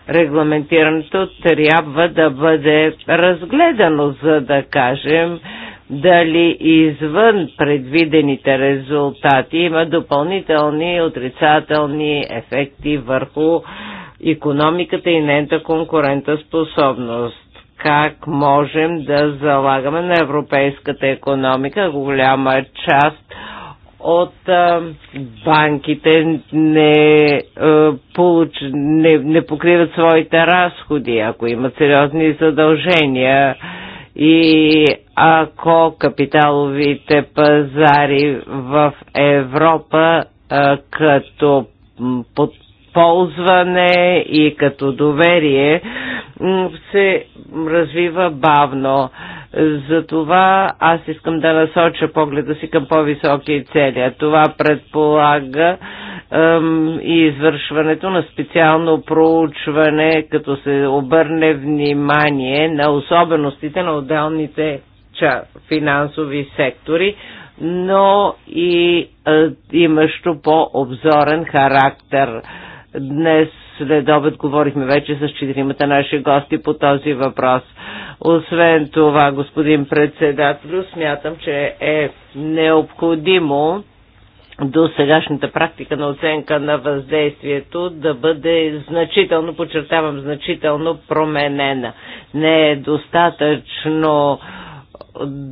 S5: регламентирането трябва да бъде разгледано, за да кажем дали извън предвидените резултати има допълнителни отрицателни ефекти върху економиката и нейната конкурентоспособност. Как можем да залагаме на европейската економика голяма част от банките не, получ, не, не покриват своите разходи, ако имат сериозни задължения и ако капиталовите пазари в Европа като под ползване и като доверие се развива бавно. Затова аз искам да насоча погледа си към по-високи цели. Това предполага и извършването на специално проучване, като се обърне внимание на особеностите на отделните финансови сектори, но и имащо по-обзорен характер. Днес след обед говорихме вече с четиримата наши гости по този въпрос. Освен това, господин председател, смятам, че е необходимо до сегашната практика на оценка на въздействието да бъде значително, подчертавам значително променена. Не е достатъчно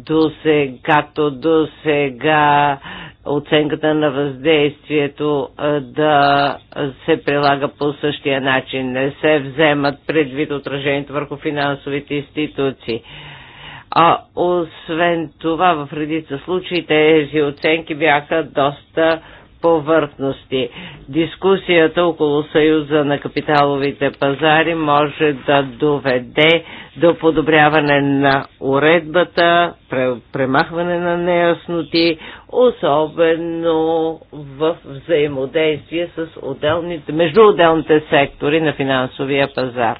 S5: до сега, както до сега оценката на въздействието да се прилага по същия начин. Не се вземат предвид отражението върху финансовите институции. А освен това, в редица случаи тези оценки бяха доста повърхности. Дискусията около Съюза на капиталовите пазари може да доведе до подобряване на уредбата, премахване на неясноти, особено в взаимодействие с отделните, между отделните сектори на финансовия пазар.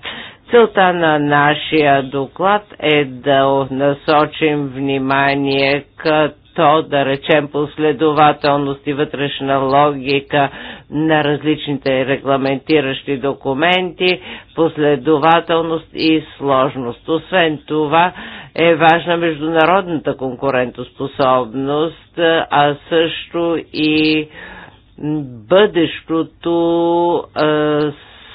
S5: Целта на нашия доклад е да насочим внимание като то, да речем, последователност и вътрешна логика на различните регламентиращи документи, последователност и сложност. Освен това е важна международната конкурентоспособност, а също и бъдещото е,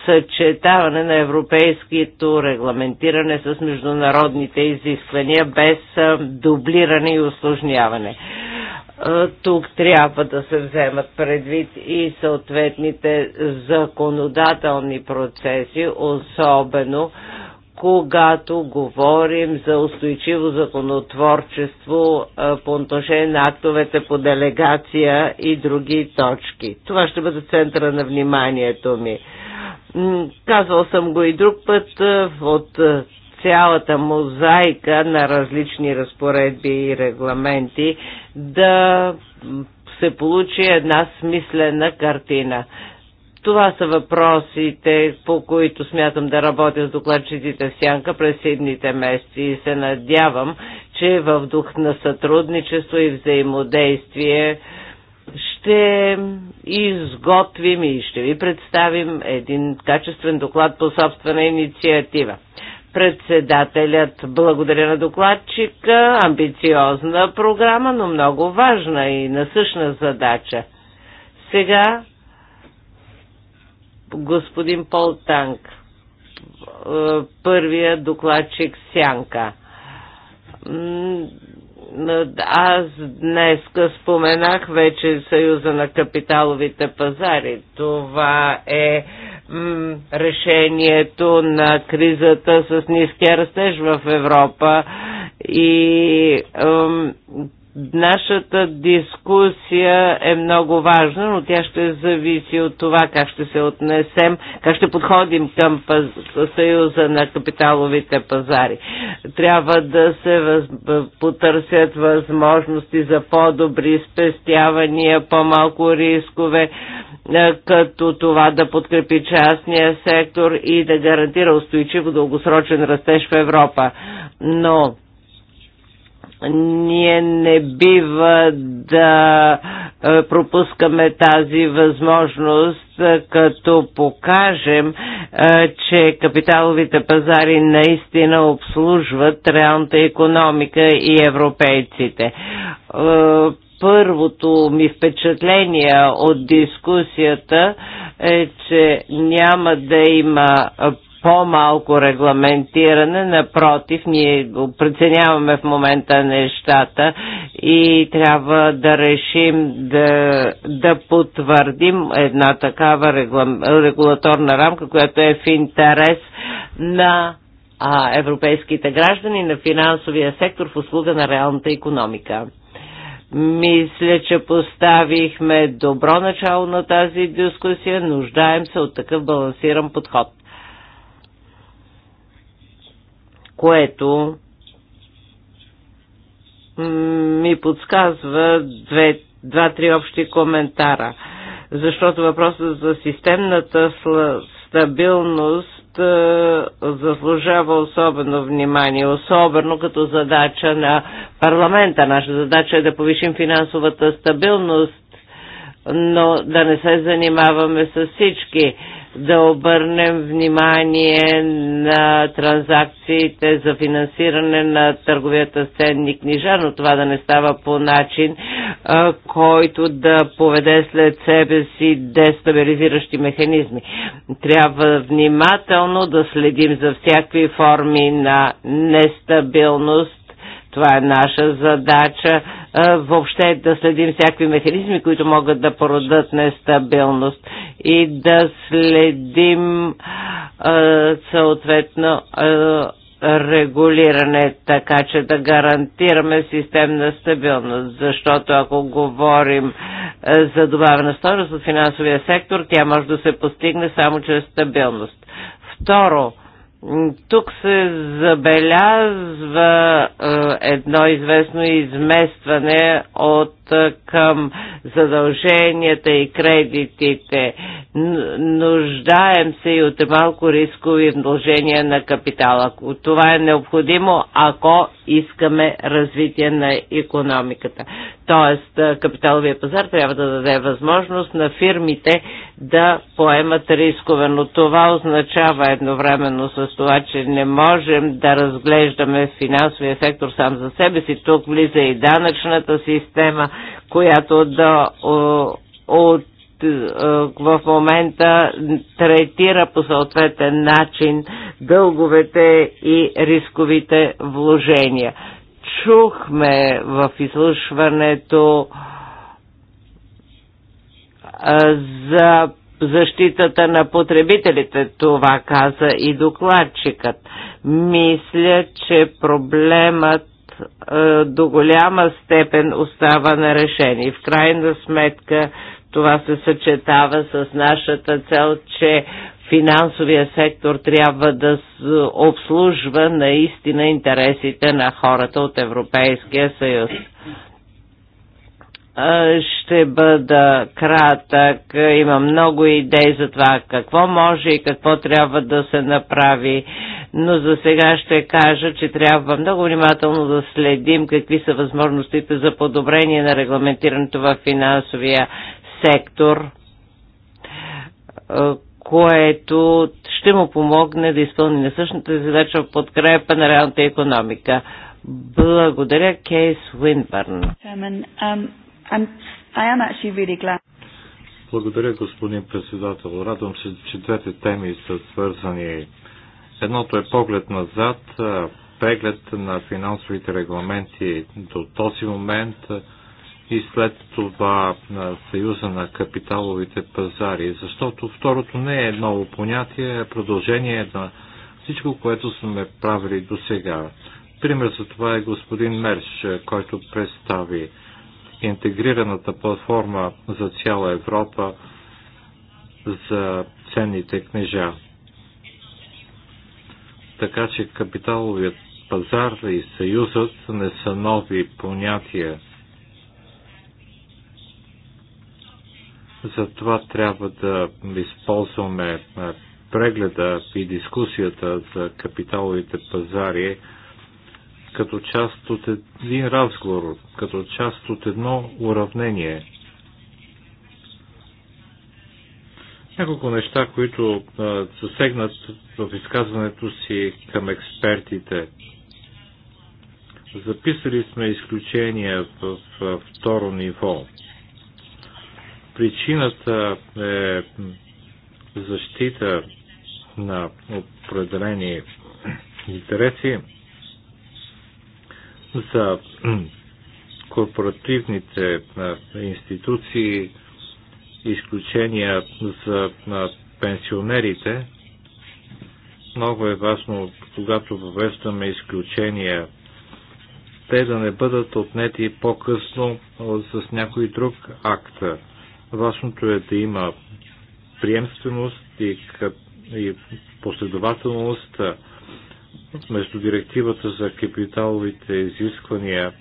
S5: съчетаване на европейското регламентиране с международните изисквания без дублиране и осложняване. Тук трябва да се вземат предвид и съответните законодателни процеси, особено когато говорим за устойчиво законотворчество по отношение на актовете по делегация и други точки. Това ще бъде центъра на вниманието ми. Казвал съм го и друг път от цялата мозайка на различни разпоредби и регламенти да се получи една смислена картина. Това са въпросите, по които смятам да работя с докладчиците в Сянка през едните месеци и се надявам, че в дух на сътрудничество и взаимодействие ще изготвим и ще ви представим един качествен доклад по собствена инициатива. Председателят благодаря на докладчика, амбициозна програма, но много важна и насъщна задача. Сега господин Пол Танк, първия докладчик Сянка аз днес споменах вече Съюза на капиталовите пазари. Това е решението на кризата с ниския растеж в Европа и Нашата дискусия е много важна, но тя ще зависи от това как ще се отнесем, как ще подходим към Съюза на капиталовите пазари. Трябва да се въз... потърсят възможности за по-добри спестявания, по-малко рискове, е, като това да подкрепи частния сектор и да гарантира устойчив дългосрочен растеж в Европа. Но ние не бива да е, пропускаме тази възможност, е, като покажем, е, че капиталовите пазари наистина обслужват реалната економика и европейците първото ми впечатление от дискусията е, че няма да има по-малко регламентиране. Напротив, ние преценяваме в момента нещата и трябва да решим да, да потвърдим една такава реглам, регулаторна рамка, която е в интерес на а, европейските граждани, на финансовия сектор в услуга на реалната економика. Мисля, че поставихме добро начало на тази дискусия. Нуждаем се от такъв балансиран подход. което ми подсказва две, два-три общи коментара. Защото въпросът за системната стабилност е, заслужава особено внимание, особено като задача на парламента. Наша задача е да повишим финансовата стабилност, но да не се занимаваме с всички да обърнем внимание на транзакциите за финансиране на търговията с ценни книжа, но това да не става по начин, който да поведе след себе си дестабилизиращи механизми. Трябва внимателно да следим за всякакви форми на нестабилност това е наша задача въобще да следим всякакви механизми, които могат да породат нестабилност и да следим съответно регулиране, така че да гарантираме системна стабилност. Защото ако говорим за добавена стойност от финансовия сектор, тя може да се постигне само чрез стабилност. Второ, тук се забелязва е, едно известно изместване от към задълженията и кредитите. Нуждаем се и от малко рискови вложения на капитала. Това е необходимо, ако искаме развитие на економиката. Тоест, капиталовия пазар трябва да даде възможност на фирмите да поемат рискове, но това означава едновременно с това, че не можем да разглеждаме финансовия сектор сам за себе си. Тук влиза и данъчната система, която да от е, в момента третира по съответен начин дълговете и рисковите вложения. Чухме в изслушването е, за защитата на потребителите, това каза и докладчикът. Мисля, че проблемът е, до голяма степен остава на решение. в крайна сметка това се съчетава с нашата цел, че финансовия сектор трябва да обслужва наистина интересите на хората от Европейския съюз ще бъда кратък. Има много идеи за това какво може и какво трябва да се направи, но за сега ще кажа, че трябва много внимателно да следим какви са възможностите за подобрение на регламентирането в финансовия сектор, което ще му помогне да изпълни насъщната задача в подкрепа на реалната економика. Благодаря, Кейс Уинбърн.
S6: Um, I am actually really glad.
S3: Благодаря, господин председател. Радвам се, че двете теми са свързани. Едното е поглед назад, преглед на финансовите регламенти до този момент и след това на Съюза на капиталовите пазари, защото второто не е ново понятие, а продължение на всичко, което сме правили до сега. Пример за това е господин Мерш, който представи интегрираната платформа за цяла Европа за ценните книжа. Така че капиталовият пазар и съюзът не са нови понятия. Затова трябва да използваме прегледа и дискусията за капиталовите пазари като част от един разговор, като част от едно уравнение. Няколко неща, които а, засегнат в изказването си към експертите. Записали сме изключения в, в второ ниво. Причината е защита на определени интереси за корпоративните институции, изключения за пенсионерите. Много е важно, когато въвеждаме изключения, те да не бъдат отнети по-късно с някой друг акт. Важното е да има приемственост и, и последователност между директивата за капиталовите изисквания.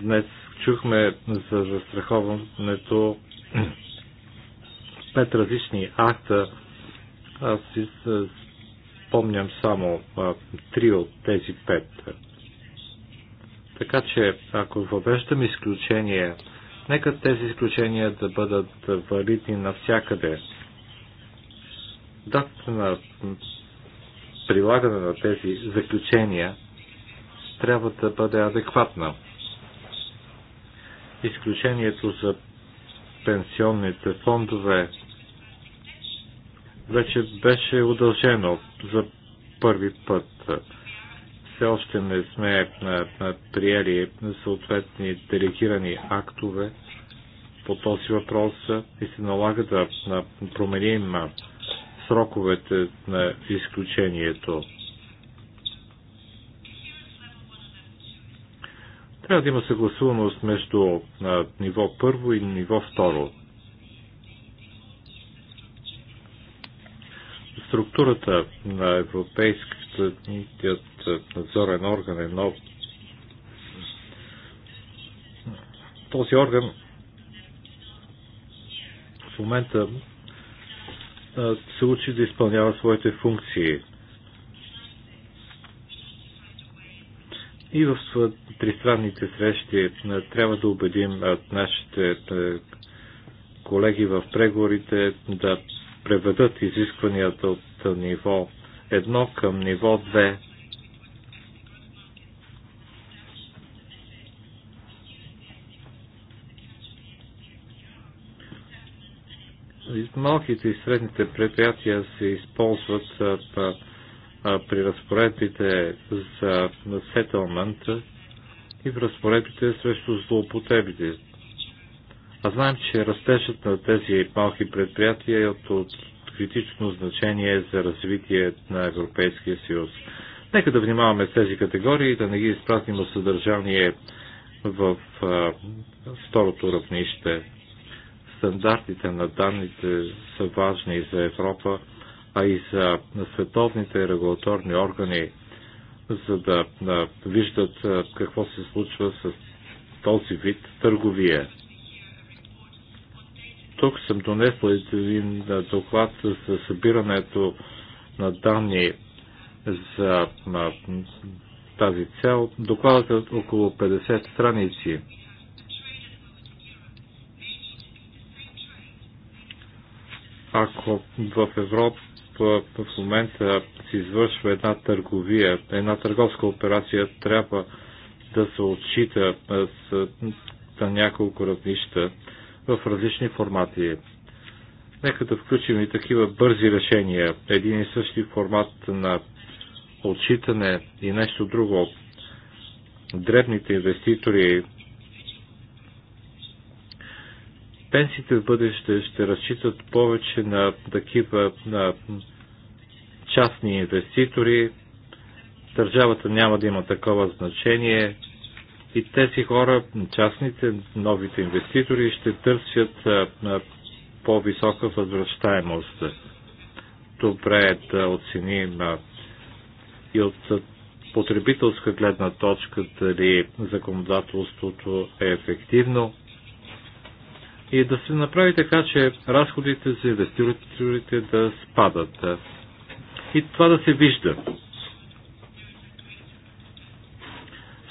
S3: Днес чухме за застраховането пет различни акта. Аз си спомням само а, три от тези пет. Така че, ако въвеждам изключение, нека тези изключения да бъдат валидни навсякъде. Датата на прилагане на тези заключения трябва да бъде адекватна. Изключението за пенсионните фондове вече беше удължено за първи път. Все още не сме приели съответни делегирани актове по този въпрос и се налага да променим сроковете на изключението. Трябва да има съгласуваност между ниво първо и ниво второ. Структурата на Европейската надзорен орган е нов. Този орган в момента се учи да изпълнява своите функции. И в тристранните срещи трябва да убедим нашите колеги в преговорите да преведат изискванията от ниво 1 към ниво малките и средните предприятия се използват при разпоредбите за сетълмент и в разпоредбите срещу злоупотребите. А знаем, че растежът на тези малки предприятия е от, от критично значение за развитие на Европейския съюз. Нека да внимаваме с тези категории, да не ги изпратим от съдържание в а, второто равнище. Стандартите на данните са важни за Европа, а и за световните регулаторни органи, за да виждат какво се случва с този вид търговия. Тук съм донесла един доклад за събирането на данни за тази цел. Докладът е около 50 страници. ако в Европа в момента се извършва една търговия, една търговска операция, трябва да се отчита с, на няколко равнища в различни формати. Нека да включим и такива бързи решения, един и същи формат на отчитане и нещо друго. Дребните инвеститори пенсиите в бъдеще ще разчитат повече на такива на частни инвеститори. Държавата няма да има такова значение и тези хора, частните, новите инвеститори ще търсят по-висока възвръщаемост. Добре е да оценим и от потребителска гледна точка дали законодателството е ефективно и да се направи така, че разходите за инвеститорите да спадат. И това да се вижда.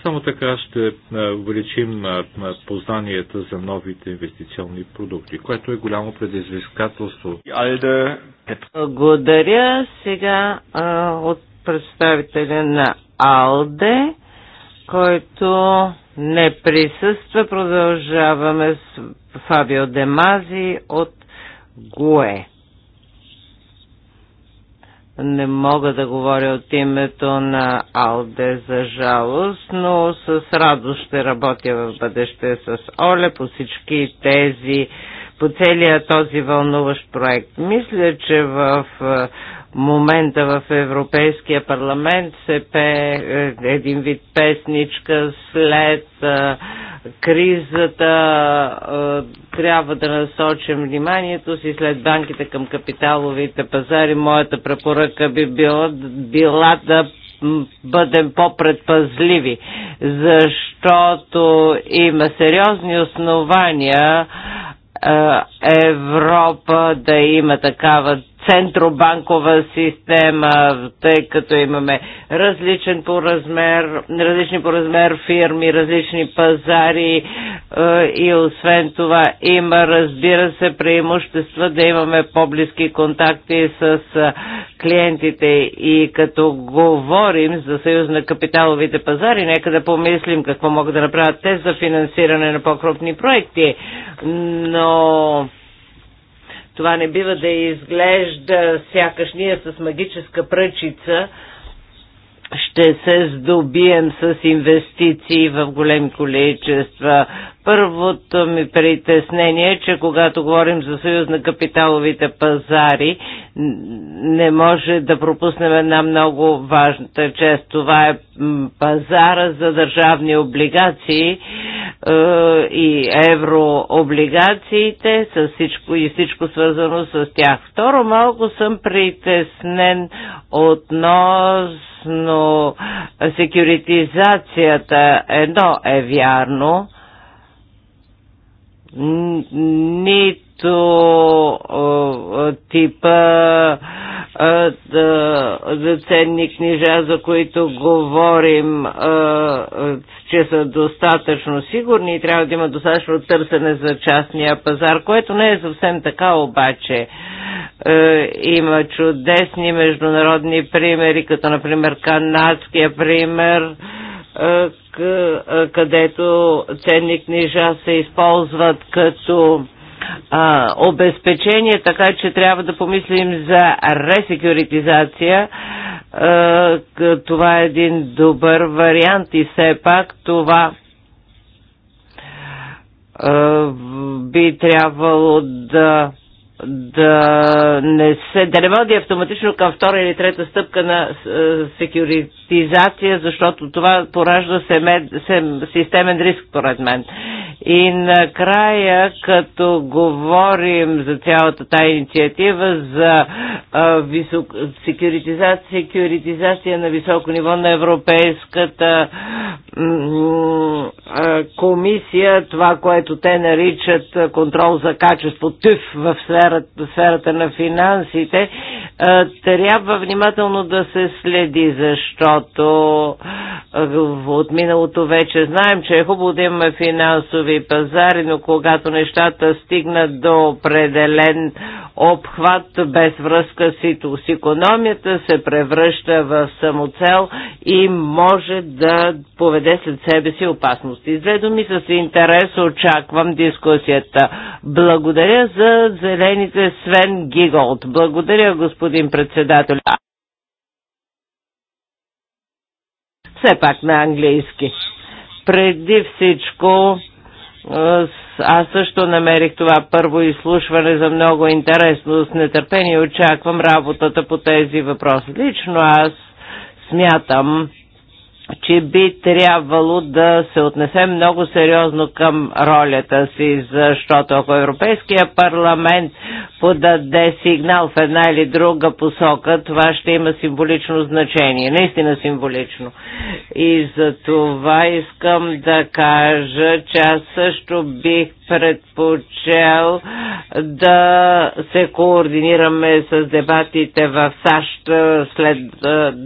S3: Само така ще увеличим познанията за новите инвестиционни продукти, което е голямо предизвикателство.
S5: Благодаря сега а, от представителя на АЛДЕ, който не присъства. Продължаваме с Фабио Демази от ГУЕ. Не мога да говоря от името на Алде за жалост, но с радост ще работя в бъдеще с Оле по всички тези, по целия този вълнуващ проект. Мисля, че в момента в Европейския парламент се пее един вид песничка след е, кризата е, трябва да насочим вниманието си след банките към капиталовите пазари. Моята препоръка би била, била да бъдем по-предпазливи, защото има сериозни основания е, Европа да има такава центробанкова система, тъй като имаме различен по размер, различни по размер фирми, различни пазари е, и освен това има, разбира се, преимущества да имаме по-близки контакти с е, клиентите и като говорим за съюз на капиталовите пазари, нека да помислим какво могат да направят те за финансиране на по-крупни проекти. Но това не бива да изглежда сякаш ние с магическа пръчица ще се здобием с инвестиции в големи количества. Първото ми притеснение е, че когато говорим за съюз на капиталовите пазари, не може да пропуснем една много важна част. Това е пазара за държавни облигации е, и еврооблигациите с всичко, и всичко свързано с тях. Второ, малко съм притеснен относно секюритизацията. Едно е вярно, нито типа за ценни книжа, за които говорим, че са достатъчно сигурни и трябва да има достатъчно търсене за частния пазар, което не е съвсем така обаче. Има чудесни международни примери, като например канадския пример, където ценни книжа се използват като а, обезпечение, така че трябва да помислим за ресекюритизация. А, това е един добър вариант и все пак това а, би трябвало да да не, се, да не води автоматично към втора или трета стъпка на е, секюритизация, защото това поражда семе, сем, системен риск, поред мен. И накрая, като говорим за цялата тази инициатива за
S6: е,
S5: висок, секюритизация, секюритизация на високо ниво на Европейската е, комисия, това, което те наричат е, контрол за качество, ТИФ в сфера сферата, сферата на финансите, е, трябва внимателно да се следи, защото е, от миналото вече знаем, че е хубаво да имаме финансови пазари, но когато нещата стигнат до определен обхват без връзка с економията, се превръща в самоцел и може да поведе след себе си опасности. С думи с интерес очаквам дискусията. Благодаря за зелен зелените Свен Гиголд. Благодаря, господин председател. Все пак на английски. Преди всичко, аз също намерих това първо изслушване за много интересно. С нетърпение очаквам работата по тези въпроси. Лично аз смятам, че би трябвало да се отнесе много сериозно към ролята си, защото ако Европейския парламент подаде сигнал в една или друга посока, това ще има символично значение, наистина символично. И за това искам да кажа, че аз също бих предпочел да се координираме с дебатите в САЩ след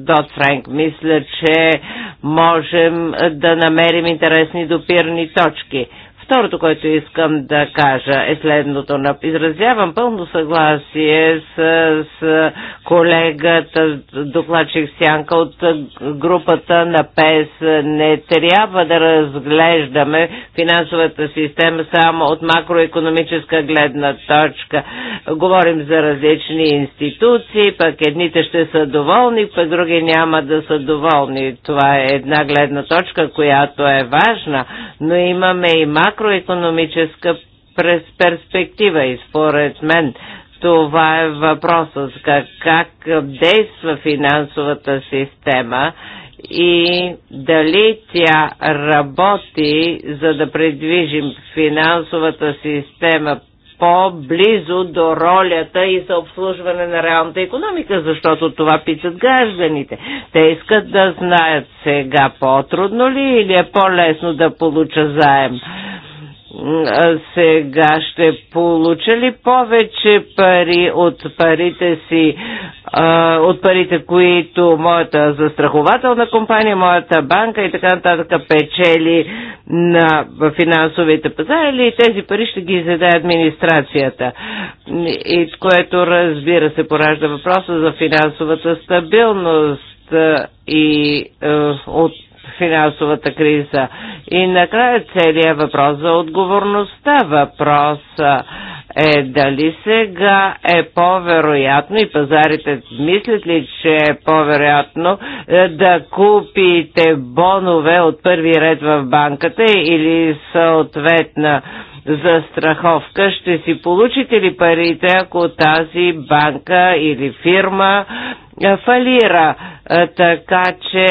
S5: Дот Франк. Мисля, че можем да намерим интересни допирни точки. Второто, което искам да кажа е следното. Изразявам пълно съгласие с, с колегата докладчик Сянка от групата на ПЕС. Не трябва да разглеждаме финансовата система само от макроекономическа гледна точка. Говорим за различни институции, пък едните ще са доволни, пък други няма да са доволни. Това е една гледна точка, която е важна, но имаме и макро макроекономическа през перспектива и според мен това е въпросът как, как действа финансовата система и дали тя работи, за да предвижим финансовата система по-близо до ролята и за обслужване на реалната економика, защото това питат гражданите. Те искат да знаят сега по-трудно ли или е по-лесно да получа заем сега ще получа ли повече пари от парите си, от парите, които моята застрахователна компания, моята банка и така нататък печели на финансовите пазари или тези пари ще ги изеде администрацията? И което разбира се поражда въпроса за финансовата стабилност и е, от финансовата криза. И накрая целият въпрос за отговорността. Въпрос е дали сега е по-вероятно и пазарите мислят ли, че е по-вероятно е, да купите бонове от първи ред в банката или съответна за страховка, ще си получите ли парите, ако тази банка или фирма фалира. Така че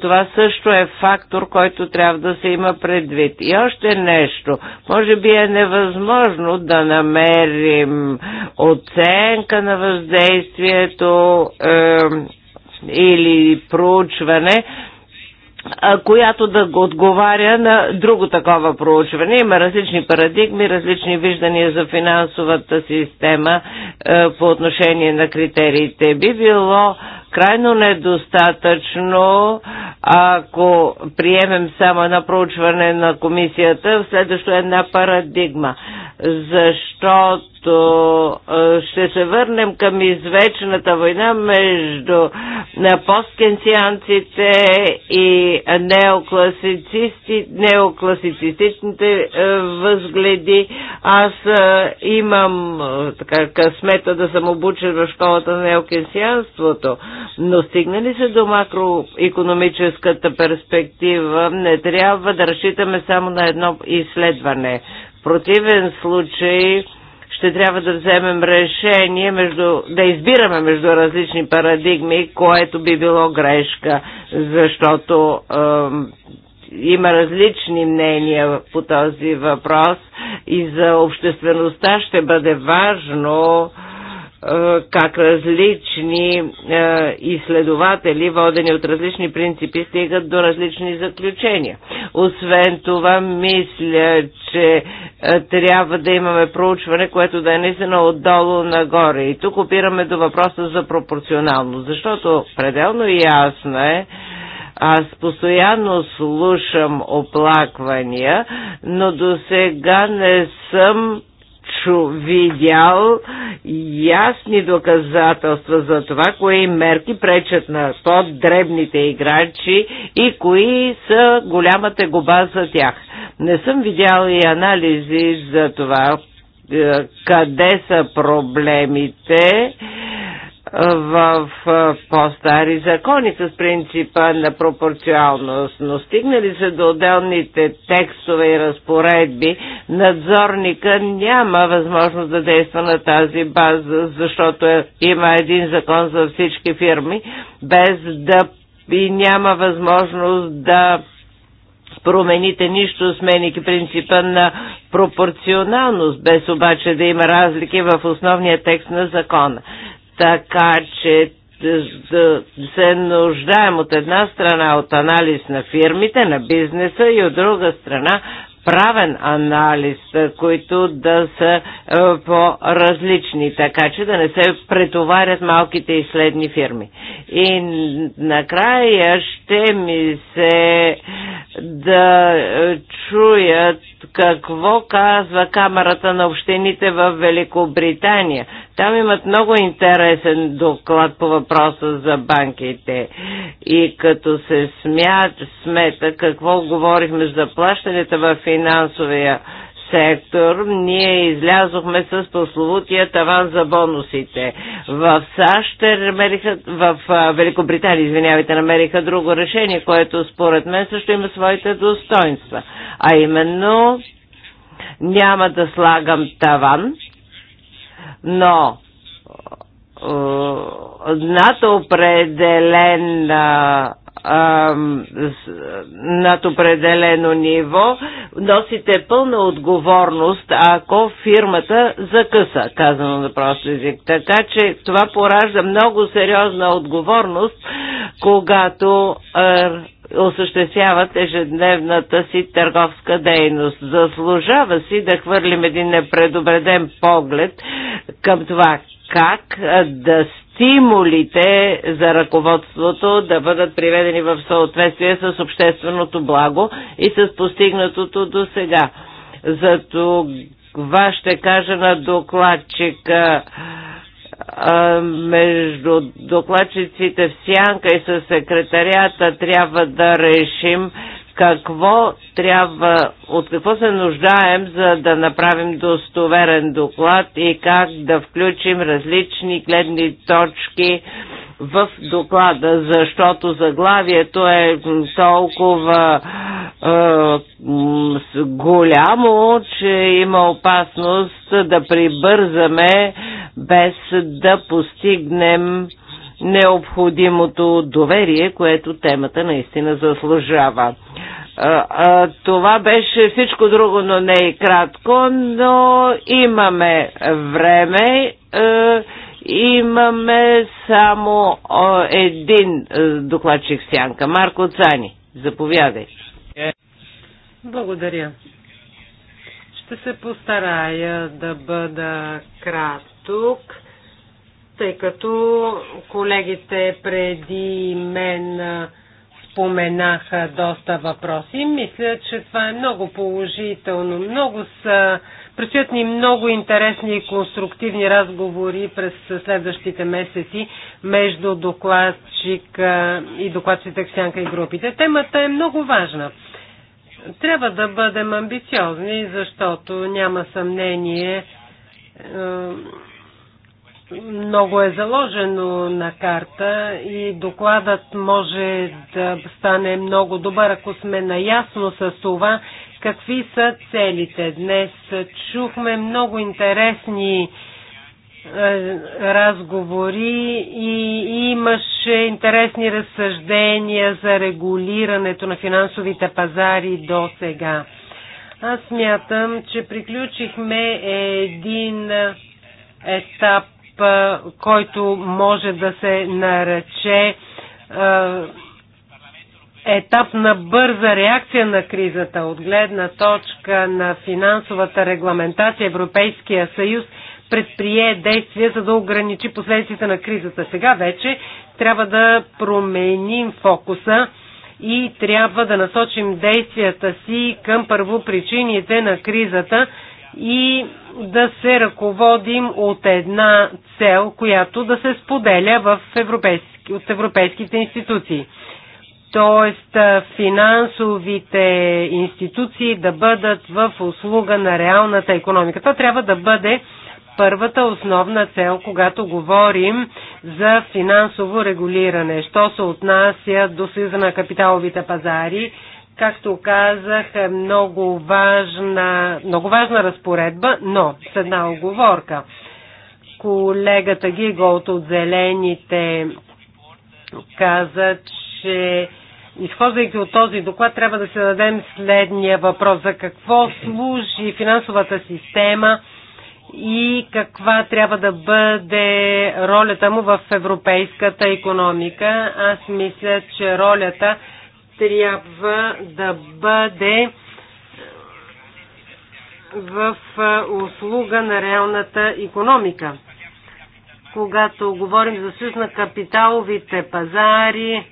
S5: това също е фактор, който трябва да се има предвид. И още нещо. Може би е невъзможно да намерим оценка на въздействието е, или проучване, която да отговаря на друго такова проучване. Има различни парадигми, различни виждания за финансовата система по отношение на критериите. Би било крайно недостатъчно, ако приемем само на проучване на комисията, следващо е една парадигма, защото ще се върнем към извечната война между посткенцианците и неокласицисти, неокласицистичните възгледи. Аз имам така късмета да съм обучен в школата на неокенсианството, но стигнали се до макроекономическата перспектива, не трябва да разчитаме само на едно изследване. В противен случай ще трябва да вземем решение, между, да избираме между различни парадигми, което би било грешка, защото е, има различни мнения по този въпрос и за обществеността ще бъде важно е, как различни изследователи, водени от различни принципи, стигат до различни заключения. Освен това, мисля, че трябва да имаме проучване, което да е наистина отдолу нагоре. И тук опираме до въпроса за пропорционалност, защото пределно ясно е, аз постоянно слушам оплаквания, но до сега не съм Кючо видял ясни доказателства за това, кои мерки пречат на по-дребните играчи и кои са голямата губа за тях. Не съм видял и анализи за това е, къде са проблемите в по-стари закони с принципа на пропорционалност, но стигнали се до отделните текстове и разпоредби, надзорника няма възможност да действа на тази база, защото е, има един закон за всички фирми, без да и няма възможност да промените нищо, сменики принципа на пропорционалност, без обаче да има разлики в основния текст на закона. Така че се нуждаем от една страна от анализ на фирмите, на бизнеса и от друга страна правен анализ, които да са е, по-различни, така че да не се претоварят малките и следни фирми. И накрая ще ми се да е, чуят какво казва Камерата на общините в Великобритания. Там имат много интересен доклад по въпроса за банките. И като се смят, смета какво говорихме за плащанията в финансовия сектор, ние излязохме с пословутия таван за бонусите. В САЩ намериха, в Великобритания, извинявайте, намериха друго решение, което според мен също има своите достоинства. А именно няма да слагам таван, но над определен а, над определено ниво, носите пълна отговорност, ако фирмата закъса, казано на прост език. Така че това поражда много сериозна отговорност, когато а, осъществяват ежедневната си търговска дейност. Заслужава си да хвърлим един непредобреден поглед към това как да стимулите за ръководството да бъдат приведени в съответствие с общественото благо и с постигнатото до сега. Зато това ще кажа на докладчика между докладчиците в Сянка и със секретарията трябва да решим какво трябва, от какво се нуждаем, за да направим достоверен доклад и как да включим различни гледни точки в доклада, защото заглавието е толкова е, голямо, че има опасност да прибързаме без да постигнем необходимото доверие, което темата наистина заслужава. А, е, а, е, това беше всичко друго, но не и кратко, но имаме време. А, е, Имаме само един докладчик сянка. Марко Цани, заповядай.
S4: Благодаря. Ще се постарая да бъда крат тук, тъй като колегите преди мен споменаха доста въпроси. Мисля, че това е много положително. Много са Предстоят ни много интересни и конструктивни разговори през следващите месеци между докладчик и докладчите Ксянка и групите. Темата е много важна. Трябва да бъдем амбициозни, защото няма съмнение е, много е заложено на карта и докладът може да стане много добър, ако сме наясно с това, Какви са целите? Днес чухме много интересни е, разговори и имаше интересни разсъждения за регулирането на финансовите пазари до сега. Аз мятам, че приключихме един етап, е, който може да се нарече е, етап на бърза реакция на кризата от гледна точка на финансовата регламентация Европейския съюз предприе действия, за да ограничи последиците на кризата. Сега вече трябва да променим фокуса и трябва да насочим действията си към първо причините на кризата и да се ръководим от една цел, която да се споделя в европейски, от европейските институции т.е. финансовите институции да бъдат в услуга на реалната економика. Това трябва да бъде първата основна цел, когато говорим за финансово регулиране. Що се отнася до Съюза на капиталовите пазари, както казах, е много важна, много важна разпоредба, но с една оговорка. Колегата Гиголт от Зелените каза, че Изхождайки от този доклад, трябва да се дадем следния въпрос. За какво служи финансовата система и каква трябва да бъде ролята му в европейската економика? Аз мисля, че ролята трябва да бъде в услуга на реалната економика. Когато говорим за съюз на капиталовите пазари,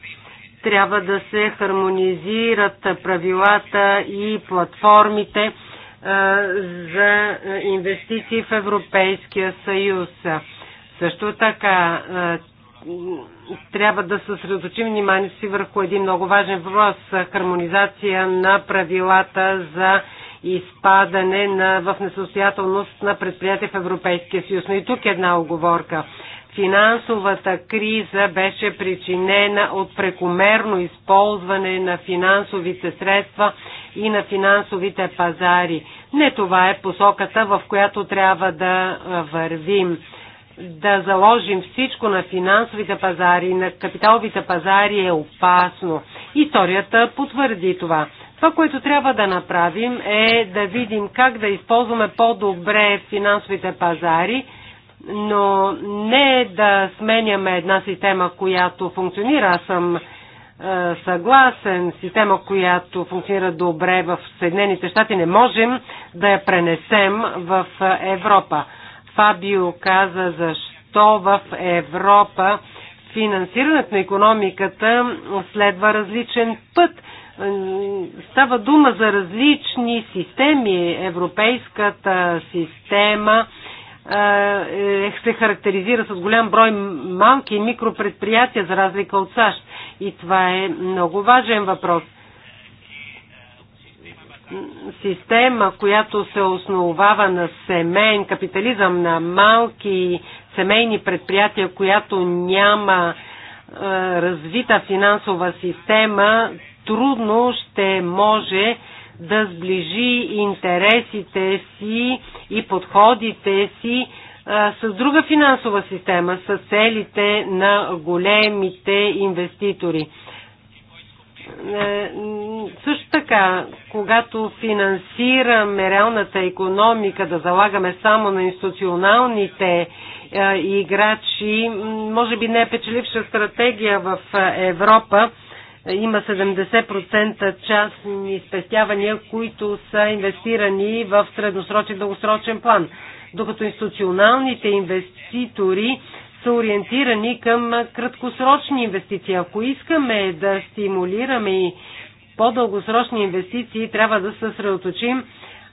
S4: трябва да се хармонизират правилата и платформите за инвестиции в Европейския съюз. Също така трябва да съсредоточим вниманието си върху един много важен въпрос хармонизация на правилата за изпадане на, в несъстоятелност на предприятия в Европейския съюз. Но и тук е една оговорка. Финансовата криза беше причинена от прекомерно използване на финансовите средства и на финансовите пазари. Не това е посоката, в която трябва да вървим. Да заложим всичко на финансовите пазари, на капиталовите пазари е опасно. Историята потвърди това. Това, което трябва да направим е да видим как да използваме по-добре финансовите пазари – но не да сменяме една система, която функционира. Аз съм е, съгласен, система, която функционира добре в Съединените щати, не можем да я пренесем в е, Европа. Фабио каза защо в Европа финансирането на економиката следва различен път. Става дума за различни системи. Европейската система е, се характеризира с голям брой малки и микропредприятия, за разлика от САЩ. И това е много важен въпрос. Система, която се основава на семейен капитализъм, на малки семейни предприятия, която няма развита финансова система, трудно ще може да сближи интересите си и подходите си а, с друга финансова система, с целите на големите инвеститори. Е, също така, когато финансираме реалната економика, да залагаме само на институционалните е, играчи, може би не е печеливша стратегия в е, Европа, има 70% частни спестявания, които са инвестирани в средносрочен и дългосрочен план, докато институционалните инвеститори са ориентирани към краткосрочни инвестиции. Ако искаме да стимулираме и по-дългосрочни инвестиции, трябва да се съсредоточим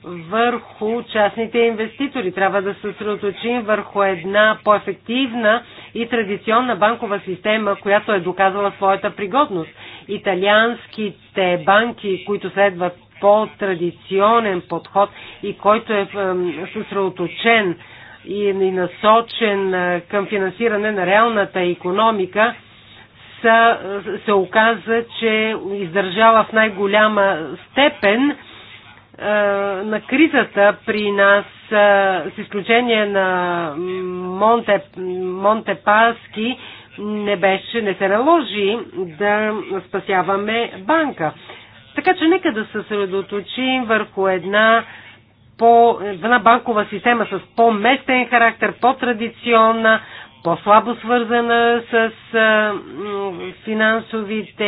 S4: върху частните инвеститори. Трябва да се съсредоточим върху една по-ефективна и традиционна банкова система, която е доказала своята пригодност. Италианските банки, които следват по-традиционен подход и който е съсредоточен и насочен е, към финансиране на реалната економика, се оказа, че издържава в най-голяма степен е, на кризата при нас, е, с изключение на Монте, Монтепаски, не, беше, не се наложи да спасяваме банка. Така че нека да се съсредоточим върху една, по, една банкова система с по-местен характер, по-традиционна, по-слабо свързана с а, е, финансовите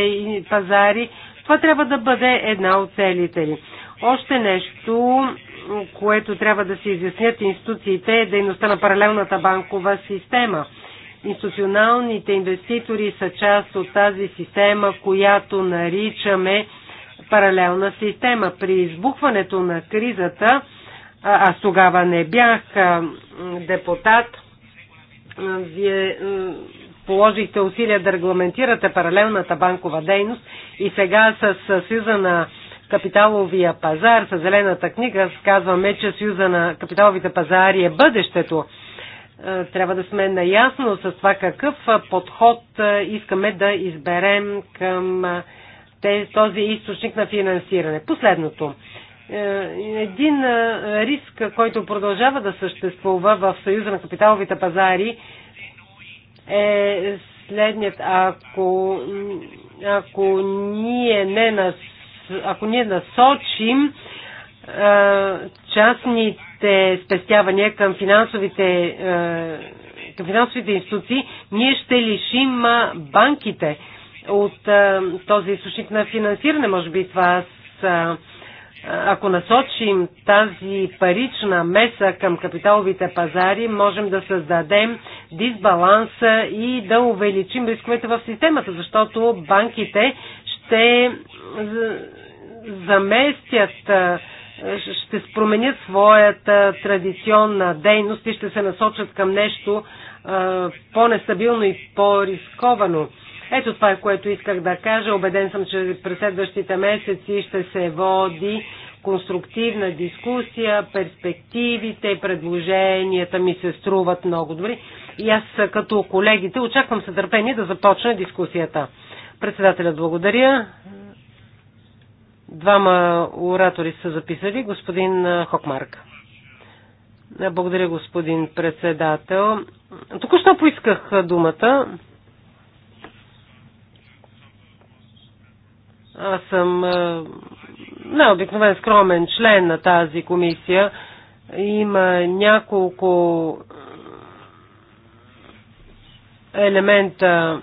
S4: пазари. Това трябва да бъде една от целите ни. Още нещо, което трябва да се изяснят институциите е дейността на паралелната банкова система. Институционалните инвеститори са част от тази система, която наричаме паралелна система. При избухването на кризата, аз тогава не бях депутат, вие положихте усилия да регламентирате паралелната банкова дейност и сега с Съюза на капиталовия пазар. с зелената книга казваме, че Съюза на капиталовите пазари е бъдещето. Е, трябва да сме наясно с това какъв подход е, искаме да изберем към е, този източник на финансиране. Последното един риск, който продължава да съществува в Съюза на капиталовите пазари е следният. Ако, ако ние не, нас, ако ние насочим е, частните спестявания към финансовите, е, към финансовите институции, ние ще лишим банките от е, този източник на финансиране. Може би това са ако насочим тази парична меса към капиталовите пазари, можем да създадем дисбаланса и да увеличим рисковете в системата, защото банките ще заместят, ще променят своята традиционна дейност и ще се насочат към нещо по-нестабилно и по-рисковано. Ето това е, което исках да кажа. Обеден съм, че през следващите месеци ще се води конструктивна дискусия, перспективите, предложенията ми се струват много добри. И аз, като колегите, очаквам с търпение да започне дискусията. Председателят благодаря. Двама оратори са записали. Господин Хокмарк. Благодаря, господин председател. Току-що поисках думата. Аз съм най-обикновен скромен член на тази комисия. Има няколко елемента,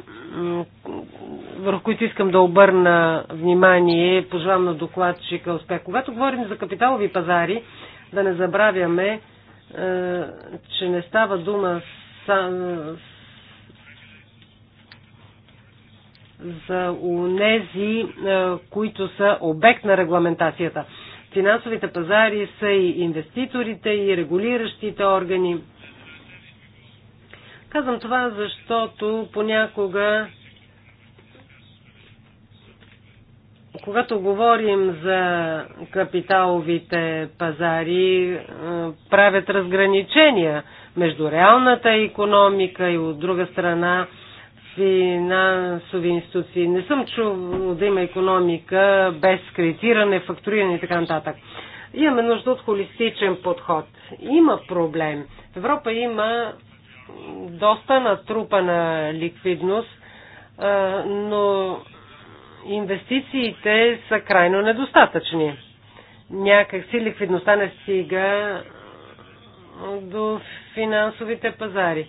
S4: върху които искам да обърна внимание, пожелавам на докладчика успех. Когато говорим за капиталови пазари, да не забравяме, е, че не става дума за унези, е, които са обект на регламентацията. Финансовите пазари са и инвеститорите, и регулиращите органи. Казвам това, защото понякога Когато говорим за капиталовите пазари, е, правят разграничения между реалната економика и от друга страна финансови институции. Не съм чувал да има економика без кредитиране, фактуриране и така нататък. Имаме нужда от холистичен подход. Има проблем. В Европа има доста натрупана ликвидност, е, но инвестициите са крайно недостатъчни. Някакси ликвидността не стига до финансовите пазари.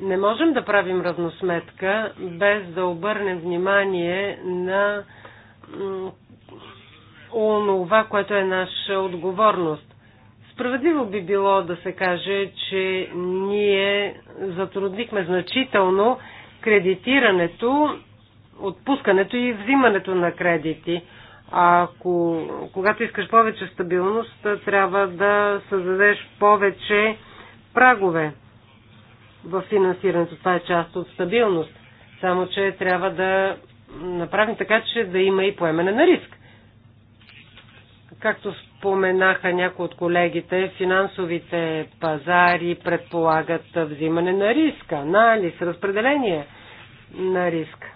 S4: Не можем да правим равносметка без да обърнем внимание на онова, което е наша отговорност. Справедливо би било да се каже, че ние затруднихме значително кредитирането отпускането и взимането на кредити. Ако, когато искаш повече стабилност, трябва да създадеш повече прагове в финансирането. Това е част от стабилност. Само, че трябва да направим така, че да има и поемане на риск. Както споменаха някои от колегите, финансовите пазари предполагат взимане на риска, анализ, разпределение на риск.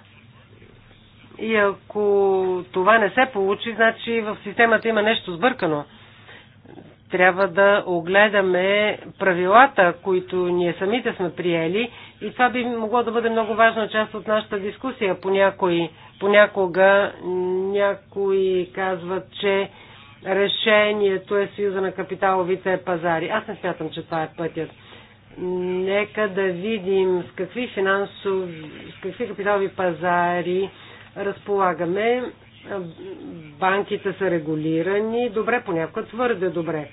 S4: И ако това не се получи, значи в системата има нещо сбъркано. Трябва да огледаме правилата, които ние самите сме приели и това би могло да бъде много важна част от нашата дискусия. Понякога, понякога някои казват, че решението е съюза на капиталовите пазари. Аз не смятам, че това е пътят. Нека да видим с какви финансови, с какви капиталови пазари разполагаме. Банките са регулирани добре, понякога твърде добре.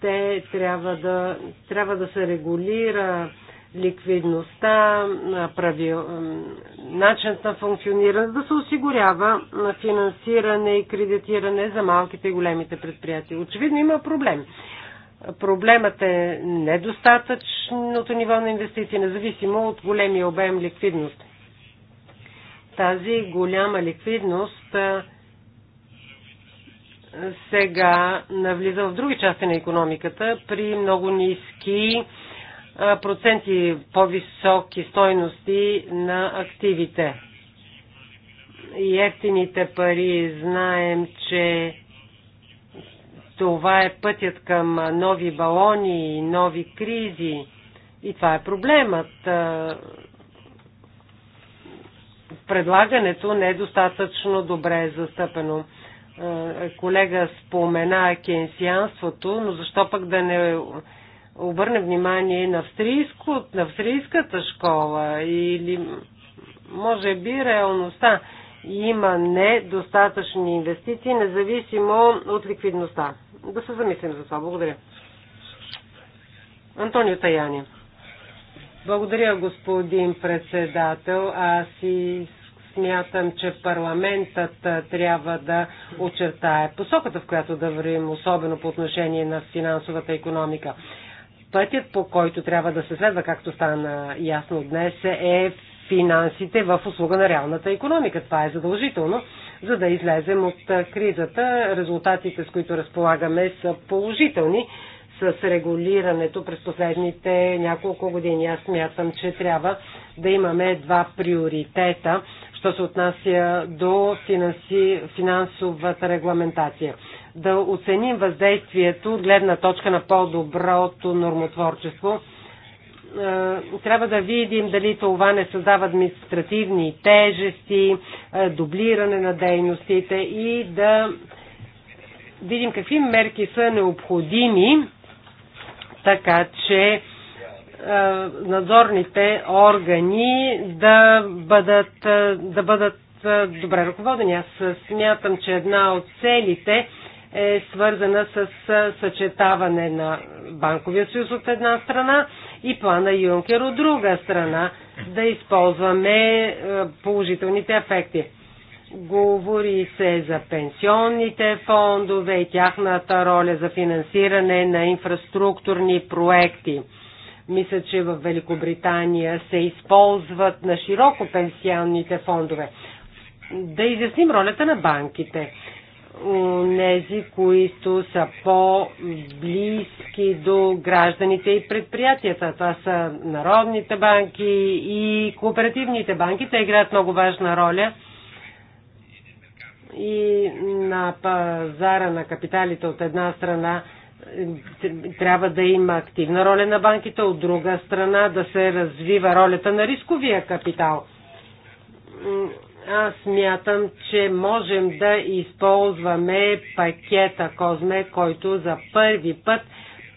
S4: Те трябва да, трябва да се регулира ликвидността, правил, начинът на функциониране, да се осигурява на финансиране и кредитиране за малките и големите предприятия. Очевидно има проблем. Проблемът е недостатъчното ниво на инвестиции, независимо от големия обем ликвидност. Тази голяма ликвидност сега навлиза в други части на економиката при много ниски проценти по-високи стойности на активите. И ефтините пари знаем, че това е пътят към нови балони и нови кризи. И това е проблемът предлагането не е достатъчно добре застъпено. Е, колега спомена кенсианството, но защо пък да не обърне внимание на, австрийско, на австрийската школа или може би реалността има недостатъчни инвестиции, независимо от ликвидността. Да се замислим за това. Благодаря. Антонио Таяни. Благодаря, господин председател. Аз и смятам, че парламентът трябва да очертае посоката, в която да вървим, особено по отношение на финансовата економика. Пътят, по който трябва да се следва, както стана ясно днес, е финансите в услуга на реалната економика. Това е задължително, за да излезем от кризата. Резултатите, с които разполагаме, са положителни с регулирането през последните няколко години. Аз мятам, че трябва да имаме два приоритета що се отнася до финанси, финансовата регламентация. Да оценим въздействието от гледна точка на по-доброто нормотворчество. Е, трябва да видим дали това не създава административни тежести, е, дублиране на дейностите и да видим какви мерки са необходими, така че е, надзорните органи да бъдат, е, да бъдат е, добре ръководени. Аз смятам, че една от целите е свързана с съчетаване на Банковия съюз от една страна и плана Юнкер от друга страна, да използваме положителните ефекти. Говори се за пенсионните фондове и тяхната роля за финансиране на инфраструктурни проекти. Мисля, че в Великобритания се използват на широко пенсионните фондове. Да изясним ролята на банките. Нези, които са по-близки до гражданите и предприятията. Това са народните банки и кооперативните банки. Те играят много важна роля и на пазара на капиталите от една страна трябва да има активна роля на банките, от друга страна да се развива ролята на рисковия капитал. Аз смятам, че можем да използваме пакета Козме, който за първи път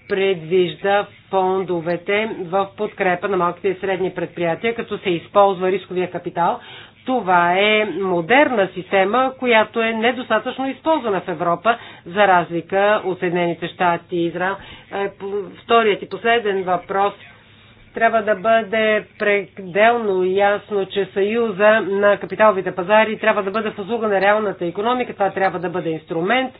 S4: предвижда фондовете в подкрепа на малките и средни предприятия, като се използва рисковия капитал, това е модерна система, която е недостатъчно използвана в Европа, за разлика от Съединените щати и Израел. Е, вторият и последен въпрос трябва да бъде пределно ясно, че съюза на капиталовите пазари трябва да бъде в услуга на реалната економика. Това трябва да бъде инструмент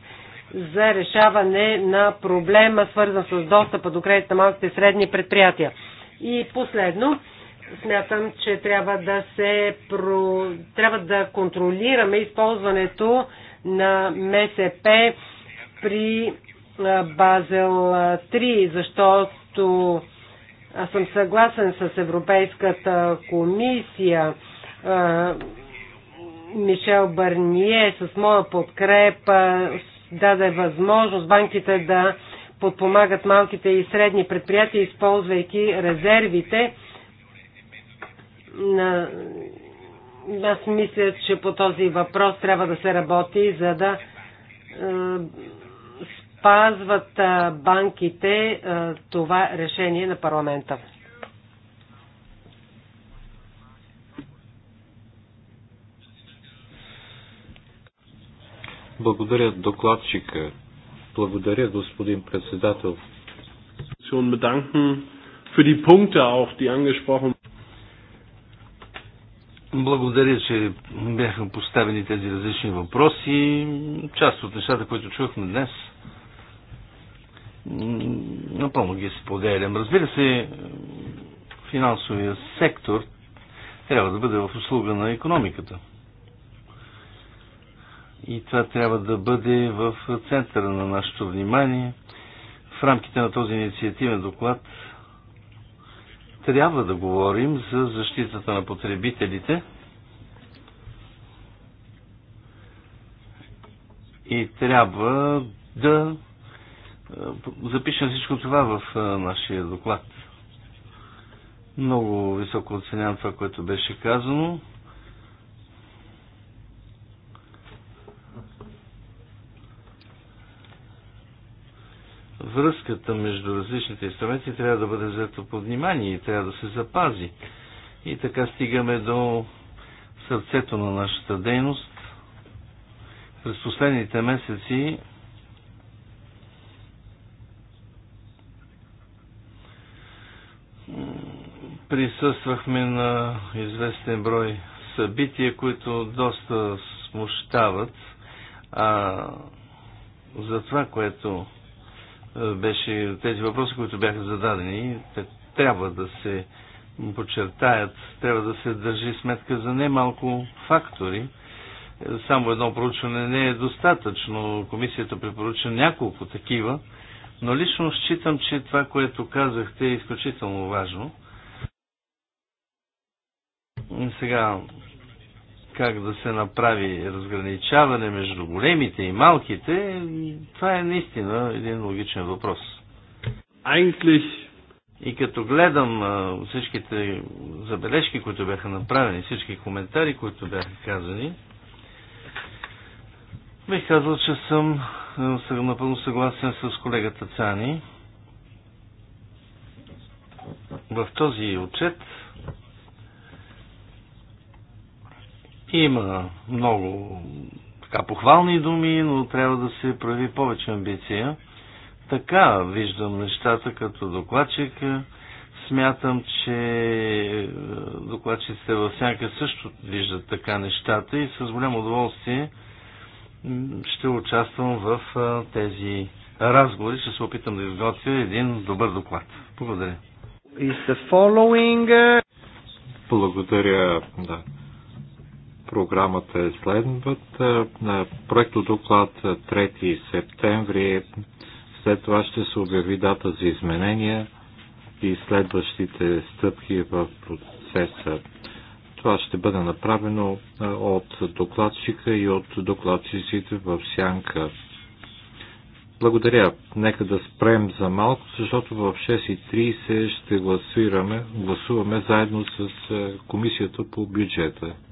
S4: за решаване на проблема, свързан с достъпа до кредит на малките и средни предприятия. И последно, смятам, че трябва да се про... трябва да контролираме използването на МСП при Базел 3, защото аз съм съгласен с Европейската комисия. Мишел Барние с моя подкрепа даде възможност банките да подпомагат малките и средни предприятия, използвайки резервите на... Аз мисля, че по този въпрос трябва да се работи, за да е, спазват е, банките е, това решение на парламента.
S3: Благодаря докладчика. Благодаря, господин председател.
S2: Благодаря, че бяха поставени тези различни въпроси. Част от нещата, които чухме днес, напълно ги споделям. Разбира се, финансовия сектор трябва да бъде в услуга на економиката. И това трябва да бъде в центъра на нашето внимание. В рамките на този инициативен доклад трябва да говорим за защитата на потребителите и трябва да е, запишем всичко това в е, нашия доклад. Много високо оценявам това, което беше казано. връзката между различните инструменти трябва да бъде взето под внимание и трябва да се запази. И така стигаме до сърцето на нашата дейност. През последните месеци присъствахме на известен брой събития, които доста смущават а, за това, което беше тези въпроси, които бяха зададени, те трябва да се подчертаят, трябва да се държи сметка за немалко фактори. Само едно проучване не е достатъчно. Комисията препоръча няколко такива, но лично считам, че това, което казахте е изключително важно. Сега, как да се направи разграничаване между големите и малките, това е наистина един логичен въпрос. Eigentlich и като гледам всичките забележки, които бяха направени, всички коментари, които бяха казани, бих казал, че съм, напълно съгласен с колегата Цани. В този отчет Има много така похвални думи, но трябва да се прояви повече амбиция. Така виждам нещата като докладчик. Смятам, че е, докладчиците в сянка също виждат така нещата и с голямо удоволствие ще участвам в е, тези разговори. Ще се опитам да изготвя един добър доклад. Благодаря. Is
S3: the following... Е, Благодаря, да. Програмата е следната. Е, е, Проекто доклад 3 е, септември. След това ще се обяви дата за изменения и следващите стъпки в процеса. Това ще бъде направено от докладчика и от докладчиците в сянка. Благодаря. Нека да спрем за малко, защото в 6.30 ще гласуваме, гласуваме заедно с Комисията по бюджета.